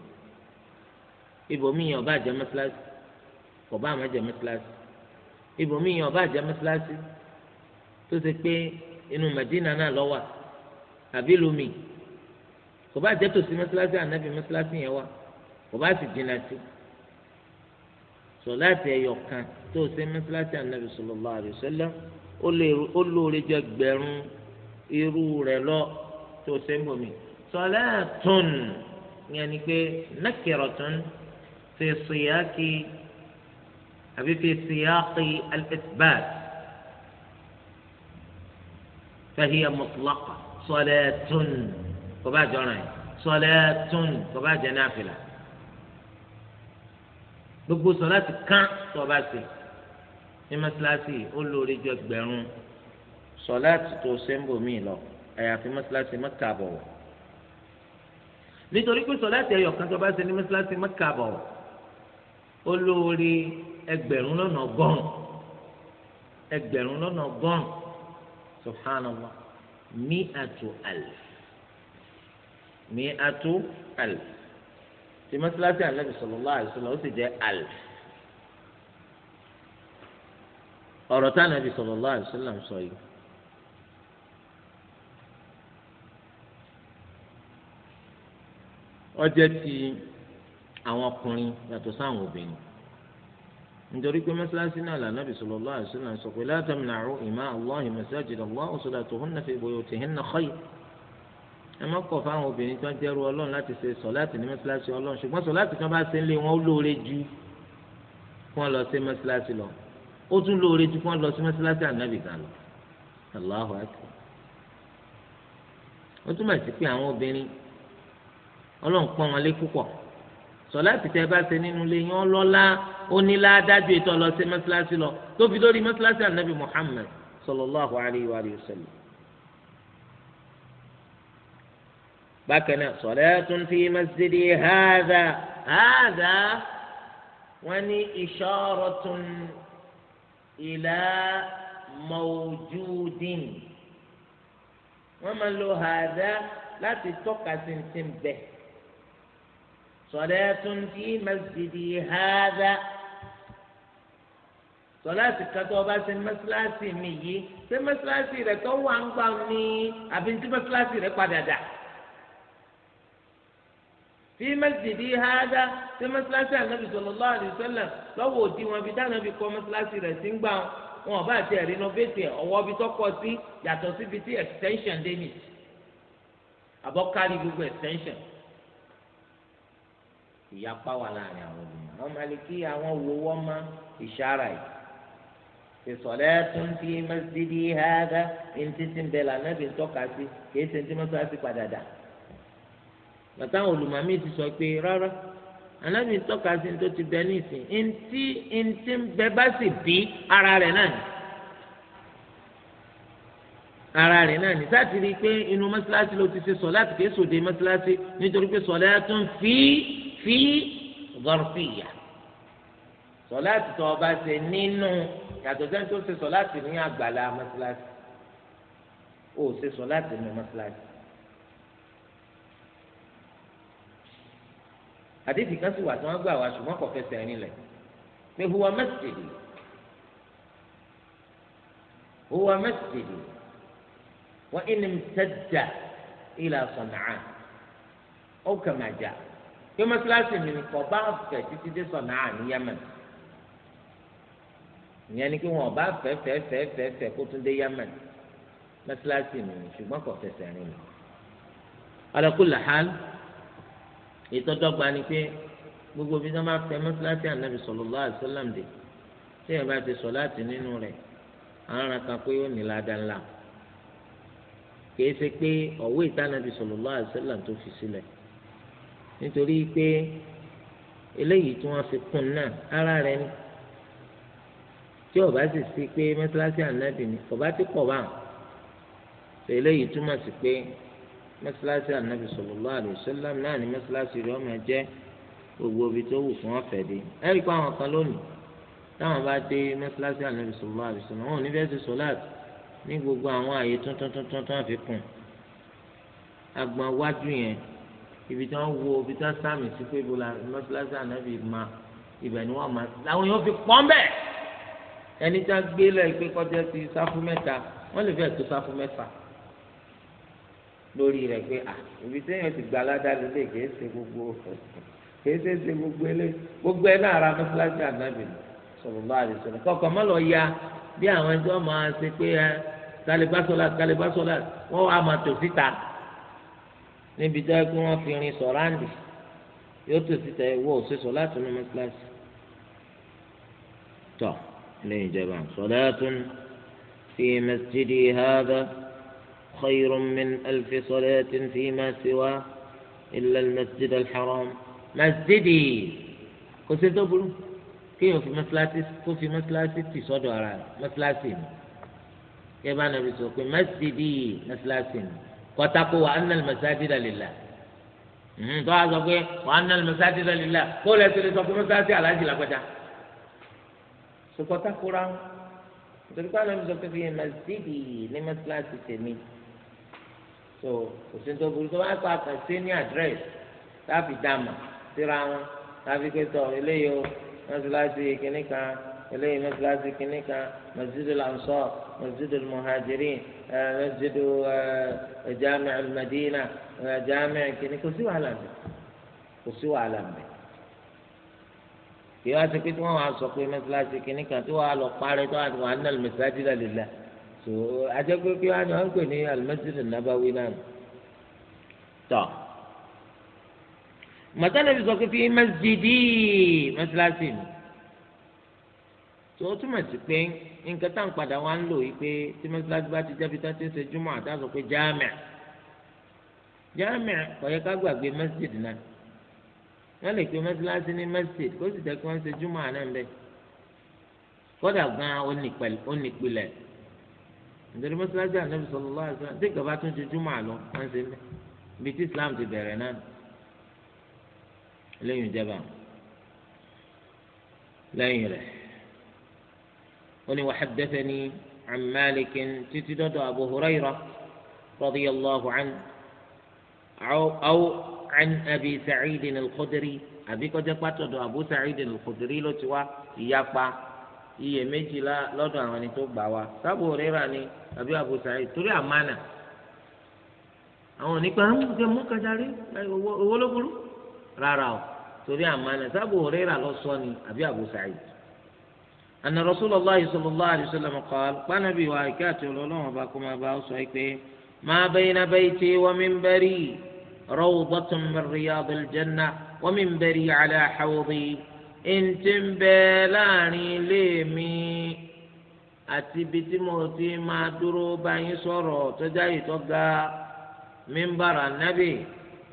ibòmí yẹn ọba àjẹ mọ́sálásí ọba àmọ́jẹ mọ́sálásí ibòmí yẹn ọba àjẹ mọ́sálásí tó ṣe pé inú Mẹdínà náà lọ wà àbí lumi kò bá jẹ́ tòsí mọ́sálásí ànábì mọ́sálásí yẹn wà kò sì jìnnà sí sọ̀láàtì ẹyọ kan tó ṣe mọ́sálásí ànábì sallallahu alaihi wasallam ó lóore jẹ gbẹ̀rún irú rẹ̀ lọ tó ṣe ń bomi sọlẹ́ẹ̀tún yẹn ni pé nàkìrọ̀tún fi siyaqi àbí fi siyaqi al-ithbat fahiya mutlaqa sọlẹ́ẹ̀tún kò bá jọra yìí sọlẹ́ẹ̀tún kò bá jẹ náà fìlà gbogbo sọlá ti kán tó o bá ṣe ní mọ́sálásí ó lórí ju ẹgbẹ̀rún sọláàtì tó sẹ́ńbò míì lọ àyàfi mọ́sálásí mẹ́kà àbọ̀wọ̀ nítorí pé sọláàtì ẹyọ kan tó bá ṣe ní mọ́sálásí mẹ́kà àbọ̀wọ̀ ó lórí ẹgbẹ̀rún lọ́nà ọgọ́rùn ẹgbẹ̀rún lọ́nà ọgọ́rùn subhanallah mi àtò àlè mi àtò àlè tí mọ́sálásí ànábì sallallahu alaihi ó sì jẹ́ àlè. ọ̀rọ̀ tí Ànábì sallallahu alaihi wasallam sọ yìí. ó jẹ́ ti àwọn ọkùnrin yàtọ̀ sáwọn obìnrin nítorí pé mọ́sálásí náà lànàbì sallallahu alaihi wasallam sọ pé la tamna'u ima Allahi masajid Allah wa salatuhunna fi buyutihinna khayr ẹ má kọ̀ fáwọn obìnrin tó ń jẹ́rú ọlọ́run láti ṣe sọ̀láàtì ní mọ́sálásí ọlọ́run ṣùgbọ́n sọ̀láàtì kan bá ṣe ń lé wọn ó lóore ju kí wọ́n lọ sí mọ́sálásí lọ ó tún lóore ju kí wọ́n lọ sí mọ́sálásí ànábì gan lọ aláhùn àti ó túmọ̀ sí pé àwọn obìnrin ọlọ́run pọ́n wọn lé púpọ̀ sọláàtì tẹ bá ṣe nínú ilé yẹn ọlọ́lá onílàádájú ètò ọlọ́sẹ̀ mọ́sálásí lọ tó fi lórí mọ́sálásí ànábì Muhammad sallallahu alayhi wa sallam. bákan náà salatun fi masjidi hadha hadha wọ́n ní isharatun ìlà mọ̀ọ́júdìn wọ́n máa lo hàdá láti tọ́ka tìǹtìǹ bẹ̀ sọ̀lẹ́tún tí masjidi hàdá sọláàtì kátó ọba ṣe mẹsàlásì mi yìí ṣé mẹsàlásì rẹ tó wà ń gbà ní àbí ní tí mẹsàlásì padà dà fi masjidi hada ṣe masalasi anabi sallallahu alaihi wasallam lọ́wọ́ òdi wọn bi dáná bi kọ́ masalasi rẹ̀ sí ń gbà wọn ọba àti renovate ọwọ́ bi tọkọ sí yàtọ̀ síbi tí extension dé ní àbọ̀ kárí gbogbo extension ìyapa wà láàrin àwọn olùmọ̀ àwọn maliki àwọn wo wọ́n ma ìṣara yìí ìsọ̀lẹ́tún fi masjidi hada ẹni títí ń bẹ̀ lànà bí ń tọ́ka sí bàtà àwọn olùmọ̀mí ti sọ pé rárá anábì tọ́ka sí ní tó ti bẹ nísìn ntí ntí bẹ bá sì bí ara rẹ̀ náà ni ara rẹ̀ náà ni sáà ti rí i pé inú mọ́sálásí ló ti ṣe sọ láti ké sòde mọ́sálásí nítorí pé sọ̀lá tún fi fi gọ́rùfìyà sọ̀lá ti o ọba ṣe nínú yàtọ̀ sẹ́ni tó ṣe sọ̀lá ti ní àgbàlá mọ́sálásí ó ṣe sọ̀lá ti ní mọ́sálásí. àdébì kan sì wà tí wọ́n gbà wá ṣùgbọ́n kò fẹsẹ̀ rìn lẹ̀ pé huwa masjidi huwa masjidi wa in imtadda ila Sana'a aw kama jaa pé mọ́sálásí mi kò bá fẹ̀ títí dé Sana'a ní Yemen ìyẹn ni kí wọn bá fẹ́ fẹ́ fẹ́ fẹ́ fẹ́ kó tún dé Yemen mọ́sálásí mi ṣùgbọ́n kò fẹsẹ̀ rìn lẹ̀ ala ìtọ́dọ́gba ni pé gbogbo bí wọ́n bá fẹ́ mọ́sálásí ànábì sallallahu alaihi wasallam dé tí ẹ̀ bá ti sọ láti nínú rẹ̀ àwọn kan pé ó ní ládàá ńlá kìí ṣe pé ọ̀wọ́ ìtànàbì sallallahu alaihi wasallam tó fi sílẹ̀ nítorí pé eléyìí tí wọ́n fi kún náà ara rẹ̀ ni tí ó sì sí pé mọ́sálásí ànábì ni ó ti pọ̀ báà eléyìí túmọ̀ sí pé mẹsàlásì ànábì sallallahu alaihi wasallam náà ní mẹsàlásì rẹ ọmọ jẹ gbogbo ibi tó wù fún ọfẹ dé ẹrí pé àwọn kan lónìí táwọn bá dé mẹsàlásì ànábì sallallahu alaihi wasallam wọn ò ní fẹẹ ṣe sọláàtì ní gbogbo àwọn àyè tuntun tuntun tó ń fi kùn agbọn wájú yẹn ibi tí wọn wo ibi tí wọn sàmì sí pé ibo la mọ́sálásí ànábì ma ibẹ̀ ni wọ́n ma làwọn yóò fi pọ́n bẹ́ẹ̀ ẹni tí wọ́n gbé lẹ́yìn pé kọjá sí sáfù mẹ́ta wọ́n lè fẹ́ tó sáfù mẹ́fà lórí rẹ pé à ibi téèyàn ti gba aládàáni lè kìí ṣe gbogbo kìí ṣe ṣe gbogbo ẹlẹ gbogbo ẹ náà ra mọ́sálásí ànábì sallallahu alaihi wasallam kọkọ má lọ ya bí àwọn ẹjọ máa ṣe pé ẹ kalibasọlá kalibasọlá wọn wà máa tò síta níbi tó yẹ kí wọn fi rin sọ̀ráǹdì yóò tò síta ẹ wọ òṣèṣọ láti inú mọ́sálásí tọ ilé ìjọba salatun fi masjidi hadha. خير من ألف صلاة فيما سوى إلا المسجد الحرام مسجدي كنت كيف في مسلاتي كيف في مسلاتي في صدر مسلاتي كيف أنا بسوق مسجدي مسلاتي وتقوى أن المساجد لله تو a sọ pé wà á ná lùmẹ́sáàtì lẹ́lí la kó lè tẹ̀lé sọ pé lùmẹ́sáàtì aláàjì la gbẹ́dà. sọkọtà kura ń tẹ̀lé kó a lè sọ pé lumesaati alaaji مسجدي gbeda sokota so kò sí tó burú tó bá kọ́ àkànṣe ní àdírẹ́sì láfi dàmà síra wọn láfi pé tọ eléyìí o mọ́sálásí kìnní kan eléyìí mọ́sálásí kìnní kan masjidul ansar masjidul muhajirin masjidu jami almadina jami kìnní kò sí wàhálà mi kò sí wàhálà mi kí wọ́n ti pé tí wọ́n wá sọ pé mọ́sálásí kìnní kan tí wọ́n á lọ parẹ́ tó wà ní al-masajida tó ajẹ́pẹ́pẹ́ wa ni wọ́n ń pè ní alimẹ́sìlì nàbáwí náà tọ́ màtánàbí sọ pé fi mẹ́sìdì mẹ́sìlásì ni tó o túmọ̀ sí pé nǹkan tá à ń padà wá ń lò yìí pé tí mẹ́sìlásì bá ti jẹ́bi tá a ti ń ṣe júmọ̀ àti àsọ pé jáàmẹ̀ jáàmẹ̀ kò ká gbàgbé mẹ́sìdì náà wọ́n lè pe mẹ́sìlásì ní mẹ́sìdì kó sì jẹ́ kí wọ́n ṣe júmọ̀ àná ń bẹ́ẹ̀ kódà gan-an ó nìpìlẹ̀ nítorí mọ́sálásí ànábì sallallahu alaihi wasallam tí gàba tún ti júmọ̀ àlọ́ wọ́n ṣe ń bẹ̀ ibi tí islam ti bẹ̀rẹ̀ náà lẹ́yìn ìjẹba lẹ́yìn rẹ̀ ó ní wa haddathani an Malik títí dọ́dọ̀ Abu Hurairah radiyallahu anhu aw an Abi Sa'id al-Khudri àbíkọ́jẹ́ pàtọ́dọ̀ Abu Sa'id al-Khudri ló ti wá ìyapa iyèméjì lọ́dọ̀ àwọn ẹni tó gbà wá sábò rírà ni àbí Abu Sa'id torí àmánà àwọn onípa ń jẹ mú kájàrí owó ló burú rárá o torí àmánà sábò rírà lọ sọ ni àbí Abu Sa'id. أن رسول الله صلى الله عليه وسلم قال قال نبي وآيكاتي ولولوما باكما باوسو ما بين بيتي ومنبري روضة من رياض الجنة ومنبري على حوضي ntí ń bẹ láàrin ilé mi àti ibi tí mo ti máa dúró bá yín sọ̀rọ̀ tọ́já ìtọ́ga mímbàrà nábì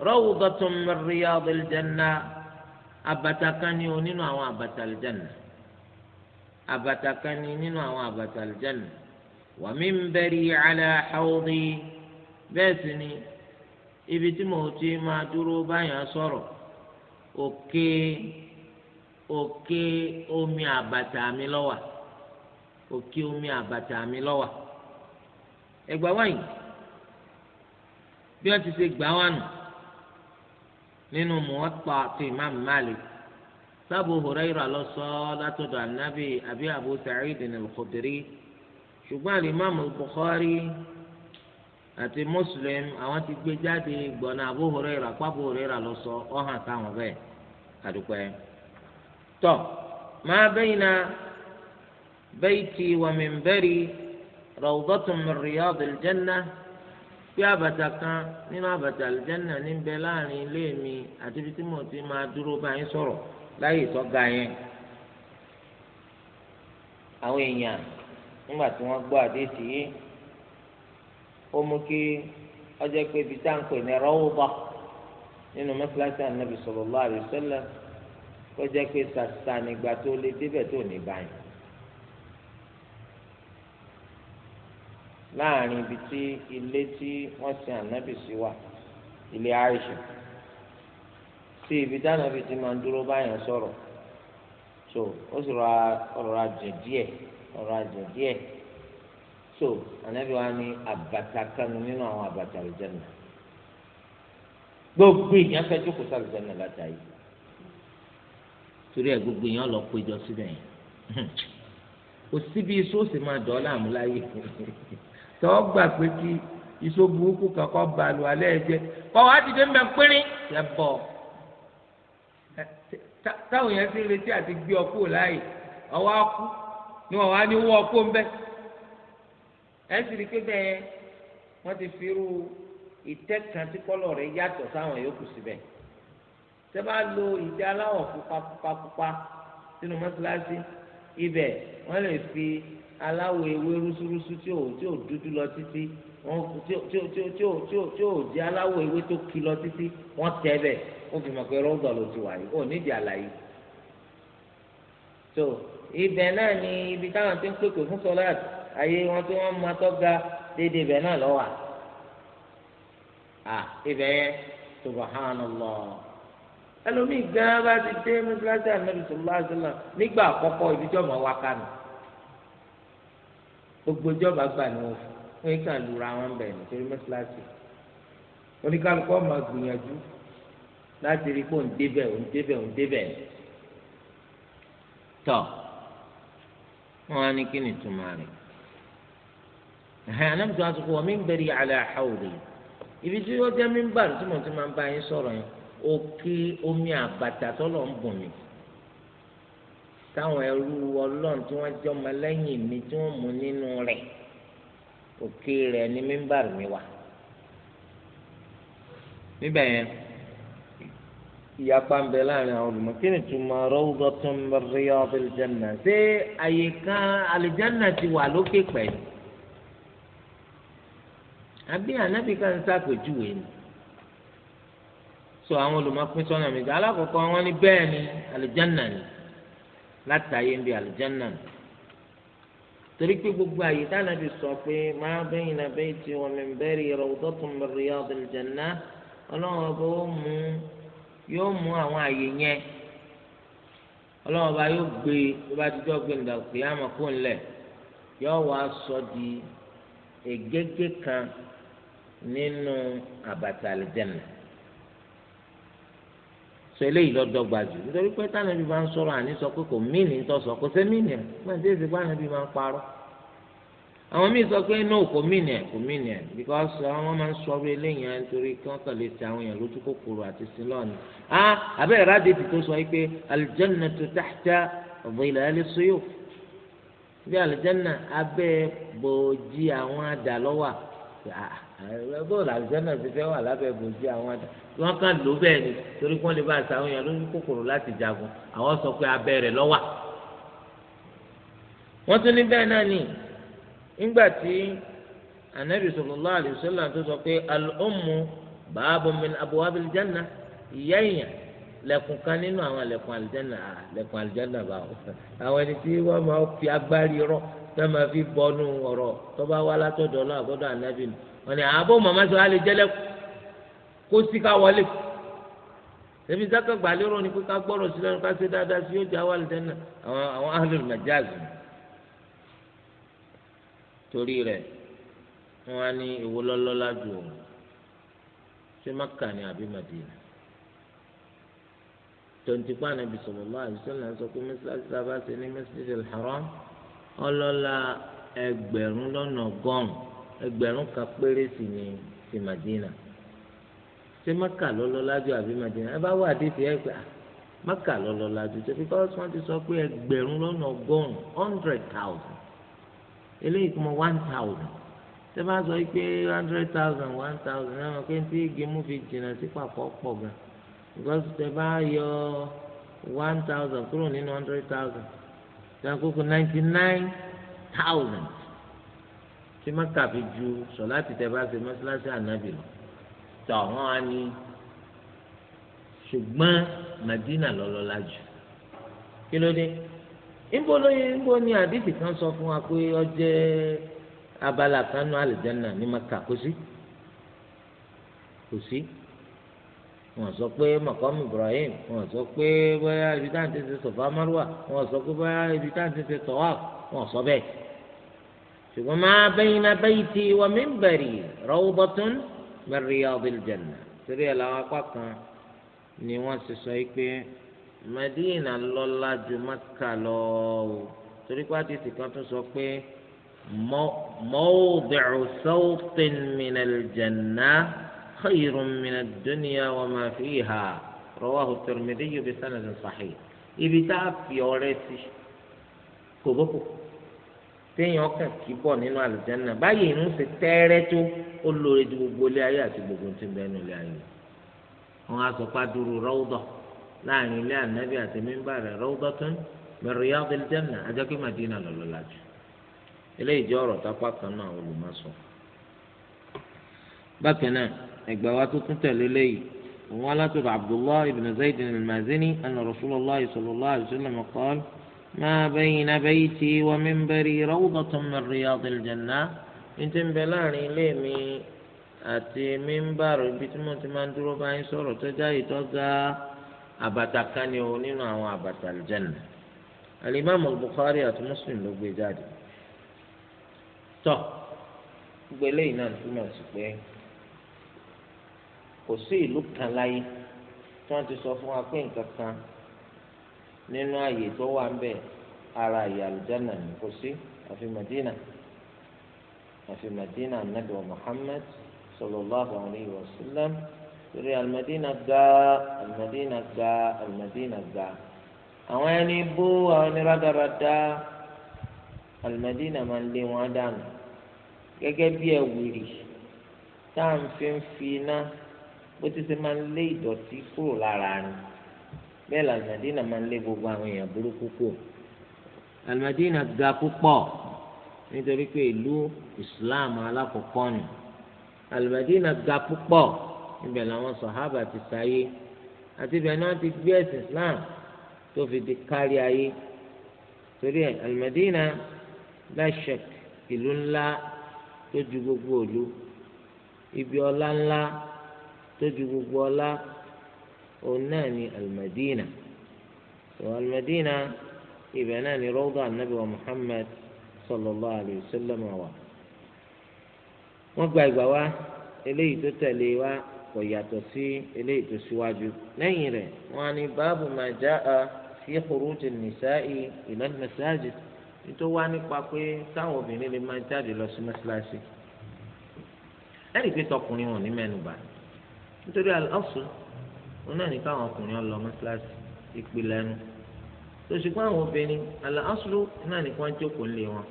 rawdatun min riyadil janna abata kan ni o nínú àwọn abata aljanna abata kan ni nínú àwọn abata aljanna wa minbari ala hawdi bẹ́ẹ̀ sì ni ibi tí mo ti máa dúró bá sọ̀rọ̀ òkè. Okay òkè omi àbàtà mi lọ́wà òkè omi àbàtà mi lọ́wà ẹgbàá wáyé bí wọ́n ti ṣe gbà wá nù nínú Muwatta ti Imam Malik sábò Hurairah lọ sọ látọ̀dọ̀ anabi àbí Abu Sa'id al-Khudri ṣùgbọ́n al-Imam al-Bukhari àti Muslim àwọn ti gbé jáde gbọ̀nà Abu Hurairah pápó Hurairah lọ sọ ọ̀hàn táwọn bẹ́ẹ̀ àdúpẹ́ tọ ma bayna bayti wa minbari rawdatun min riyadil jannah bí àbàtà kan nínú àbàtà àlùjánnà ní bẹ láàrin ilé mi àti ibi tí mo ti máa dúró báyìí sọ̀rọ̀ láyé ìtọ́ga yẹn àwọn èèyàn nígbà tí wọ́n gbọ́ àdéhìí yìí ó mú kí ọjọ́ pé ibi tá à ń pè ní nínú mẹ́sàlásì ànábì sallallahu alaihi wasallam kọjá pé sàṣà nígbà tó lé débẹ̀ tó ní báyìí láàrin ibi tí ilé tí wọ́n sin ànábì sí wà ilé Àìṣà sí ibi dáná fi ti máa ń dúró báyìí sọ̀rọ̀ so ó sì rọra jẹ díẹ̀ rọra jẹ díẹ̀ so ànábì wa ní àbàtà kanu nínú àwọn àbàtà àlùjànnà gbogbo ìyànfẹ́ jókòó sí látàyè torí ẹ gbogbo èèyàn lọ péjọ síbẹ̀ yẹn kò síbi sóòsì máa dọ́là mú láyé tọ́ gbà pé kí iṣó burúkú kankan ba lu alẹ́ ẹ̀jẹ̀ kọ́ wa dìde ń bẹ pínrín yẹ bọ̀ táwọn yẹn ti retí àti gbé ọ kúrò láàyè ọwọ́ á kú ni wọ́n wá ní wọ́ ọ kó ń bẹ́ ẹ sì rí pé bẹ́ẹ̀ wọ́n ti fi irú ìtẹ́kàn kọ́lọ̀ rẹ̀ yàtọ̀ sáwọn yòókù síbẹ̀ tẹ́ bá lo ìdí aláwọ̀ pupa pupa pupa sínú mọ́sálásí ibẹ̀ wọ́n lè fi aláwọ̀ ewé rúsúrúsú tí ò tí ò dúdú lọ títí wọ́n tí ò tí ò tí ò tí ò tí ò tí ò jẹ́ aláwọ̀ ewé tó ki lọ títí wọ́n tẹ́ bẹ̀ ó fi mọ̀ pé rọ́ọ̀dọ̀ ló ti wà yìí ó nídìí àlàyé tó ibẹ̀ náà ni ibi táwọn ti ń pèpè fún sọláàtì ayé wọn tí wọ́n máa tọ́ga déédéé ibẹ̀ náà lọ́wọ́ à ibẹ̀ yẹn subhanallah ẹlòmíì gan bá ti dé mọ́sálásí ànábì sọ̀rọ̀ àṣìlá nígbà àkọ́kọ́ ibi tí ọmọ wa kánú gbogbo ìjọba gbà ní wọn fún wọn kàn lura wọn bẹ̀ nítorí mọ́sálásí oníkálukọ́ máa gbìyànjú láti rí pé òun débẹ̀ òun débẹ̀ òun débẹ̀ tọ̀ wọn á ní kí ni túmọ̀ rẹ̀ ẹ̀hẹ́n ànábì sọ̀rọ̀ wọn mi ń bẹ̀rẹ̀ àlẹ́ àhàwòrè ibi tí ó jẹ́ mímbà tí mo ti máa ń bá yín sọ̀rọ̀ yẹn òkè omi àbàtà tọ́lọ̀ ń bùn mí táwọn ẹrú ọlọ́run tí wọ́n jẹ́ ọmọ lẹ́yìn mi tí wọ́n mú nínú rẹ̀ òkè rẹ̀ ní mímbàrì mi wà. níbẹ̀ yẹn ìyapa ń bẹ láàrin àwọn olùmọ̀ kí ni túmọ̀ rawdatun min riyadil janna ṣé àyíká àlìjánà ti wà lókè pẹ̀lú àbí ànábìkan ń ṣàpèjúwe ni so àwọn olùmọ̀pín sọ́nà méjì alákọ̀ọ́kọ́ wọn ní bẹ́ẹ̀ ni àlùjánnà ni láti ayé ń bi àlùjánnà ni torí pé gbogbo àyè dáná ti sọ pé máa bẹ́yìn náà bẹ́yìn tí wọ́n mi bẹ́ẹ̀rì rawdatun min riyadil janna ọlọ́run ọba ó mú yóò mú àwọn àyè yẹn ọlọ́run ọba yóò gbé tó bá ti dọ́gbé ndàkùn yá máa kó ńlẹ̀ yóò wá sọ di ègégé kan nínú àbàtà àlùjánnà sọ eléyìí lọ́dọ̀ gbajù nítorí pé tánàbí máa ń sọ̀rọ̀ àní sọ pé kò míìnì ń tọ́sọ̀ kò sẹ́ míìnì ẹ̀ máa ń tẹ́sí bánàbí máa ń parọ́ àwọn míì sọ pé no kò míìnì ẹ̀ kò míìnì ẹ̀ because àwọn máa ń sọ̀rọ̀ eléyìí ẹ̀ nítorí kí wọ́n kàn lè ti àwọn èèyàn lójú kòkòrò àti sílọ́ọ̀nù á abẹ́rẹ́ rádìtì tó sọ pé alìjẹ́nà tó tahta dhilal as-suyuf bí alìjẹ́nà abẹ́ bòójì àwọn àdà lọ́wọ́ Ah, bóòlù àlùjáná ti fẹ́ wà lábẹ́ ji àwọn ẹ̀dá wọ́n kàn ló bẹ́ẹ̀ ni torí kí wọ́n lè bá èèyàn jagun àwọn sọ pé abẹ́ rẹ̀ lọ́wà. wọ́n tún ní bẹ́ẹ̀ náà ni nígbà tí anabi sallallahu alaihi tó sọ pé al-ummu babun min abwabil janna ìyá èèyàn lẹ̀kùn kan nínú àwọn lẹ̀kùn ah, lẹ̀kùn tẹ́ máa fi bọ́nú ọ̀rọ̀ tó bá wá látọ̀dọ̀ náà àbọ̀dọ̀ ànábì nù wọ́n ní àbọ̀ màmá sọ alẹ́ jẹ́lẹ̀ kó sí ká wọlé tẹ̀mí sákà gbàlérò ni pé ká gbọ́rọ̀ sí lẹ́nu ká ṣe dáadáa sí yóò jẹ́ àwọn àlùjánnà àwọn àwọn ahlul majaz torí rẹ̀ wọ́n á ní èwo lọ́lọ́lá jù ọ́ ṣé Mákà ni àbí Màdínà tontigbọ́n Ànábì sallallahu alaihi wasallam sọ pé mẹ́sàlásì sábà ṣe ní ọlọ́lá ẹgbẹ̀rún lọ́nà ọgọ́rùn ẹgbẹ̀rún kan péré sì ni ti Madina ṣé Mẹ́kà lọ́lọ́lá àbí Madina ẹ bá wà dídì ẹ gbà ah, Mẹ́kà lọ́lọ́lá jù ṣe wọ́n ti sọ pé ẹgbẹ̀rún lọ́nà ọgọ́rùn hundred thousand eléyìí kọ́ mọ́ one thousand ṣé bá sọ pé hundred thousand one thousand ẹ pé tí igi mú fi jìnnà sí pàpọ̀ pọ̀ gan because ṣe bá yọ one thousand kúrò nínú hundred thousand jankoko ninety nine thousand tí maka fi ju sọlá ti tẹ bá ṣe mọ́ṣáláṣí ànábì lọ tọ wọn á ní ṣùgbọ́n Madina lọ́lọ́lá jù kí ló dé níbo lóye níbo ni àdìsí kan sọ fún wa pé ó jẹ́ abala kan nù àlùjánnà ní maka kò sí kò sí wọn sọ pé mọ̀kọ́mù Ibrahim wọn sọ pé bóyá ibi tá à ń tẹ̀sẹ̀ sọ̀fà márùwà wọn sọ pé bóyá ibi tá à ń tẹ̀sẹ̀ tọ́wà wọn sọ bẹ́ẹ̀. ṣùgbọ́n máa bẹ́yìn náà bẹ́yìn tí wa minbari rawdatun min riyadil janna. torí ẹ̀ làwọn apá kan ni wọ́n ti sọ yìí pé Madina lọ́lá ju Mẹ́kà lọ o torí pé àtìsí kan tún sọ pé mawdi'u sawtin minal خير من الدنيا وما فيها رواه الترمذي بسند صحيح ibi tá a fi ọrẹ sí kòbókò téèyàn kàn kí bọ nínú àlùjáná báyìí ń ṣe tẹ́ẹ́rẹ́ tó ó lóore ju gbogbo ilé ayé àti gbogbo tí ń bẹnu ilé ayé wọn á sọ pé adúrú rọ́ọ̀dọ̀ láàrin ilé ànábì àti mímbà rẹ̀ rọ́ọ̀dọ̀ tó ń mẹ̀rọ̀yà ọ̀dẹ̀lẹ́jẹ̀nà ajọ́kí màdínà lọ́lọ́lájú eléyìí jẹ́ ọ̀rọ̀ tápá kan náà olùmọ̀sán bákan náà ẹgbẹ́ wa tó tún tẹ̀lé lẹ́yìn òun alátọ̀dọ̀ abdullah ibn zayd al-mazini anna rasulillah sallallahu alayhi wa sallam qaal ma bayna bayti wa minbari rawdatun min riyadil jannah ntí ń bẹ láàrin ilé mi àti mímbàrò ibi tí mo ti máa ń dúró báyìí sọ̀rọ̀ tó jáde tó ga àbàtà kan ni o nínú àwọn àbàtà al alimami bukhari àti muslim ló gbé jáde tọ́ gbélé náà túmọ̀ sí pé kò sí ìlú kan láyé tí wọ́n ti sọ fún wa pé nǹkan kan nínú ààyè tó wà ń bẹ ara àyè àlùjáná ni kò sí àfi Madina àfi Madina anabi wa Muhammad sallallahu alayhi wa sallam torí alimadina gba alimadina gba alimadina gba àwọn ẹni bó àwọn ẹni rádaràda alimadina máa ń lé wọn dànù gẹ́gẹ́ bí ẹwìrì tá à ń fi ń fi iná bó ti ṣe máa ń lé ìdọ̀tí kúrò lára rẹ̀ bẹ́ẹ̀ làlùmọ̀dínà máa ń lé gbogbo àwọn èèyàn burúkú kù làlùmọ̀dínà ga púpọ̀ nítorí pé ìlú Islam alákọ̀ọ́kọ́ ni alùmọ̀dínà ga púpọ̀ ibẹ̀ làwọn sọ̀hábà ti sáyé àti ibẹ̀ náà ti gbé ẹ̀sìn Islam tó fi di kárí ayé torí ẹ̀ alùmọ̀dínà láṣẹk ìlú ńlá tó ju gbogbo òlu ibi ọlá ńlá tóbi gbogbo ọlá òun náà ni alimadina tó alimadina ibẹ̀ náà ni rọ́ọ̀dà anabi wa muhammad sallallahu alayhi wa sallam wa wọ́n gba ìgbà wa eléyìí tó tẹ̀lé wa kò yàtọ̀ sí eléyìí tó síwájú lẹ́yìn rẹ̀ wọ́n á ní báàbù máa já a fi khuruj an-nisa'i ila al-masajid nítorí wá nípa pé táwọn obìnrin lè máa jáde lọ sí mọ́ṣáláṣí ẹnì pé tọkùnrin wọn ní mẹ́nubà ni nítorí àlọ́sùn òun náà ní káwọn ọkùnrin ọ lọ mọ́ṣáláṣí ìpìlẹ̀ ẹnu tó ṣùgbọ́n àwọn obìnrin àlọ́sùn náà ní kí wọ́n jókòó ńlẹ̀ wọn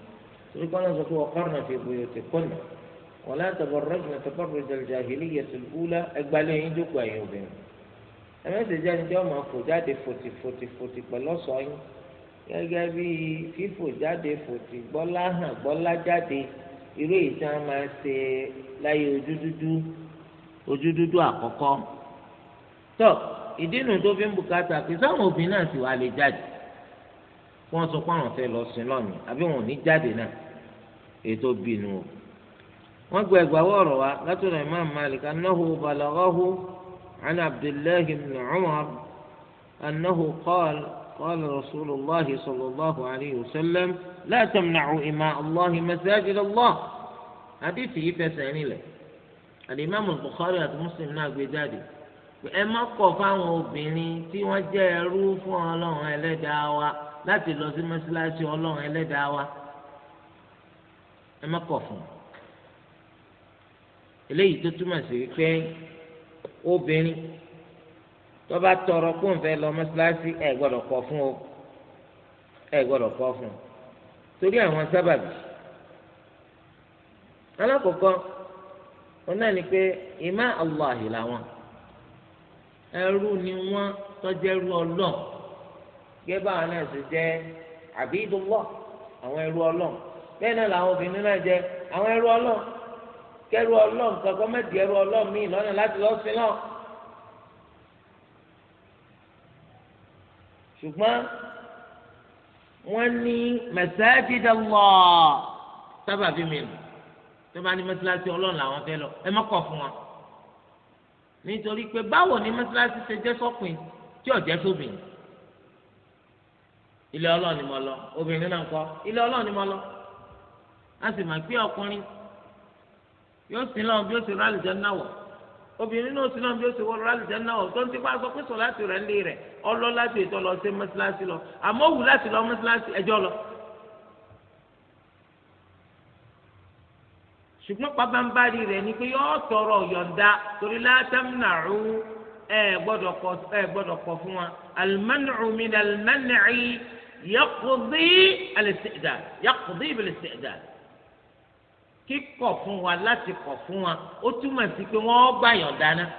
torí kọ́ náà sọ pé ọkọ̀rùn-ún fi bòyò ti kọ́nà wọn láti tọ̀bọ̀rọ̀jìnà tọ̀bọ̀rọ̀jìnà jàhìlíyà tìlúlá ẹgbàlẹ̀ yín jókòó ẹ̀yìn obìnrin ẹ̀mẹ́sẹ̀ jáde jọ́ máa fò jáde fòtì fòtì fòtì pẹ̀lú ọ̀sọ́ yín ojú dúdú àkọ́kọ́ tó ìdí nu tó fi ń bùkátà pé sáwọn obìnrin náà sì wà lè jáde wọ́n sọ pé àwọn fẹ́ lọ sí lọ́nà àbí wọn ò ní jáde náà ètò bínú o wọ́n gba ẹgbàáwọ ọ̀rọ̀ wa látọ̀dọ̀ imam malik anahu balaghahu an abdullahi ibn umar anahu qaal قال رسول الله صلى الله عليه وسلم لا تمنعوا إماء الله مساجد الله حديث يفسر alimami Bukhari àti Muslim náà gbé jáde ẹ má kọ̀ fáwọn obìnrin tí wọ́n jẹ́ ẹrú fún Ọlọ́run Ẹlẹ́dàá wa láti lọ sí mọ́ṣáláṣí Ọlọ́run Ẹlẹ́dàá wa ẹ má kọ̀ fún un eléyìí tó túmọ̀ sí wípé obìnrin tó bá tọrọ kó n fẹ́ lọ mọ́ṣáláṣí ẹ gbọ́dọ̀ kọ̀ fún o ẹ gbọ́dọ̀ kọ̀ fún o torí àwọn sábàbí alákọ̀ọ́kọ́ wọn náà ni pé ìmá Allahi làwọn ẹrú ni wọn tọjẹrú Ọlọ́run gẹ́gẹ́ báwọn náà ṣe jẹ́ abidullah àwọn ẹrú Ọlọ́run bẹ́ẹ̀ náà làwọn obìnrin náà jẹ́ àwọn ẹrú Ọlọ́run kẹrù Ọlọ́run kankan mẹ́tì ẹrú Ọlọ́run míì lọ́nà láti lọ́ọ́ sí náà. ṣùgbọ́n wọ́n ní masajid sábàbí mi nù tó bá ní mọ́sálásí ọlọ́run làwọn fẹ́ lọ ẹ má kọ̀ fún wọn. nítorí pé báwo ni mọ́sálásí ṣe jẹ́ sọ́kùn tí ò jẹ́ sóbìn ilé ọlọ́run ni mo lọ obìnrin náà kọ́ ilé ọlọ́run ni mo lọ a sì máa pé ọkùnrin yóò sin lọ́wọ́ bí ó ti rálì jẹ́ náwọ̀ obìnrin náà sin lọ́wọ́ bí ó ti rálì jẹ́ náwọ̀ tó ń ti bá a sọ pé sọ láti rẹ̀ ń lé rẹ̀ ọlọ́ láti ètò lọ sí mọ́sálásí lọ àmọ́ wù láti lọ mọ́sálásí lọ. ṣùgbọ́n pabambari rẹ̀ ni pé yóò tọrọ yọ̀ǹda torí látàmúnàrú ẹ gbọ́dọ̀ kọ ẹ gbọ́dọ̀ kọ fún wa alimánìrú ni alimánìrì yàkùdí alẹsẹ̀dá yàkùdí ìbílẹ̀sẹ̀dá kíkọ̀ fún wa láti kọ̀ fún wa ó túmọ̀ sí pé wọ́n gbà yọ̀ǹda náà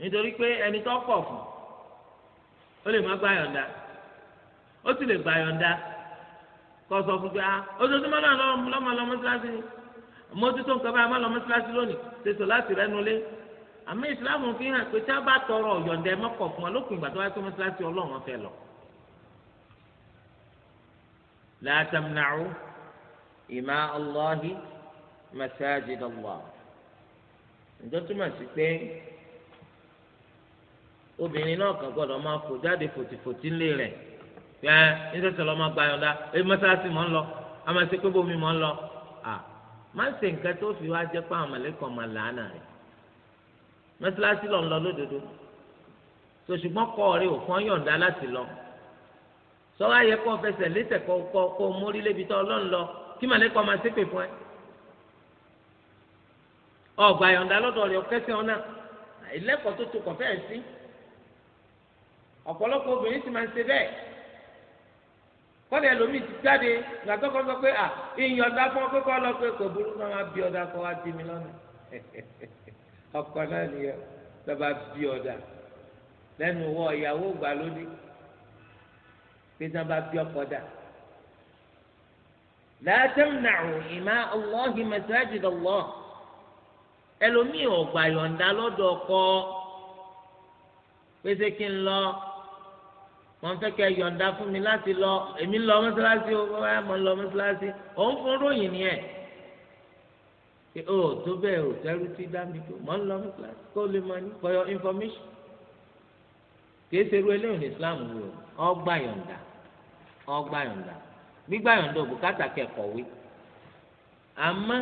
nítorí pé ẹni tó kọ̀ fún ó lè má gbà yọ̀ǹda kọ́ sọ fún pé ah ojoojúmọ́ náà lọ́mọ lọ mọ́sálásí ni mójútó nǹkan báyìí má lọ mọ́sálásí lónìí ṣe sọ láti rẹ́nu lé àmì ìsìláàmù fi hàn pé tí a bá tọrọ ọ̀yọ̀ǹda ẹ mọ́kọ̀ fún wa lópin ìgbà tó wá sí mọ́sálásí ọlọ́run fẹ́ lọ. la tamna'u ima Allahi masajid ǹjọ́ túmọ̀ sí pé obìnrin náà kàn gbọ́dọ̀ máa fò jáde fòtìfòtì ńlé rẹ̀ ẹ nítorí ọlọmọ gba yọ̀ǹda ẹ mọ́sálásí mọ́ ń lọ àmọ́ ṣe pé bómi mọ́ ń lọ à má ṣe nǹkan tó fi wá jẹ́ pé àwọn mọ̀lẹ́kọ̀ máa làánà rẹ̀ mọ́sálásí lọ ń lọ lódodo tó ṣùgbọ́n kọ́ ọ̀rẹ́ òfin yọ̀ǹda láti lọ sọ́wọ́ ayẹ kọ́ fẹsẹ̀ lẹ́sẹ̀ kọ́ kó mórí lébi tó ọlọ́run lọ kí mọ̀lẹ́kọ̀ máa ṣépè fún ẹ ọgbà yọ̀ǹda lọ́dọ̀ rẹ̀ ọ̀kẹ́sẹ̀ ọ̀nà ìlẹ́kọ̀ọ́ tó tó kọ̀ fẹ́ẹ̀ sí ọ̀pọ̀lọpọ̀ obìnrin sì máa ń ṣe bẹ́ẹ̀ kọ́ni ẹlòmíì ti jáde gbàtọ́ kọ́ sọ pé à ìyìn ọ̀dà fún ọkọ lọ pé kò burú náà wá bí ọ̀dà kọ́ wá di mi lọ́nà ọkọ náà nìyẹn tọ́ba bí ọ̀dà lẹ́nu wọ ìyàwó gbà lónìí pé tí bí ọkọ dà. látẹ́m nàrún ìmá ọlọ́hìn mẹsàájì lọ́lọ́ ẹlòmíì ọ̀gbà yọ̀ǹda lọ́dọ̀ ọkọ pé kí n lọ wọn fẹ́ kẹ́ yọ̀ǹda fún mi láti lọ èmi lọ mọ́ṣáláṣí o bàbá yà mọ lọ mọ́ṣáláṣí òun fún ròyìn ni ẹ ṣe o tó bẹ́ẹ̀ o tẹrú ti dá tó mọ lọ mọ́ṣáláṣí kó lè mọ ní for your information kìí ṣe irú eléyìí ní Islam wò ọgbà yọ̀ǹda ọgbà yọ̀ǹda gbígbà yọ̀ǹda òbúkátà kẹkọ̀wé àmọ́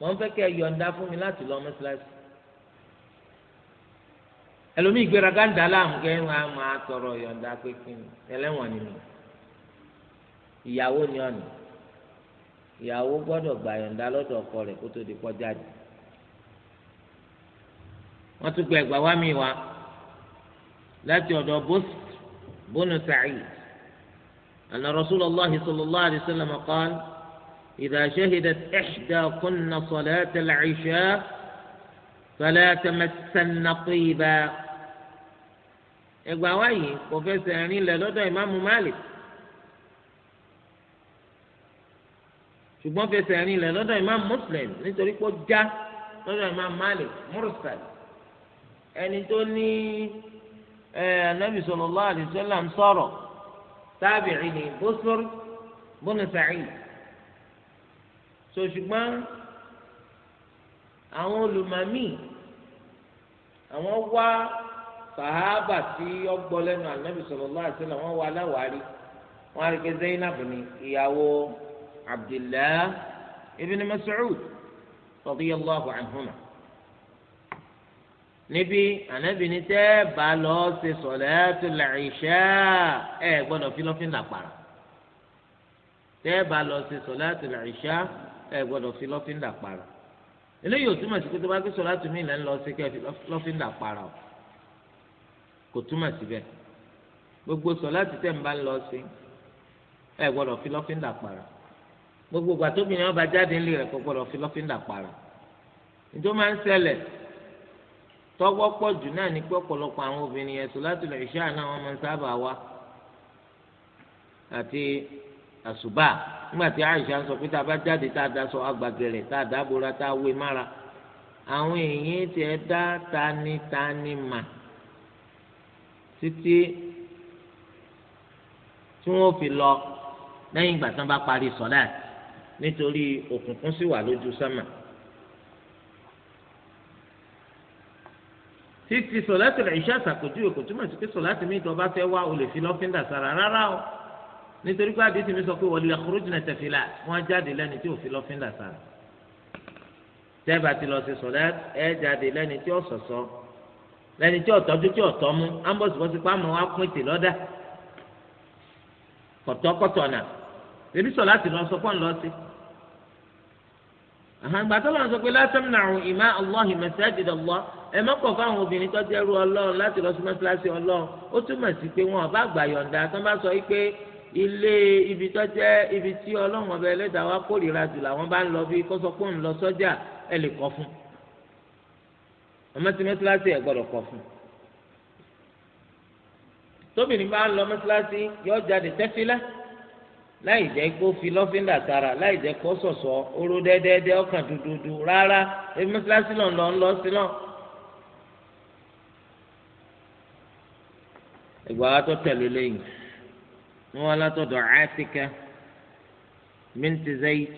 wọn fẹ́ kẹ́ yọ̀ǹda fún mi láti lọ mọ́ṣáláṣí ẹlòmíì gbéraga ń dà láàmú kẹ́ ẹ máa tọrọ yọ̀ǹda pé kí ni ẹlẹ́wọ̀n ni mi ìyàwó ni ọ̀nà ìyàwó gbọ́dọ̀ gbà yọ̀ǹda lọ́dọ̀ ọkọ rẹ̀ kó tó di kọjá jù wọ́n tún gba ẹgbàá wá mi wá láti ọ̀dọ̀ bónú sàáyì àná rasulullah sallallahu alayhi wa sallam qaal idha shahidat ihdakunna salata al-isha fala tamassanna tiba ẹgbàá wáyé kò fẹsẹ̀ rìn lẹ̀ lọ́dọ̀ ìmáàmù Malik ṣùgbọ́n fẹsẹ̀ rìn lẹ̀ lọ́dọ̀ ìmáàmù Muslim nítorí pé ó já lọ́dọ̀ ìmáàmù Malik mursal ẹni tó ní ẹ anabi sallallahu alaihi wasallam sọ̀rọ̀ tábìrì ní Busr bun Sa'id so ṣùgbọ́n àwọn olùmọ̀mí àwọn wá sàhábà tí ọgbọ́ lẹ́nu ànábì sallallahu alaihi wasallam wọ́n wà láwàárí wọ́n á rí pé Zainab ni ìyàwó Abdullah ibn Mas'ud radiyallahu anhuma níbi ànábì ní tẹ́ bá lọ ṣe salatul isha ẹ gbọ́dọ̀ fílọ́fín dàpàrà tẹ́ bá lọ ṣe salatul isha ẹ gbọ́dọ̀ fílọ́fín dàpàrà eléyìí ò túmọ̀ sí pé tó bá gbé sọ̀lá tù mí lẹ́nu lọ sí kẹ́ fílọ́fín dàpàrà o kò túmọ̀ síbẹ̀ gbogbo sọ̀láàtì tẹ̀ ń bá lọ sí ẹ gbọ́dọ̀ fi lọ́fíńdà para gbogbo ìgbà tóbi ni wọ́n bá jáde ńlẹ̀ rẹ̀ kò gbọ́dọ̀ fi lọ́fíńdà para nítorí máa ń ṣẹlẹ̀ tọ́wọ́ pọ̀ jù náà ní pé ọ̀pọ̀lọpọ̀ àwọn obìnrin yẹn sọ̀láàtì lè ṣe àná wọn máa ń sábà wá àti àṣùbà nígbà tí Àìṣà sọ pé tá a bá jáde tá a da sọ agbàgẹ̀rẹ̀ tá a dábòra tá a wé mára àwọn èèyàn tiẹ̀ dá tani tani mà títí tí wọ́n fi lọ lẹ́yìn ìgbà tí wọ́n bá parí sọ́lá nítorí òkùnkùn sì wà lójú sánmà. títí sọ̀láàtì rẹ̀ iṣẹ́ àṣàkójú òkò túmọ̀ sí pé sọ̀láàtì mi tó bá fẹ́ wá o lè fi lọ́fíńdà sára rárá o nítorí pé àdìsí mi sọ pé wọlé ẹ̀kúrújì náà tẹ̀fí là jáde lẹ́ni tí ò fi lọ́fíńdà sára tẹ́ẹ̀bà ti lọ sí sọ̀láàtì ẹ̀ jáde lẹ́ni tí ò sọ̀sọ́ lẹni tí ọtọjú tí ọtọ mú ambọsibọsi pa mọ akún ètè lọdà kọtọkọtọ nà èmi sọ láti lọ sọ fún ọ lọ sí àhàǹgbà tó lọ sọ pé látàm nàrún ìmá allah masajid allah ẹ mọ́kàn fáwọn obìnrin tó jẹ́rú ọlọ́run láti lọ sí mọ́ṣáláṣí ọlọ́run ó túmọ̀ sí pé wọn ọba àgbà yọ̀ǹda tó bá sọ pé ilé ibi tó jẹ́ ibi tí ọlọ́run ọba ẹlẹ́dàá wa kórìíra jù làwọn bá ń lọ bí kó sọ lọ sọ́jà ẹ lè kọ́ fún un ọmọ tí mẹsàlásì ẹ gbọ́dọ̀ kọ fún tóbìnrin bá ń lọ mẹsàlásì yóò jáde tẹfilẹ láì jẹ́ kó fi lọ́fíńdà sára láì jẹ́ kó sọ̀sọ̀ oró dẹ́dẹ́dẹ́ ọkàn dúdúdú rárá ebi mẹsàlásì lọ ńlọ ńlọ sí náà. ìgbà wa tó tẹ̀lé lẹ́yìn ni wọn látọ̀dọ̀ Atika binti Zayd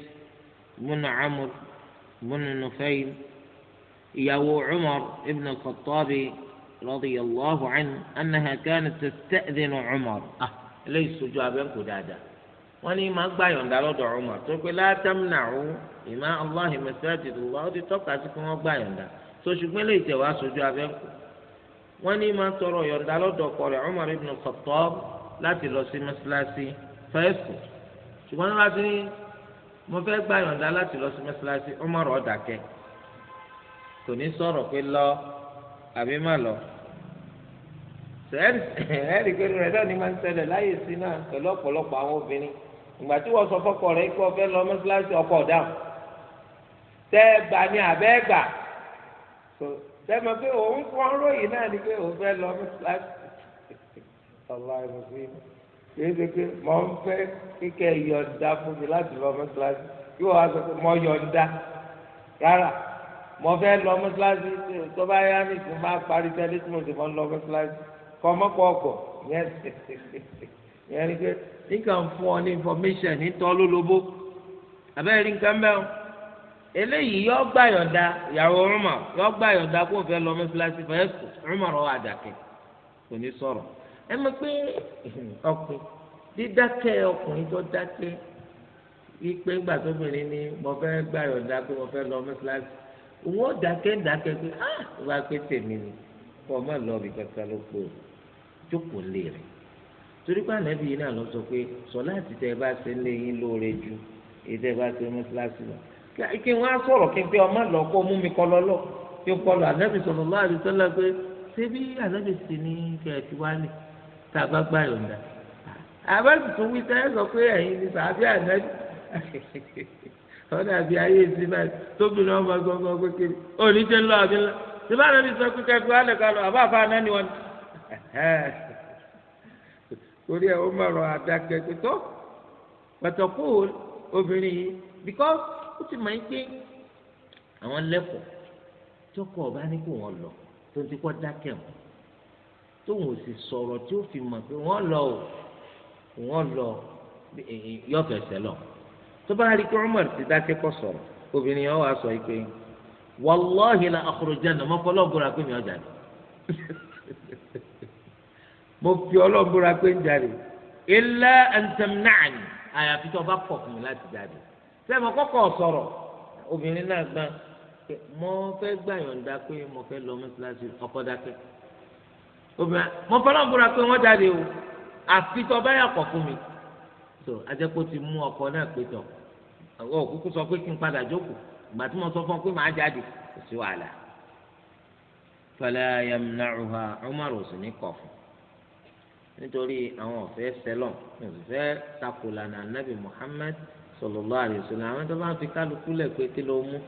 múnú amúr múnú Nufayl. ìyàwó Umar ibn al-Khattab radiyallahu anhu annaha kanat tasta'dhinu Umar ah eléyìí sojú dáadáa ní tó pé ima Allahi masajidullah ó ti tọ́ka sí pé wọ́n gbà yọ̀ǹda tó lè tẹ̀ wá sojú abẹ́ kù ní máa tọrọ yọ̀ǹda lọ́dọ̀ ọkọ rẹ̀ ibn khattab láti lọ sí ṣùgbọ́n bá ti ní mo fẹ́ láti lọ sí mọ́ṣáláṣí kò ní sọ̀rọ̀ pé lọ àbí má lọ ẹ̀rí pé rẹ̀ náà ni máa ń ṣẹlẹ̀ láyè sí náà pẹ̀lú ọ̀pọ̀lọpọ̀ àwọn obìnrin ìgbà tí wọ́n sọ fọ́kọ rẹ̀ kí wọ́n fẹ́ lọ mọ́ṣáláṣí ọkọ ọ̀dáhùn tẹ́ ẹ gbà ní àbẹ́ ẹ gbà tẹ́ ẹ mọ̀ pé òun fọ́n ròyìn náà ni pé òun fẹ́ lọ mọ́ṣáláṣí ọ̀la ìmọ̀sí yìí ṣe pé mọ̀ ń fẹ́ kíkẹ́ yọ̀ǹda fún mi láti lọ mọ́ṣáláṣí yóò wá sọ pé mọ̀ yọ̀ǹda rárá mo fẹ́ lọ mọ́sálásí tó bá yá ní ìsìn máa parí tẹ́lẹ̀ tí mo sì mọ́ lọ mọ́sálásí kọ́ mọ́kọ́ ọkọ̀ yẹn ni pé nǹkan fún ọ ní information nítọ́ lólobó àbẹ́rẹ́ rí nǹkan bẹ́ẹ̀ o eléyìí yọ gbà yọ̀ǹda ìyàwó rúmọ̀ yọ gbà yọ̀ǹda kó o fẹ́ lọ mọ́sálásí fẹ́ rúmọ̀ rọ àdàkẹ́ kò ní sọ̀rọ̀ ẹ mọ̀ pé ọkùnrin dídákẹ́ ọkùnrin tó dákẹ́ wípé gbàtóbìnrin ni mo fẹ́ gbà yọ̀ǹda pé mo fẹ́ lọ mọ́sálásí òun ó dákẹ́ dákẹ́ pé ah ó bá pé tèmi ni kọ́ ọ má lọ bí kankan ló pé o jókòó lè rìn torí pé ànábì yìí náà lọ sọ pé sọlá àti tẹ ẹ bá ṣe ń lé yín lóore ju èyí tẹ ẹ bá ṣe mọ́ṣáláṣí lọ kí wọ́n á sọ̀rọ̀ kí n pé ọmọ lọ kó mú mi kọ́ lọ́lọ́ kí kọ́ lọ ànábì sọ̀rọ̀ lọ́wọ́ àti sọ́lá pé ṣé bí ànábì sì ní kẹ́ ẹ ti wá lè tá bá gbà yọ̀ǹda àbá sì wí ọ̀dà bíi ayé ti báyìí tóbi náà ọmọ gbọ̀ngàn kékeré òní tẹ lọ àbí ńlá tìbá náà ní sọ pé kẹfì wà lẹ́ka lọ àbá àfa náà ni wọn. torí ẹ ó mọ̀rọ̀ àdàkẹ́ pé tó pẹ̀tọ̀kù obìnrin yìí because ó ti mọ̀ ẹ́ pé àwọn lẹ́kọ̀ọ́ tọkọ ọba ní kò wọ́n lọ tó ń ti kọ́ dákẹ́ wọn tóun ò sì sọ̀rọ̀ tí ó fi mọ̀ pé wọ́n lọ wọ́n lọ yọ̀fẹ̀sẹ̀ lọ tó bá rí i pé Umar ti dákẹ́ kọ́ sọ̀rọ̀ obìnrin yẹn wàá sọ yìí pé wàláhì la àkùrọ̀jánà mo fọ́ lọ́gbọ́ra pé mi ò jáde mo fi ọlọ́gbọ́ra pé ń jáde ilẹ̀ ẹ̀ǹtẹ̀mnáàni àyàfi tó bá kọ̀ fún mi láti jáde sẹ́mi kọ́kọ́ sọ̀rọ̀ obìnrin náà gbọ́n mo fẹ́ gbàyọ̀ǹda pé mo fẹ́ lọ mọ́sálásí ọkọ dákẹ́ obìnrin mo fẹ́ lọ́gbọ́ra pé wọ́n jáde o àfi tó bá yà kọ̀ fún mi tó ajẹ́pọ̀ ti mú ọkọ náà pé tọ̀ àwọn òkúkú sọ pé kí n padà jókòó ìgbà tí mo sọ fún ọ pé màá jáde kò sí wàhálà fala yamna'uha Umar sì ní kọ̀ fún nítorí àwọn ọ̀fẹ́ sẹlọ̀n ọ̀fẹ́ takolana nabi Muhammad sallallahu alaihi wasallam àwọn tó bá ń fi kálukú lẹ̀ pé kí ló mú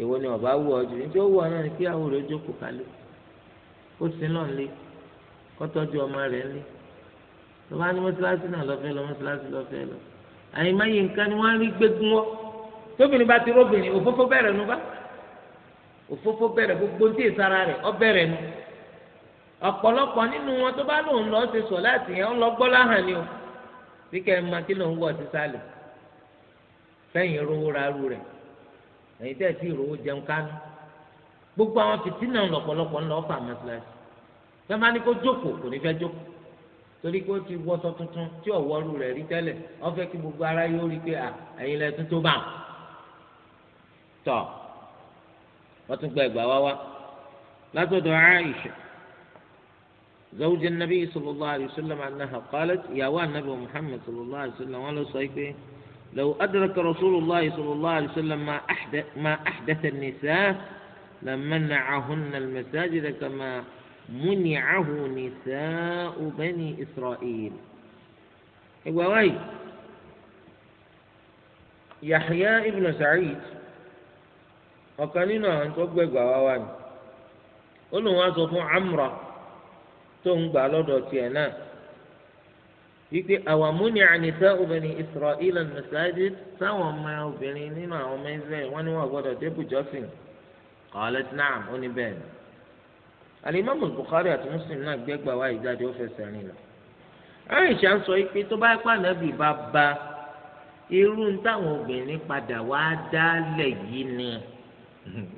èwo ni ọba wù ọ jù nítorí ó wù ọ náà ni kí àwọn olè jókòó kálẹ̀ ó sin lọ́n lé kọ́tọ́jú ọmọ rẹ̀ ń tó bá ní mọ́sálásí náà lọ́fẹ́ lọ mọ́sálásí lọ́fẹ́ lọ́fẹ́ anyị nǹkan ni wọ́n rí gbégun wọ́n tóbìnrin bá ti róbìnrin òfófó bẹ̀rẹ̀ nu bá òfófó bẹ̀rẹ̀ gbogbo tí ìsara rẹ̀ ọ bẹ̀rẹ̀ nu ọ̀pọ̀lọpọ̀ nínú wọn tó bá lòun lọ ṣe sọ láti yẹn ń lọ gbọ́ láhàn ni o bí kẹ́ ẹ máa kí wọ̀ fẹ́yìn rówó rẹ̀ jẹun gbogbo àwọn fìtínà ńlọ fà fẹ́ máa ní kó jókòó kò torí pé ó ti wọṣọ tuntun tí ọ̀wọ́rù rẹ̀ rí tẹ́lẹ̀ wọ́n fẹ́ kí gbogbo ara yóò rí pé à ẹ̀yin lẹ tuntun bá tọ̀ wọ́n tún gba ẹ̀gbà wá wá látọ̀dọ̀ Aisha zawujin nabi sallallahu alayhi wa sallam anaha qalat ìyàwó anabi muhammad sallallahu alayhi wa sallam wọn lọ sọ pé law adraka rasulillah sallallahu alayhi wa sallam ma ahdatha an-nisaa lamanna'ahunna al kama. منعه نساء بني إسرائيل إبواي يحيى ابن سعيد ọ̀kan nínú àwọn tó gbẹgbà wá wá ni ó lóun wá sọ fún amra tó ń gbà lọ́dọ̀ tiẹ̀ náà wípé àwọn múni ànísá obìnrin israẹli mẹsáájì sáwọn ọmọ obìnrin nínú àwọn ọmọ israẹli wọn ni wọn gbọ́dọ̀ na'am ó ní alimami Bukhari àti Muslim náà gbẹgbà wá ìjáde ó fẹsẹ̀ rìn lọ. Aisha ń sọ pé tó bá pa nàbì bá ba irú táwọn obìnrin padà wá dálẹ̀ yìí ni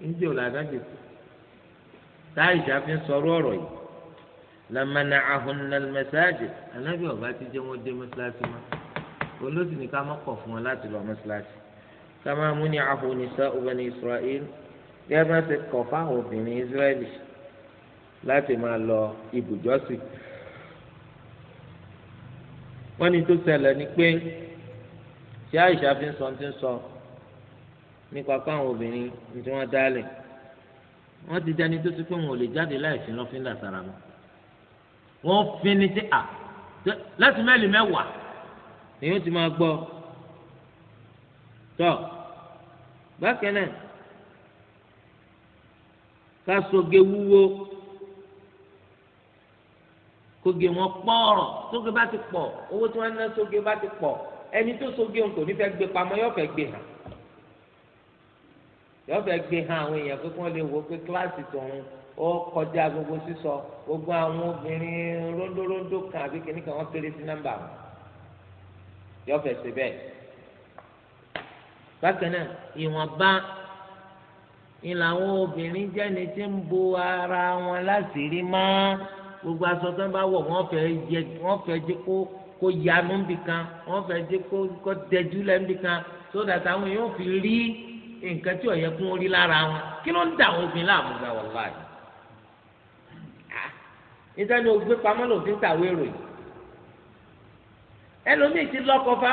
níbi ò làdájọ kù táyìsá fi ń sọ̀rọ̀ ọ̀rọ̀ yìí lamana ahunna masajid anabi ọba ti jẹ wọn dé mọ́sálásí ma olóòtú ni ká má kọ̀ fún wọn láti lọ mọ́sálásí ká má mú ní ahunisa ọba ní Israel gẹ́gẹ́ bá ti kọ̀ fáwọn obìnrin Israẹli láti máa lọ ibùjọ́sìn wọ́n ní tó ṣẹlẹ̀ ni pé tí àìsà fi ń sọ ti ń sọ nípa káwọn obìnrin ní tí wọ́n dálẹ̀ wọ́n ti dání tó sí pé wọn ò lè jáde láìsí lọ́fíńdà sára mọ́ wọ́n fi ní sí à láti mẹ́lì mẹ́wàá ni yóò ti máa gbọ́ tọ́ bákan náà ká soge wúwo soge wọn pọ̀rọ̀ soge bá ti pọ̀ owó tí wọ́n ná soge bá ti pọ̀ ẹni tó soge òun kò ní fẹ́ gbé pamọ́ yóò fẹ́ gbé hàn yóò fẹ́ gbé hàn àwọn èèyàn pé kí wọ́n lè wo pé kíláàsì tòun ó kọjá gbogbo sísọ gbogbo àwọn obìnrin rondórondó kan àbí kìnnìkan wọ́n kéré sí nọ́mbà wọn yóò fẹ́ ṣe bẹ́ẹ̀ bákan náà ìwọ̀nba ni làwọn obìnrin jẹ́ni tí ń bo ara wọn láti rí máa gbogbo aṣọ tó ń bá wọ̀ wọ́n fẹ́ yẹ wọ́n fẹ́ jẹ́ kó kó yanu ń bì kan wọ́n fẹ́ jẹ́ kó kó dẹjú lẹ́ ń bì kan so that àwọn yóò fi rí nǹkan tí ọ̀yẹ́ kún orí lára wọn kí ló ń dà àwọn obìnrin láàmú gba wà láàyè. níta ni o gbé pamọ́ lòfin tàwé ròyìn ẹlòmíì ti lọ́kọ̀ fa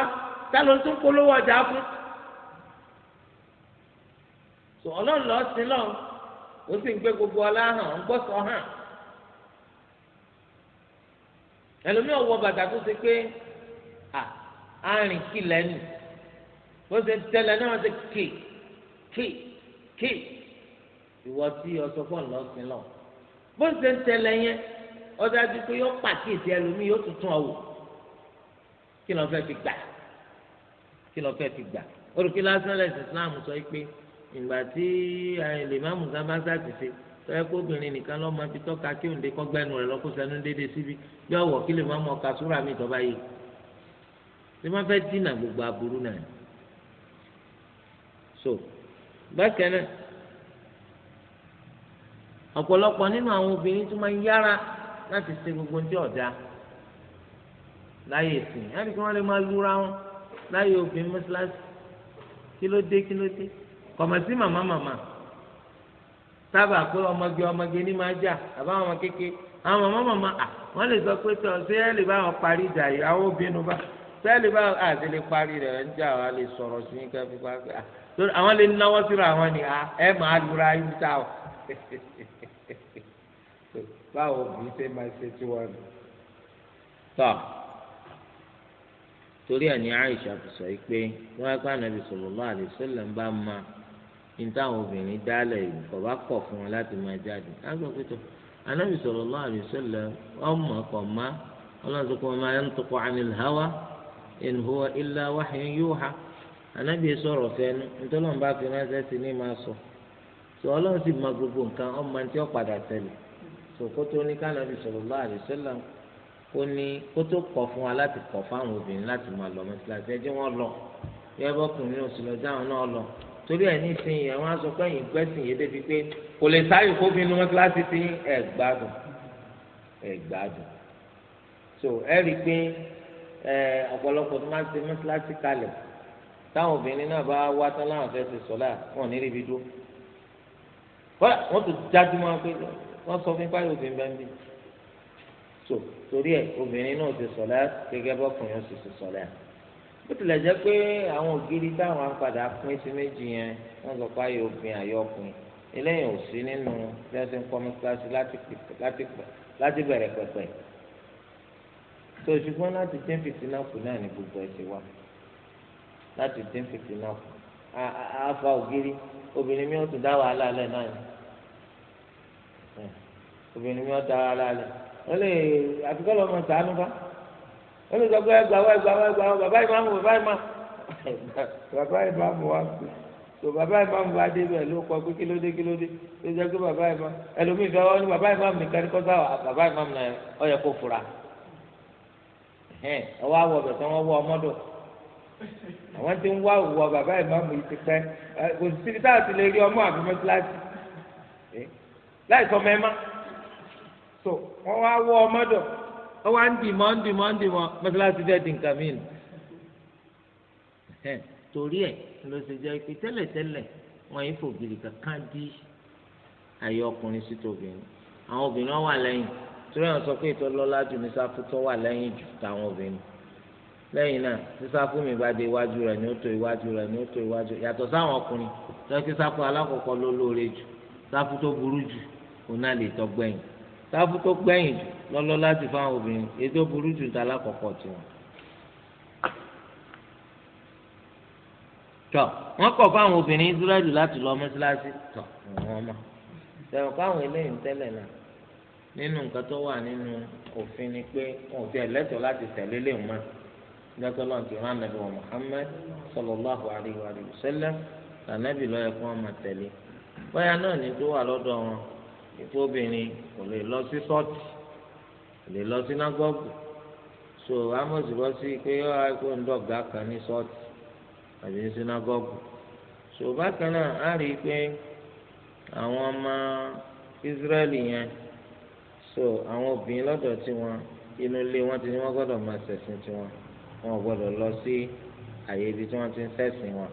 tá ló ń tún polówó ọjà fún. ọlọ́run lọ́ọ́ sí lọ́ọ́ ó sì ń gbé gbogbo ọlá hàn ń gbọ́sọ̀ hàn ẹlòmíì ọwọ́ bàtà tó ṣe pé àárín kí lẹ́nu bó ṣe tẹlẹ náà wọ́n ṣe kì kì kì ìwọ tí ọsọ fọ́ọ̀nù lọ sí lọ bó ṣe tẹlẹ yẹn ọdọ àti pé yọ pàkíyèsí ẹlòmíì yóò tuntun ọwọ kí lọ fẹ́ fi gbà kí lọ fẹ́ fi gbà olùkí lásán lẹ́sìn Islam sọ pé ìgbà tí àìlèmáàmù sábà sá ti tọ́yẹ kó obìnrin nìkan lọ́mọ ibi tọ́ka kí òǹde kọ́gbẹ́nu rẹ̀ lọ́kọ́ sẹ́nu déédéé síbi yọ ọ̀wọ̀ kí lè má mọ ọ̀ka súrà mi tọ́ba yìí ṣé má fẹ́ dínà gbogbo aburú náà so bákan náà ọ̀pọ̀lọpọ̀ nínú àwọn obìnrin tó máa ń yára láti ṣe gbogbo ní ọ̀dà láyé ìsìn ẹni kí wọ́n lè máa lura wọn láyé obìnrin mọ́ṣáláṣí kí ló dé kí ló dé kọ̀mọ̀sí màmá màmá sábà pé ọmọge ọmọge ní máa jà àbáwọn ọmọ kéke àwọn màmá màmá à wọ́n lè sọ pé tọ́ ṣé ẹ lè bá wọn parí ìjà yìí àwọn obìnrin bá ṣé ẹ lè bá àti lè parí rẹ̀ ń jà wà lè sọ̀rọ̀ sí ní kẹfí pàṣẹ à torí àwọn lè náwó síra àwọn ni ẹ máa lura ibi tá o báwo bí ṣe máa ṣe tí wọ́n lò tọ́ torí ẹ̀ ní Aisha sọ pé wọ́n á gbá Ànábì sallallahu alaihi wasallam ní táwọn obìnrin dálẹ̀ yìí kò bá kọ̀ fún wọn láti máa jáde lágbà pẹ̀tọ̀ anábì sallallahu alaihi wasallam ọmọ kọ̀ ma ọlọ́run ma ń hawa in huwa illa wahyun yuha anábì sọ̀rọ̀ fẹ́nu ntọ́lọ́run bá fi ránṣẹ́ sí ní máa sọ tó ọlọ́run sì mọ gbogbo nǹkan ọmọ tí ó padà tẹ̀lé sòkòtò ní kánábì sallallahu alaihi wasallam ó ní kọ̀ fún wa láti kọ̀ fáwọn obìnrin láti máa lọ torí ẹ nísìnyí àwọn aṣọ pẹ́yìn gbẹ́sìn yìí débi pé kò lè sáyò kófin inú mọ́tíláṣí tí ẹ gbádùn ẹ gbádùn so ẹ rí i pé ẹ ọ̀pọ̀lọpọ̀ tó máa ń ṣe mọ́tíláṣí kalẹ̀ táwọn obìnrin náà bá wá tán láwọn fẹ́ ṣe sọ́lá wọn ní ríbi dúró kọ́lá wọ́n tún dájú máa pé wọ́n sọ fún báyìí obìnrin bá ń bí so torí ẹ obìnrin náà ṣe sọ́lá gẹ́gẹ́ bọ́kùnrin ó sì ṣe sọ́lá yàtọ̀ bó tilẹ̀ jẹ́ pé àwọn ògiri táwọn apàdà pín sí méjì yẹn wọ́n sọ pé ayé obìnrin ayé ọkùnrin eléyìí ò sí nínú bí wọ́n ti ń kọ́ mi kíláàsì láti bẹ̀rẹ̀ pẹ̀pẹ̀ tó ṣùgbọ́n láti dín fìtínà kù náà ní gbogbo ẹ̀ ti wá láti dín fìtínà kù àfa ògiri obìnrin mi ò tún dá wàhálà lẹ̀ náà ni obìnrin mi ò dá wàhálà lẹ̀ wọ́n lè àtikọ́ lọ́mọ sàánú bá wọ́n lè sọ pé ẹgbàá wá ẹgbàá wá ẹgbàá wá bàbá ìmáàmù bàbá ìmáàmù bàbá ìmáàmù wá tó bàbá ìmáàmù bá dé bẹ́ẹ̀ ló kọ pé kílódé kílódé ló jẹ́ pé bàbá ìmáàmù ẹlòmíì fẹ́ wọ́n ní bàbá ìmáàmù nìkan ní kọ́sá wà bàbá ìmáàmù náà ó yẹ kó fura ọwọ́ àwọ̀ bẹ̀ tán wọ́n wọ́ ọmọdọ̀ àwọn tí ń wá òwò bàbá ìmáàmù yìí ti pẹ́ kò sí ibi táà ti lè rí ọmọ àbí mọ́tíláṣí ó wá ń dìmọ́ ń dìmọ́ ń dìmọ́ mọ́sálásí fẹ́ di nǹkan mí nù. torí ẹ̀ ló ṣe jẹ́ pé tẹ́lẹ̀tẹ́lẹ̀ wọ́n yìí fògiri kankan dí àyè ọkùnrin sí tòbìnrin àwọn obìnrin wà lẹ́yìn torí àwọn sọ pé ìtọ́lọ́lá jù ní sáfù tó wà lẹ́yìn jù táwọn obìnrin lẹ́yìn náà sísáfù mi bá dé iwájú rẹ̀ ní ó tó iwájú rẹ̀ ní ó tó iwájú yàtọ̀ sáwọn ọkùnrin lọ sí sáfù alákọ̀ọ́kọ́ ló jù sáfù tó burú jù òun náà lè tọ́ gbẹ̀yìn sáfù tó gbẹ̀yìn jù lọ́lọ́ láti fáwọn obìnrin ètò burú jù tá lákọ̀ọ́kọ́ tiwọn. tọ wọn kọ̀ fáwọn obìnrin israẹli láti lọ mọ́ṣáláṣí tọ wọn mọ sẹwọn káwọn eléyìí tẹ́lẹ̀ náà nínú nǹkan tó wà nínú òfin ni pé wọn ò fi ẹlẹtọ láti tẹ̀lé léwu mọ́ dọ́tọ́ lọ́n ti rán nàbí wa Muhammad sallallahu alayhi wa sallam lànàbí lọ́yẹ̀ fún ọmọ tẹ̀lé báyà náà ní tó wà lọ́dọ̀ wọn ètò obìnrin kò lè lọ sí sọ́ọ̀tì lè lọ sínágọ́gù so amos bọ́ sí pé ó wá kó ń dọ̀gá kan ní sọ́ọ̀tì àbí ní sínágọ́gù so bákan náà á rí i pé àwọn ọmọ Ísírẹ́lì yẹn so àwọn obìnrin lọ́dọ̀ tiwọn inú ilé wọn ti ní wọ́n gbọ́dọ̀ máa ṣẹ̀sìn tiwọn wọn ò gbọ́dọ̀ lọ sí àyè ibi tí wọ́n ti ń ṣẹ̀sìn wọn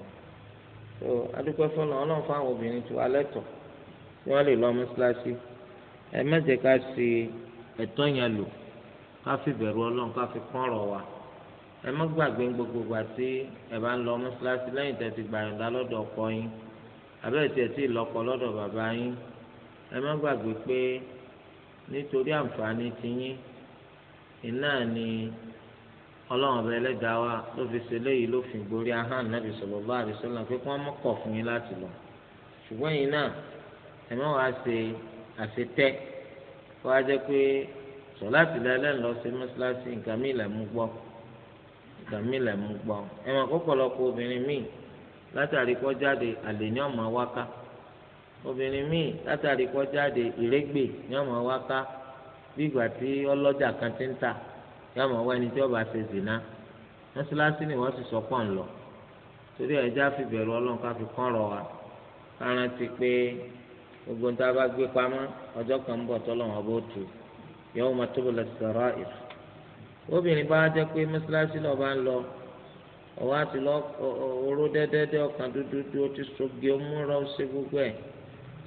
so adúpẹ́ fọlọ́ ọlọ́run fún àwọn obìnrin tí wọ́n alẹ́ tọ̀ tí wọ́n lè lọ mọ́ṣáláṣí ẹ má jẹ́ ká ṣe ẹ̀tọ́ yẹn lò ká fi bẹ̀rù Ọlọ́run ká fi kún ọ̀rọ̀ wa ẹ má gbàgbé gbogbo gbà tí ẹ bá ń lọ mọ́ṣáláṣí lẹ́yìn tẹ́ ti gbàyànjá lọ́dọ̀ ọkọ yín abẹ́rẹ́ tí ẹ ti lọ́kọ lọ́dọ̀ bàbá yín ẹ má gbàgbé pé nítorí àǹfààní tiyín iná ni ọlọ́run ọba ẹlẹ́dàá wa ló fi ṣe léyìí ló fi gborí ahán nàbì sallallahu alaihi wasallam pé kí wọ́n mọ̀kọ̀ fún yín láti lọ ṣùgbọ́n yín náà ẹ má wàá ṣe àṣetẹ́ wọ́n á jẹ́ pé sọ̀láàtì lẹ́lẹ́ ń lọ sí mọ́ṣáláṣí nǹkan mí lẹ̀ mú gbọ́ nǹkan mí lẹ̀ mú gbọ́ ẹ̀wọ̀n kọ́kọ́lọ́kọ́ obìnrin míì látàrí kọ́ jáde àlè ní ọ̀mọ̀ wáká obìnrin míì látàrí kọ́ jáde ìrégbè ní ọ̀mọ̀ wáká bí ìgbà tí ọlọ́jà kan ti ń ta ní ọ̀mọ̀ wá ẹni tí ọba ṣe zìnà mọ́ṣáláṣí ni wọ́n sì sọ pọ̀ ń lọ torí ẹ̀já fi bẹ̀rù ọlọ́run ká fi kọ́ gbogbo ń tá a bá gbé pamọ́ ọjọ́ kan ń bọ̀ tọ́lọ́wọ́n bó tu yẹ́wò máa tóbi lọ sọ̀rọ̀ ìlú. obìnrin bá jẹ́ pé mọ́ṣáláṣí lọ́ọ́ bá ń lọ ọwọ́ àti lọ oró dẹ́dẹ́dẹ́ ọkàn dúdú tí ó ti soge múra ó ṣe gbogbo ẹ̀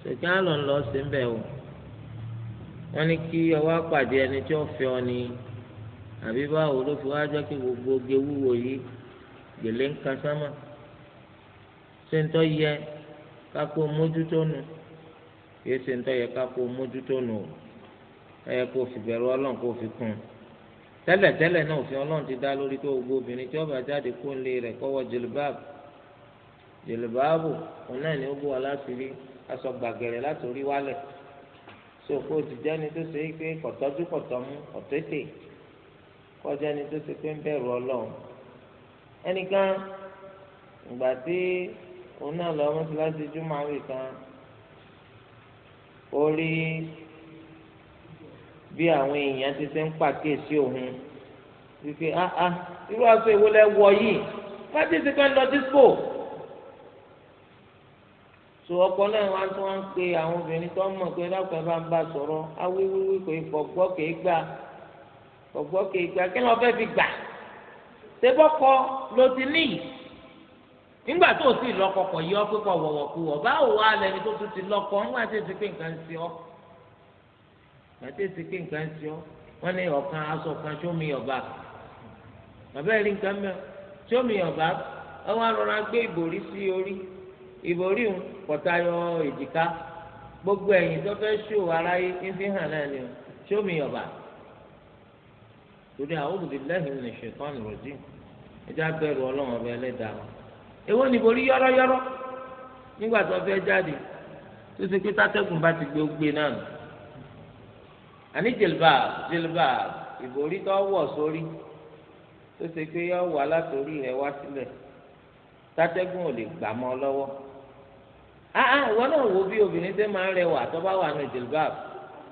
ṣèkí á lọ ń lọ sí bẹ́ẹ̀ o. wọ́n ní kí ọwọ́ àpàdé ẹni tí ó fẹ́ ọ ni àbí báwo ló fi wá jẹ́ kí gbogbo oge wúwo yìí gèlè ń kan sámà ṣé ń tọ́ yẹ kápó mójútó nu kìí ṣe ń tọ́ yẹ ká kó mójútó nù ó yẹ kó fi bẹ̀rù ọlọ́run kó fi kún un tẹ́lẹ̀tẹ́lẹ̀ náà òfin ọlọ́run ti dá lórí pé gbogbo obìnrin tí ó bá jáde kó ń lé rẹ̀ kó jìlìbáàbù jìlìbáàbù òun náà ni ó bó wa láti rí aṣọ gbàgẹ̀rẹ̀ láti orí wálẹ̀ so kó ti jẹ́ni tó ṣe pé kọ̀tọ́jú kọ̀tọ́mú ọ̀tẹ́tẹ̀ kó jẹ́ni tó ṣe pé ń bẹ̀rù ọlọ́run ẹnìkan ìgbà tí òun náà lọ júmọ́ àwìn kan ó rí bí àwọn èèyàn ti ṣe ń pàkíyèsí òun wípé ah ah irú aṣọ èwo lẹ wọ yìí fájì ti fẹ́ lọ disco so ọ̀pọ̀ náà wá tí wọ́n ń pe àwọn obìnrin tó ń mọ̀ pé lápẹ bá ń bá sọ̀rọ̀ awíwíwí kò fọgbọ kèé gbà fọgbọ kèé gbà kí ni wọ́n fẹ́ fi gbà ṣé bọkọ ló ti níyì nígbà tó o sì lọ́kọ kọ̀ yí ọ pé kọ̀ wọ̀wọ̀ kú ọ báwo wá lẹni tó tún ti lọ́kọ ńgbà tó ti pé nǹkan sí ọ ńgbà tó ti pé nǹkan sí ọ wọn ní ọ̀kan aṣọ kan sómi ọ̀bà bàbá ẹ̀rí nǹkan mẹ́ sómi ọ̀bà wọn rọra gbé ìbòrí sí orí ìbòrí ń pọ̀tayọ èjìká gbogbo ẹ̀yìn tó fẹ́ ṣó aráyé ń fi hàn náà ni sómi ọ̀bà torí a'udhu billahi minash shaitani rajim ẹjá bẹ̀rù ọlọ́run Ewo ni rí yọ́rọ́yọ́rọ́ nígbà tó fẹ́ jáde tó ṣe pé tátẹ́gùn bá ti gbé náà nù àní jilbab jilbab ìbòrí tó wọ̀ sórí tó ṣe pé yọ wà látòrí rẹ̀ wá sílẹ̀ tátẹ́gùn ò lè gbà mọ́ lọ́wọ́ áá ìwọ náà wo bí obìnrin ṣe máa ń rẹwà tó bá wà ní jilbab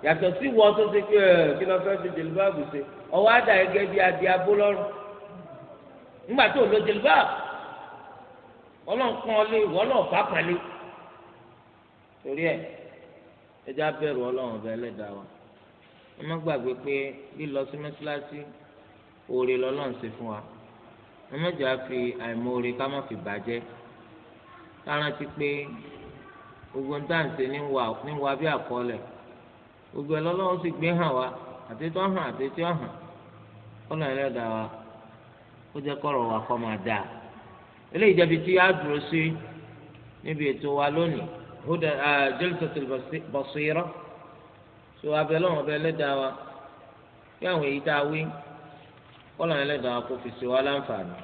yàtọ̀ sí wọ tó ṣe pé ẹ̀ kí lọ fẹ́ fi jilbab ṣe ọwọ́ àdá ẹgẹ́ bíi adìẹ abó lọ́rùn nígbà tó lo jilbab ọlọ́nkàn lé ìwọ náà bá pẹ̀lú. torí ẹ ẹja bẹ̀rù ọlọ́run ọba ẹlẹ́dàá wa ẹ má gbàgbé pé lílọ sí mẹ́síláṣí oore lọ́lọ́run ṣe fún wa ẹ má jà fi àìmoore ká má fi bàjẹ́ ká rántí pé gbogbo ń dáǹsẹ̀ níwà bí àkọọ́lẹ̀ gbogbo ẹlọ́lọ́run sì gbé hàn wá àti tó hàn àti tó hàn ọlọ́run ẹlẹ́dàá wa ó jẹ́ kọ́rọ̀ wa kọ́ máa dáa eléyìí jẹ́bi tí a dúró sí níbi ètò wa lónìí huda jalsatul basira tó abẹ lọ́wọ́ ọbẹ̀ ẹlẹ́dàá wa kí àwọn èyí tá a wí kọ́lọ̀ ẹlẹ́dàá kò fi sí wa láǹfààní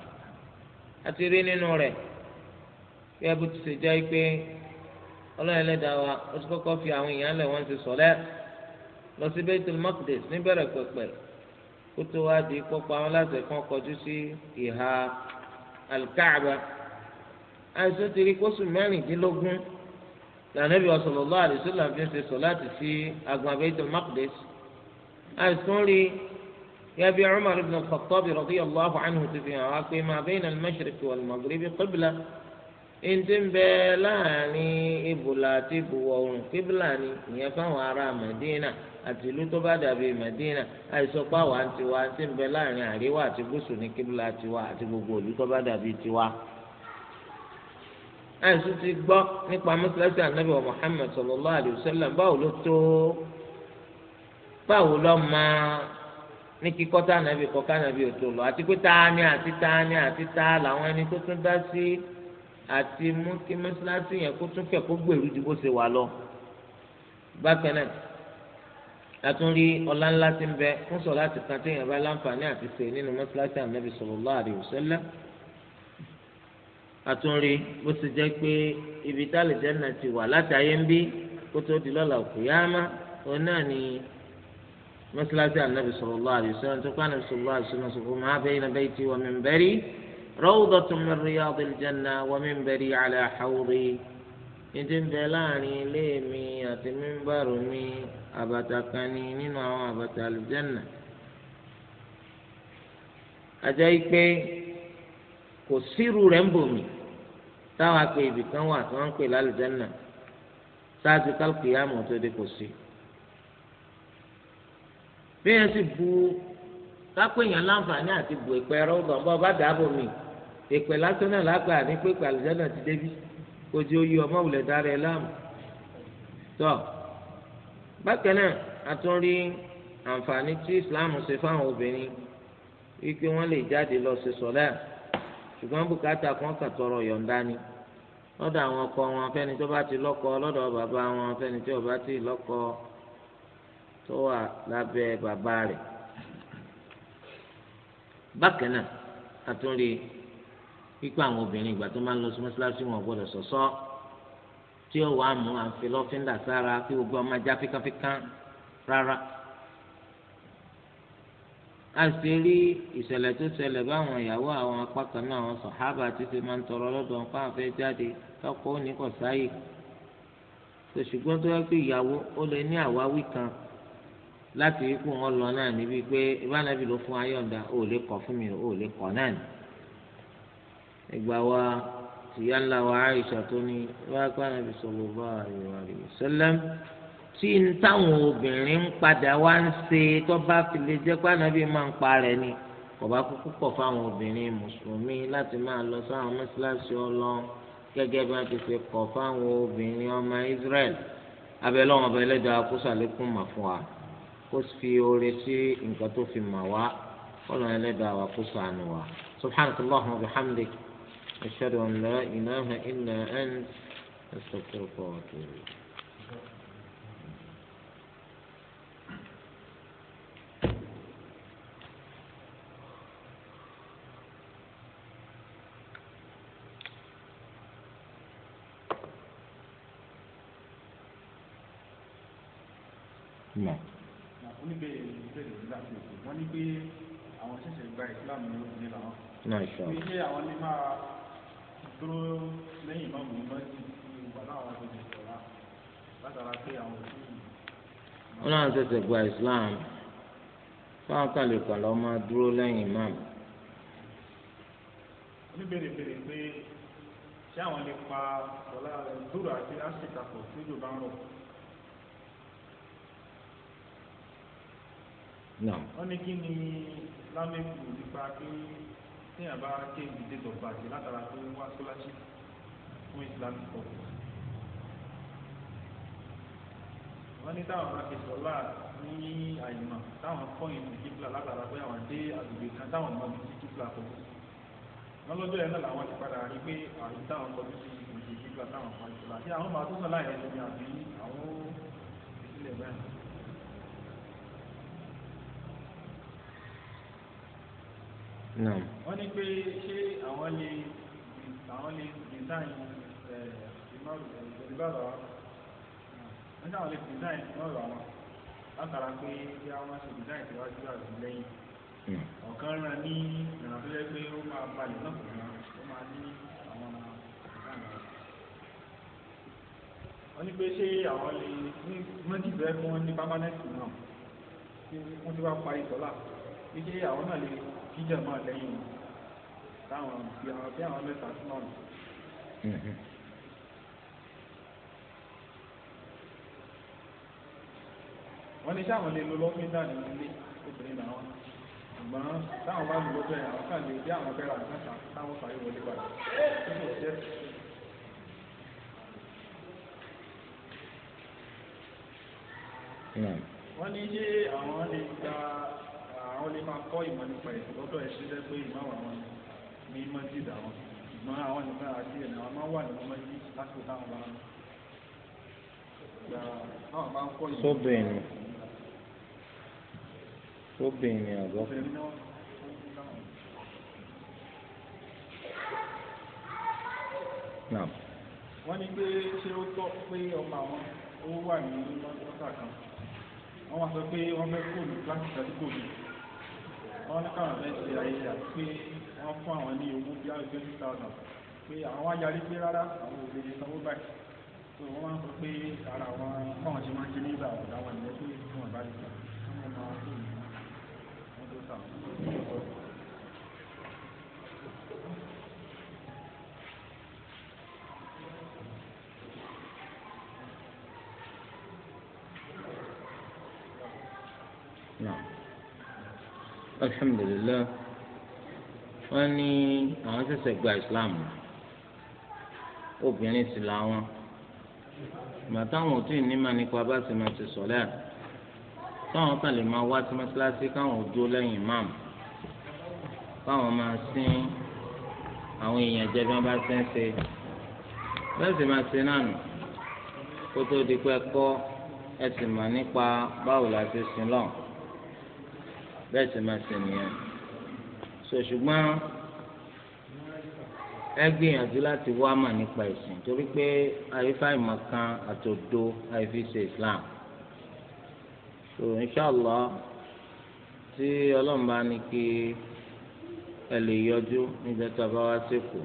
a ti rí nínú rẹ̀ kí ẹbí ti ṣe jẹ́ pé ọlọ́run ẹlẹ́dàá wa ó ti kọ́kọ́ fi àwọn èèyàn lẹ̀ wọ́n ti sọ̀lẹ́ lọ sí Baitul Maqdis níbẹ̀rẹ̀ pẹ̀pẹ̀ kó tó wá di pọ́pọ́ àwọn láti ẹ̀kọ́ kọjú sí ìhà alikaaba àìsàn ti rí kóṣù mẹ́rìndínlógún lànàbí sallallahu alaihi wasallam fi ṣe sọ̀láàtì sí agbọ̀n Baitul Maqdis àìsàn rí yàbí Umar ibn al-Khattab radiyallahu anhu ti fi hàn wá pé ma bayna al-mashriqi wal-maghribi qibla. eŋti ń bẹ laarin ibùlà ati ibùwọ̀ oòrùn kíbìlà ni ìyẹn fáwọn ará Mẹdínà àti ìlú tó bá dàbí Mẹdínà àìsọpá wa ti ti ń bẹ láàrin àríwá àti gúúsù ní tiwa àti gbogbo ìlú tó bá tiwa. ti gbọ́ nípa mọ́sálásí ànábì wa Muhammad sallallahu alayhi wa sallam báwo ló tó báwo ló ní kíkọ́ tá kọ́ ká ò tó Si àti mú kí mọ́sálásí yẹn kó tún fẹ̀ kó gbèrú ju bó ṣe wà lọ. bákan náà látún rí ọlá ńlá tí ń bẹ fún sọ láti kan téèyàn bá láǹfààní àti ṣe nínú mọ́sálásí ànábì sallallahu alaihi wasallam àtúnrí bó ti jẹ́ pé ibi táàlì jẹ́nà ti wà látàyé ń bí kó tó di lọ́la kiyama òun náà ni mọ́sálásí ànábì sallallahu alaihi wasallam tó kọ́ ànábì sallallahu alaihi wasallam sọ̀rọ̀ máa bayna bayti wa minbari rawdatun min riyadil janna wa minbari ala hawri ìdí ń bẹ láàrin ilé mi àti mímbàrò mi àbàtà kan ní nínú àwọn àbàtà àlùjànnà àjẹ́ pé kò sírù rẹ̀ ń bò mí táwọn akpè ibìkan wà tí wọ́n ń pè lálùjànnà ṣáàtú kálukìyàmù tó dé kò sí bí yẹn sì bu kápẹ́yìn aláǹfààní àti bu ìpẹ́rọ́ ọgbọ̀n bọ́ bá dàbò mi ìpè lásán náà lágbà ní pípé àlùjáná ti débi ojú oyè ọmọ òwúlẹ̀ dára ẹ láàmú. tọ́ bákan náà a tún rí àǹfààní tí Islam ṣe fáwọn obìnrin wípé wọ́n lè jáde lọ ṣe sọ̀lá ṣùgbọ́n bùkátà kan kà tọrọ yọ̀ǹda ni lọ́dọ̀ àwọn ọkọ wọn afẹ́ni tó bá ti lọ́kọ lọ́dọ̀ bàbá wọn afẹ́ni tó bá ti lọ́kọ tó wà lábẹ́ bàbá rẹ̀ bákan náà a tún rí i pípé àwọn obìnrin ìgbà tó máa ń lọ sí mọ́ṣáláṣí wọn gbọ́dọ̀ sọ̀sọ́ tí ó wàá mú àǹfi lọ́fíńdà sára kí gbogbo ọmọ ajá fíkánfíkán rárá. a sì rí ìṣẹ̀lẹ̀ tó ṣẹlẹ̀ báwọn ìyàwó àwọn apá kan náà àwọn sàhábà títí máa ń tọrọ lọ́dọ̀ wọn fáwọn fẹ́ jáde tọ́kọ òní kò sáyè. ṣùgbọ́n tó yẹ pé ìyàwó ó lè ní àwáwí kan láti ikú wọn lọ náà níbi pé ìbánabì ló fún ayọ̀ǹda ó lè kọ̀ fún mi ó lè kọ̀ náà nìyí ìgbà wa tìyá ńlá wa Aisha tó ní wá gbá nàbì sallallahu alaihi wasallam tí n táwọn obìnrin ń padà wá ń ṣe tó bá fi lè jẹ́ pé ànábì máa ń parẹ́ ni kò bá kúkú kọ̀ fáwọn obìnrin mùsùlùmí láti máa lọ sáwọn mọ́ṣáláṣí ọlọ́run gẹ́gẹ́ bí wọ́n ti ṣe kọ̀ fáwọn obìnrin ọmọ Israel abẹ́lẹ́ ọba ẹlẹ́dàá kó mà fún wa kó fi oore sí nǹkan tó fi mà wá kọ́nà ẹlẹ́dàá wa wa subhanahu wa ta'ala أشهد أن لا إله إلا أنت أستغفرك وأتوب إليك نعم. Nah. dúró lẹ́yìn máa mú mọ́tì ní wàhálà àwọn ọmọdé ìjọba látara pé àwọn òbí wọn náà ṣẹ̀ṣẹ̀ gba islam fáwọn kan lè kàn lọ máa dúró lẹ́yìn imam. oníbèrè bèrè pé ṣé àwọn lè pa ọ̀la dúró àti áṣíkà pọ̀ tí òjò bá ń rọ̀. wọ́n ní kí ni lámẹ́kù nípa pé tí yàn bá kéwì date of birth látara tó wá scholarship fún islamic course. wọ́n ní táwọn máa fi sọ́lá ní àyìnmọ̀ táwọn kọ́yìn ní kíkìlá látara pé àwọn dé àgbègbè kan táwọn mọ̀ ní kíkìlá kọjú sí. wọ́n lọ́jọ́ yẹn náà làwọn ti padà rí pé àyè táwọn kọjú sí ìgbìmọ̀ kíkìlá táwọn kọjú sí. àti àwọn máa tó sọ láyé ẹni àbí àwọn ìsílẹ̀ bẹ́ẹ̀. wọ́n ní pé ṣé àwọn lè àwọn lè design eh, ìbára eh, wọ́n táwọn lè design ìbára wọn látara pé bí àwọn ṣe design ìwájú àti lẹ́yìn ọ̀kan rán ní ìrànlọ́wọ́ tó yẹ pé ó máa balẹ̀ náà kò náà ó máa ní àwọn wọ́n ní pé ṣé àwọn lè ní mọ́tì bẹ́ẹ̀ kí ní pámánẹ́ǹtì náà tí wọ́n ti wá parí sọ́lá wípé àwọn náà lè kíjà máa lẹ́yìn wọn táwọn bí àwọn bí àwọn mẹ́ta sí náà. Mm-hmm. wọ́n ní sáwọn lè lo lọ́fíńdà nínú ilé obìnrin làwọn ṣùgbọ́n táwọn bá lò lọ́jọ́ yẹn àwọn kan lè bí àwọn bẹ́ẹ̀ rà nípa táwọn fàyè wọlé padà tó kò jẹ́ wọ́n ní ṣé àwọn lè gba àwọn lè máa kọ́ ìmọ̀ nípa ẹ̀ lọ́dọ̀ ẹ̀ ṣe lẹ́gbẹ́ ìmọ̀ àwọn ní mọ́jì dáwọn ìmọ̀ àwọn nípa àti ẹ̀nà àwọn máa wà nínú mọ́jì lásìkò táwọn bá ń táwọn sóbìnrin sóbìnrin àgọ́. wọ́n ní pé ṣé ó tọ́ pé ọmọ àwọn ó wà ní lọ́sà kan wọ́n wá sọ pé wọ́n fẹ́ kóòlù láti ṣàdúgbò mi wọ́n ní káwọn fẹ́ ṣe àyíṣà pé wọ́n fún àwọn ní owó bí i twenty thousand pé àwọn yarí pé rárá àwọn òbí ní sanwó báyìí tó wọ́n máa ń sọ pé ara àwọn báwọn ṣe máa ń ṣe nígbà ọ̀dà wọn ìyẹn pé fún ọ̀bá lè sàn wọ́n máa ń fún ìyẹn wọ́n tó sàn. alhamdulilayi wọ́n ní àwọn ṣẹ̀ṣẹ̀ gba islam obìnrin sì làwọn bàtà àwọn ò tí ì nímà nípa bá ṣe máa ṣe sọ̀lẹ́ à táwọn kan lè máa wá sí mọ́ṣáláṣí káwọn ò dúró lẹ́yìn imam káwọn máa sin àwọn èèyàn jẹ bí bá ṣe bẹ́ẹ̀ sì máa ṣe náà nù kó di pé kọ́ ẹ sì mà nípa báwo la ṣe sin lọ́hùn bẹ́ẹ̀ sì máa ṣe nìyẹn so ṣùgbọ́n ẹ gbìyànjú láti wá mà nípa ìsìn torí pé àyífá ìmọ̀ kan àtòdo àyífi ṣe Islam so inṣàlá tí ọlọ́run bá ní kí ẹ lè yọjú níbi tí a bá wá sẹ́kù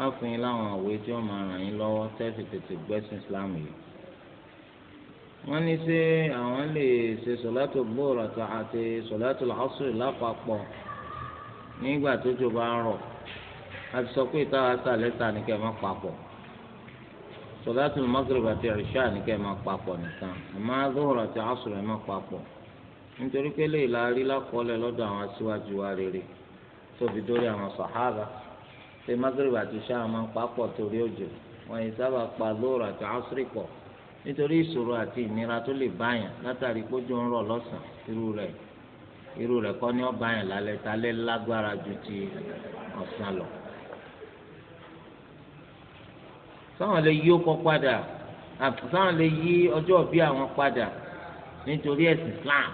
á fún yín láwọn àwòye tí wọ́n máa ràn yín lọ́wọ́ tẹ́sí tètè gbẹ́sìn Islam yìí wọ́n ní ṣé àwọn lè ṣe sọ̀látò bóòrò àti sọ̀látò làásùrì lápapọ̀ nígbà tó jò bá ń rọ̀ àti sọ pé ìta àṣà lẹ́tà ní kẹ́ ẹ má papọ̀ sọ̀látò magreba àti ìṣá ní kẹ́ ẹ má papọ̀ nìkan àmọ́ bóòrò àti àṣùrì ẹ má papọ̀ nítorí pé lè la rí lákọọ́lẹ̀ lọ́dọ̀ àwọn aṣíwájú wa rere tóbi dórí àwọn sàhábà ṣé magreba àti ìṣá máa papọ̀ torí òjò wọ́n yìí sábà pa bóòrò àti àṣùrì nítorí ìṣòro àti ìnira tó lè báyàn látàrí kójú ń rọ̀ lọ́sàn irú rẹ̀ irú rẹ̀ kọ́ ni ó báyàn lálẹ́ ju ti ọ̀sán lọ. sáwọn lè yí ọkọ padà sáwọn lè yí ọjọ́ àwọn padà nítorí Islam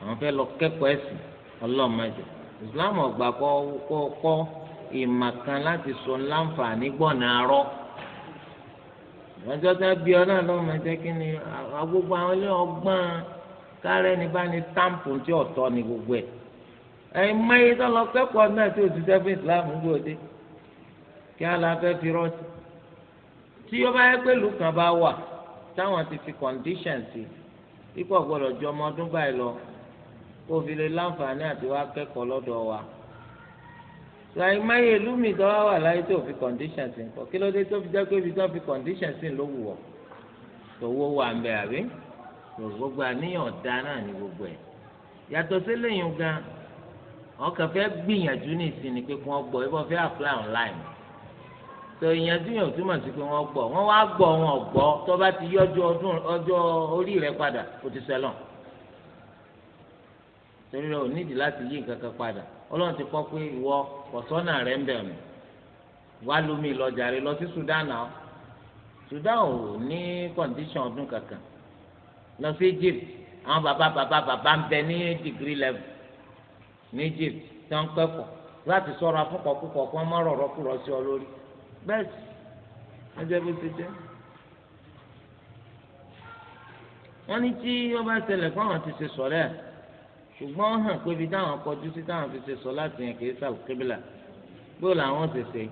àwọn fẹ́ lọ kẹ́kọ̀ọ́ ẹ̀sìn ọlọ́mọdé Islam ọ̀gbà kọ́ kọ́ ìmọ̀ kan láti sọ láǹfààní gbọ̀nà arọ́. ìrànjọ́ tá a bí ọ náà lọ́mọ jẹ́ kí ni gbogbo àwọn ilé ọgbọ́n kárẹ́ ní bá ní táǹpù tí ọ̀tọ̀ ni gbogbo ẹ̀ ẹ̀yin mẹ́yìí tó lọ kẹ́kọ̀ọ́ náà tí òṣìṣẹ́ fún ìsìláàmù gbòde kí á la fẹ́ fi rọ́ọ̀tì tí ó bá yẹ pé ìlú kan bá wà táwọn ti fi condition sí ikú ọ̀gbọ́dọ̀ ju ọmọ ọdún báyìí lọ kó fi lè láǹfààní àti wá kẹ́kọ̀ọ́ lọ́dọ̀ wa láì máyé ìlú mi tó wá wà láyé tó fi condition sí nǹkan kí ló dé tó fi jẹ́ pé ibi tó fi condition sí ló wù ọ́ tòwó wà ń bẹ àbí gbogbo àníyàn ọ̀dá náà ni gbogbo ẹ̀ yàtọ̀ sí lẹ́yìn gan wọn fẹ́ gbìyànjú ní ìsinmi pé kí wọ́n gbọ́ ibà fẹ́ apply online tó ìyànjú yàn túmọ̀ sí pé wọ́n gbọ́ wọ́n wá gbọ́ wọn gbọ́ tó bá ti yọjú ọdún ọjọ́ orí rẹ padà kò ti sẹ́lọ̀ torí rẹ ò nídìí láti yí nǹkan kan padà ọlọ́run ti kọ́ pé ìwọ kọ̀sọ́nà rẹ̀ ń bẹ̀ mọ́ wá lómi lọ́jà rẹ̀ lọ sí Sudan náà Sudan ò ní kọ́ndíṣàn ọdún kankan lọ sí Egypt àwọn bàbá bàbá bàbá ń bẹ ní dìgírí level ní Egypt tí wọ́n ń kẹ́kọ̀ọ́ láti sọ̀rọ̀ afúnkọ̀kúkọ̀ kí wọ́n má rọ̀rọ̀ kúrọ̀ sí ọ lórí bẹ́ẹ̀ sì ẹjẹ́ bó ti jẹ́ wọ́n ní tí wọ́n bá ṣẹlẹ̀ fún àwọn ti ṣe sọ̀rẹ́ ẹ̀ ṣùgbọ́n hàn pé ibi táwọn kọjú sí táwọn fi ṣe sọ láti yẹn kìí sàlù kébìlà bó làwọn ṣe ṣe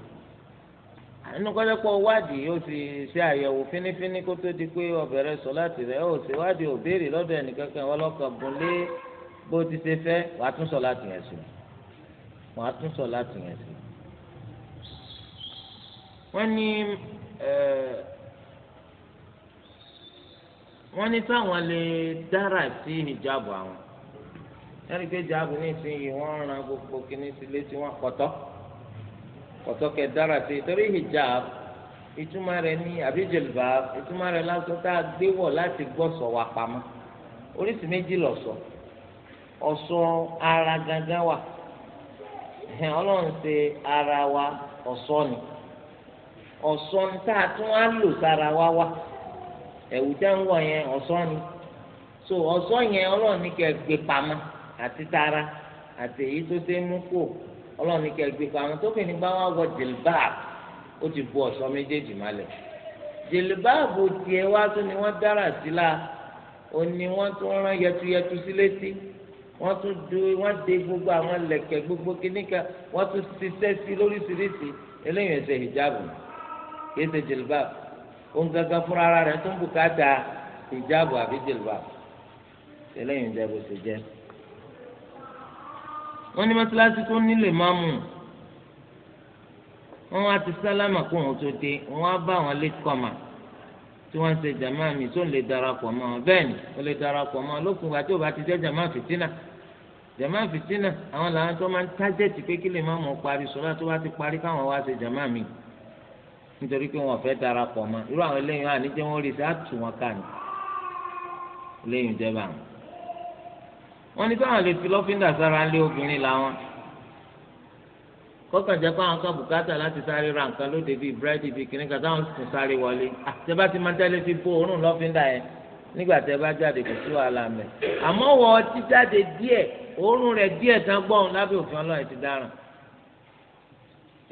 inú kọ́jọ́ pọ̀ wádìí ó ti ṣe àyẹ̀wò fínífíní kó tó di pé ó bẹ̀rẹ̀ sọ láti rẹ̀ ó ṣe wádìí ò béèrè lọ́dọ̀ ẹnìkankan wọn lọ́kàn gùn lé bó ti ṣe fẹ́ wàá tún sọ láti yẹn sùn wàá tún sọ láti yẹn sùn. wọ́n ní wọ́n ní táwọn lè dára sí hijabu àwọn ẹni pé jáàbù nísìnyí wọn ran gbogbo kìíní sí létí wọn kọtọ kọtọ kẹ dára sí torí hijab ìtumọ̀ rẹ̀ ní àbíjẹlùbá ìtumọ̀ rẹ̀ lásán tá a gbé wọ̀ láti gbọsọ wa pamọ́ oríṣi méjì lọsọ Ọsọ ara gangan wà ẹhìn ọlọrun ṣe ara wa ọsọ ni Ọsọ ni tá a tún á lò sára wa wá ẹ̀wù jáǹwọ yẹn ọsọ ni so ọsọ yẹn Ọlọ́run ní kẹ gbé pamọ́. àti tara àti èyí tó ṣe mú kó ọlọ́run ní kẹ́ gbé kọ́ àwọn tó kìíní bá wà wọ jìlbáàbù ó ti bu ọ̀ṣọ́ méjèèjì malẹ̀ jìlbáàbù tiẹ̀ wá tó ni wọ́n dára sí la ó ní wọ́n tún rán yẹtuyẹtu sí létí wọ́n tún du wọ́n de gbogbo àwọn lẹ̀kẹ̀ gbogbo kìnnìkan wọ́n tún ṣiṣẹ́ sí lóríṣiríṣi eléyìí ẹ̀ṣẹ̀ hijabu kìí ṣe jìlbáàbù òun gangan fúnra ara rẹ̀ tó bùkátà hijabu àbí jìlbáàbù eléyìí ń jẹ́ bó ṣe jẹ́ wọ́n ní mọ́tíláṣí tó nílé máa mú wọn wá ti sálámà kó wọn tó dé wọn á bá wọn lé kọ́mà tí wọ́n ń ṣe jàmáà mi tó ń lè darapọ̀ mọ́ wọn bẹ́ẹ̀ ni ó lè darapọ̀ mọ́ wọn lókun ìgbà tí ò bá ti jẹ́ jàmáà fìtínà jàmáà fìtínà àwọn làwọn tó máa ń tájẹ́tì pé kí lè má mọ̀ parí sọ́lá tó bá ti parí káwọn wá ṣe jàmáà mi nítorí pé wọn fẹ́ darapọ̀ mọ́ irú àwọn eléyìí wọn àníjẹ́ wọn rí sí àtúwọn ká ní eléyìí jẹ́ báwọn wọ́n ní káwọn lè fi lọ́fíńdà sára ńlé obìnrin làwọn kọ́kàn jẹ́ pé àwọn kan bùkátà láti sáré ra nǹkan lóde bíi búrẹ́dì bíi kìnìún kan táwọn sì sáré wọlé àtẹ́bá ti máa tẹ́lẹ̀ fi bó òórùn lọ́fíńdà yẹn nígbà tẹ́ bá jáde kò sí wàhálà mẹ́ àmọ́ wọ ọtí jáde díẹ̀ òórùn rẹ̀ díẹ̀ tán gbọ́n lábẹ́ òfin ọlọ́run ti dáràn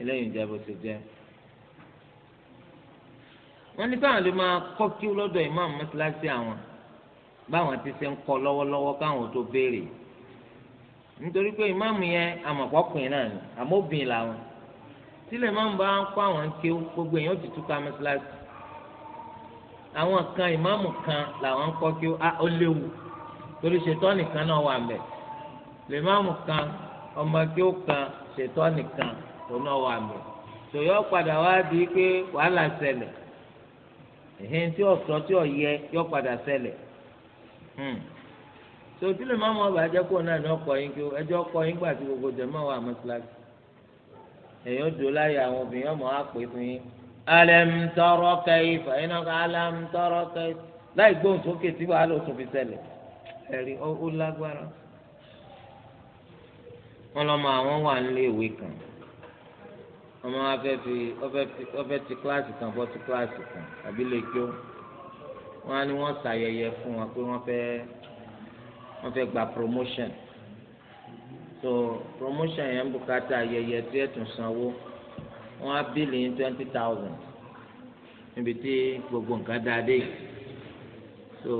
eléyìí jẹ́ bó ti jẹ́ wọ́n ní káwọn lè máa kọ́ kí lọ́dọ̀ ìmáàmù báwọn ti ṣe ń kọ́ lọ́wọ́lọ́wọ́ káwọn tó béèrè nítorí pé ìmáàmù yẹn àmọ̀pọ̀kùnrin náà ni àmọ́bìnrin làwọn tílẹ̀ máa ń bá ń kọ́ àwọn ké gbogbo èèyàn ti túká mẹ́sàlásì àwọn kan ìmáàmù kan làwọn ń kọ́ kí ó léwu torí ṣètọ́ nìkan náà wà mẹ́ lè máàmù kan ọmọ kí ó kan ṣètọ́ nìkan tó náà wà mẹ́ tòyọ́ padà wá di pé wàhálà ṣẹlẹ̀ ẹ̀hìn tí ọ̀sọ́ tí ọ̀yẹ yọ padà ṣẹlẹ̀ Hmm. so tí lè má mọ ọba ẹjẹ kó náà ní ọkọ yín kí ẹjọ ọkọ yín gbà tí gbogbo jẹ máa wà mọ́sálásí èyàn dò láyé àwọn obìnrin ọmọ fún yín alẹ́mtọ́rọ́ kẹ́yìfà yín náà kọ́ alẹ́mtọ́rọ́ kẹ́yìfà láì gbóhùn sókè tí wàá fi ẹ̀rí ó lágbára wọn àwọn wà nílé ìwé kan ọmọ wa fi ti kíláàsì kan sí kan àbí lè wọ́n á ní wọ́n fún wọn pé wọ́n fẹ́ wọ́n fẹ́ gba promotion so promotion yẹn ń bùkátà ayẹyẹ tí ẹ tún sanwó wọ́n á bíìlì ní twenty thousand níbi tí gbogbo nǹkan dáa dé so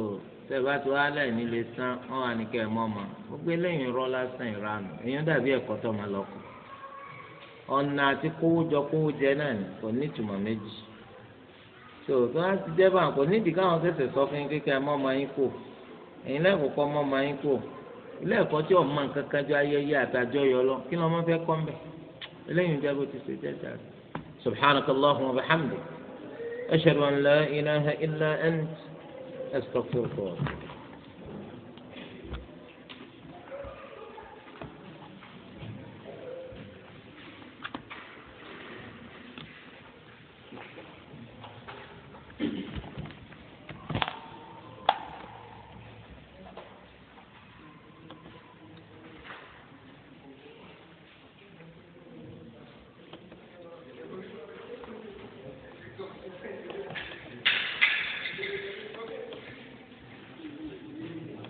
tẹ́lifá tó wá lẹ́yìn nílé sán wọ́n wà ní kẹ́ẹ̀mọ́ ma gbogbo eléyìí rọ́ lásán ìranù èèyàn dàbí ẹ̀kọ́ tó máa lọ́kọ̀ ọ̀nà àti kówó jọ náà kò ní ìtumọ̀ méjì so tí wọ́n ti jẹ́ báńkò nídìí káwọn ṣẹ̀ṣẹ̀ sọ fún yín kékeré mọ́ ọmọ yín kù ẹ̀yin lẹ́kọ̀ọ́kọ́ mọ́ ọmọ yín kù ilé ẹ̀kọ́ tí ọmọ nǹkan kan jọ ayẹyẹ àtàjọ yọ lọ kí lọ́mọ fẹ́ kọ́ mbẹ́ eléyìí jẹ́ bó ti ṣe jẹ́ jáde subhanaka allahumma wa bihamdik ashhadu an la ilaha illa ant astaghfiruka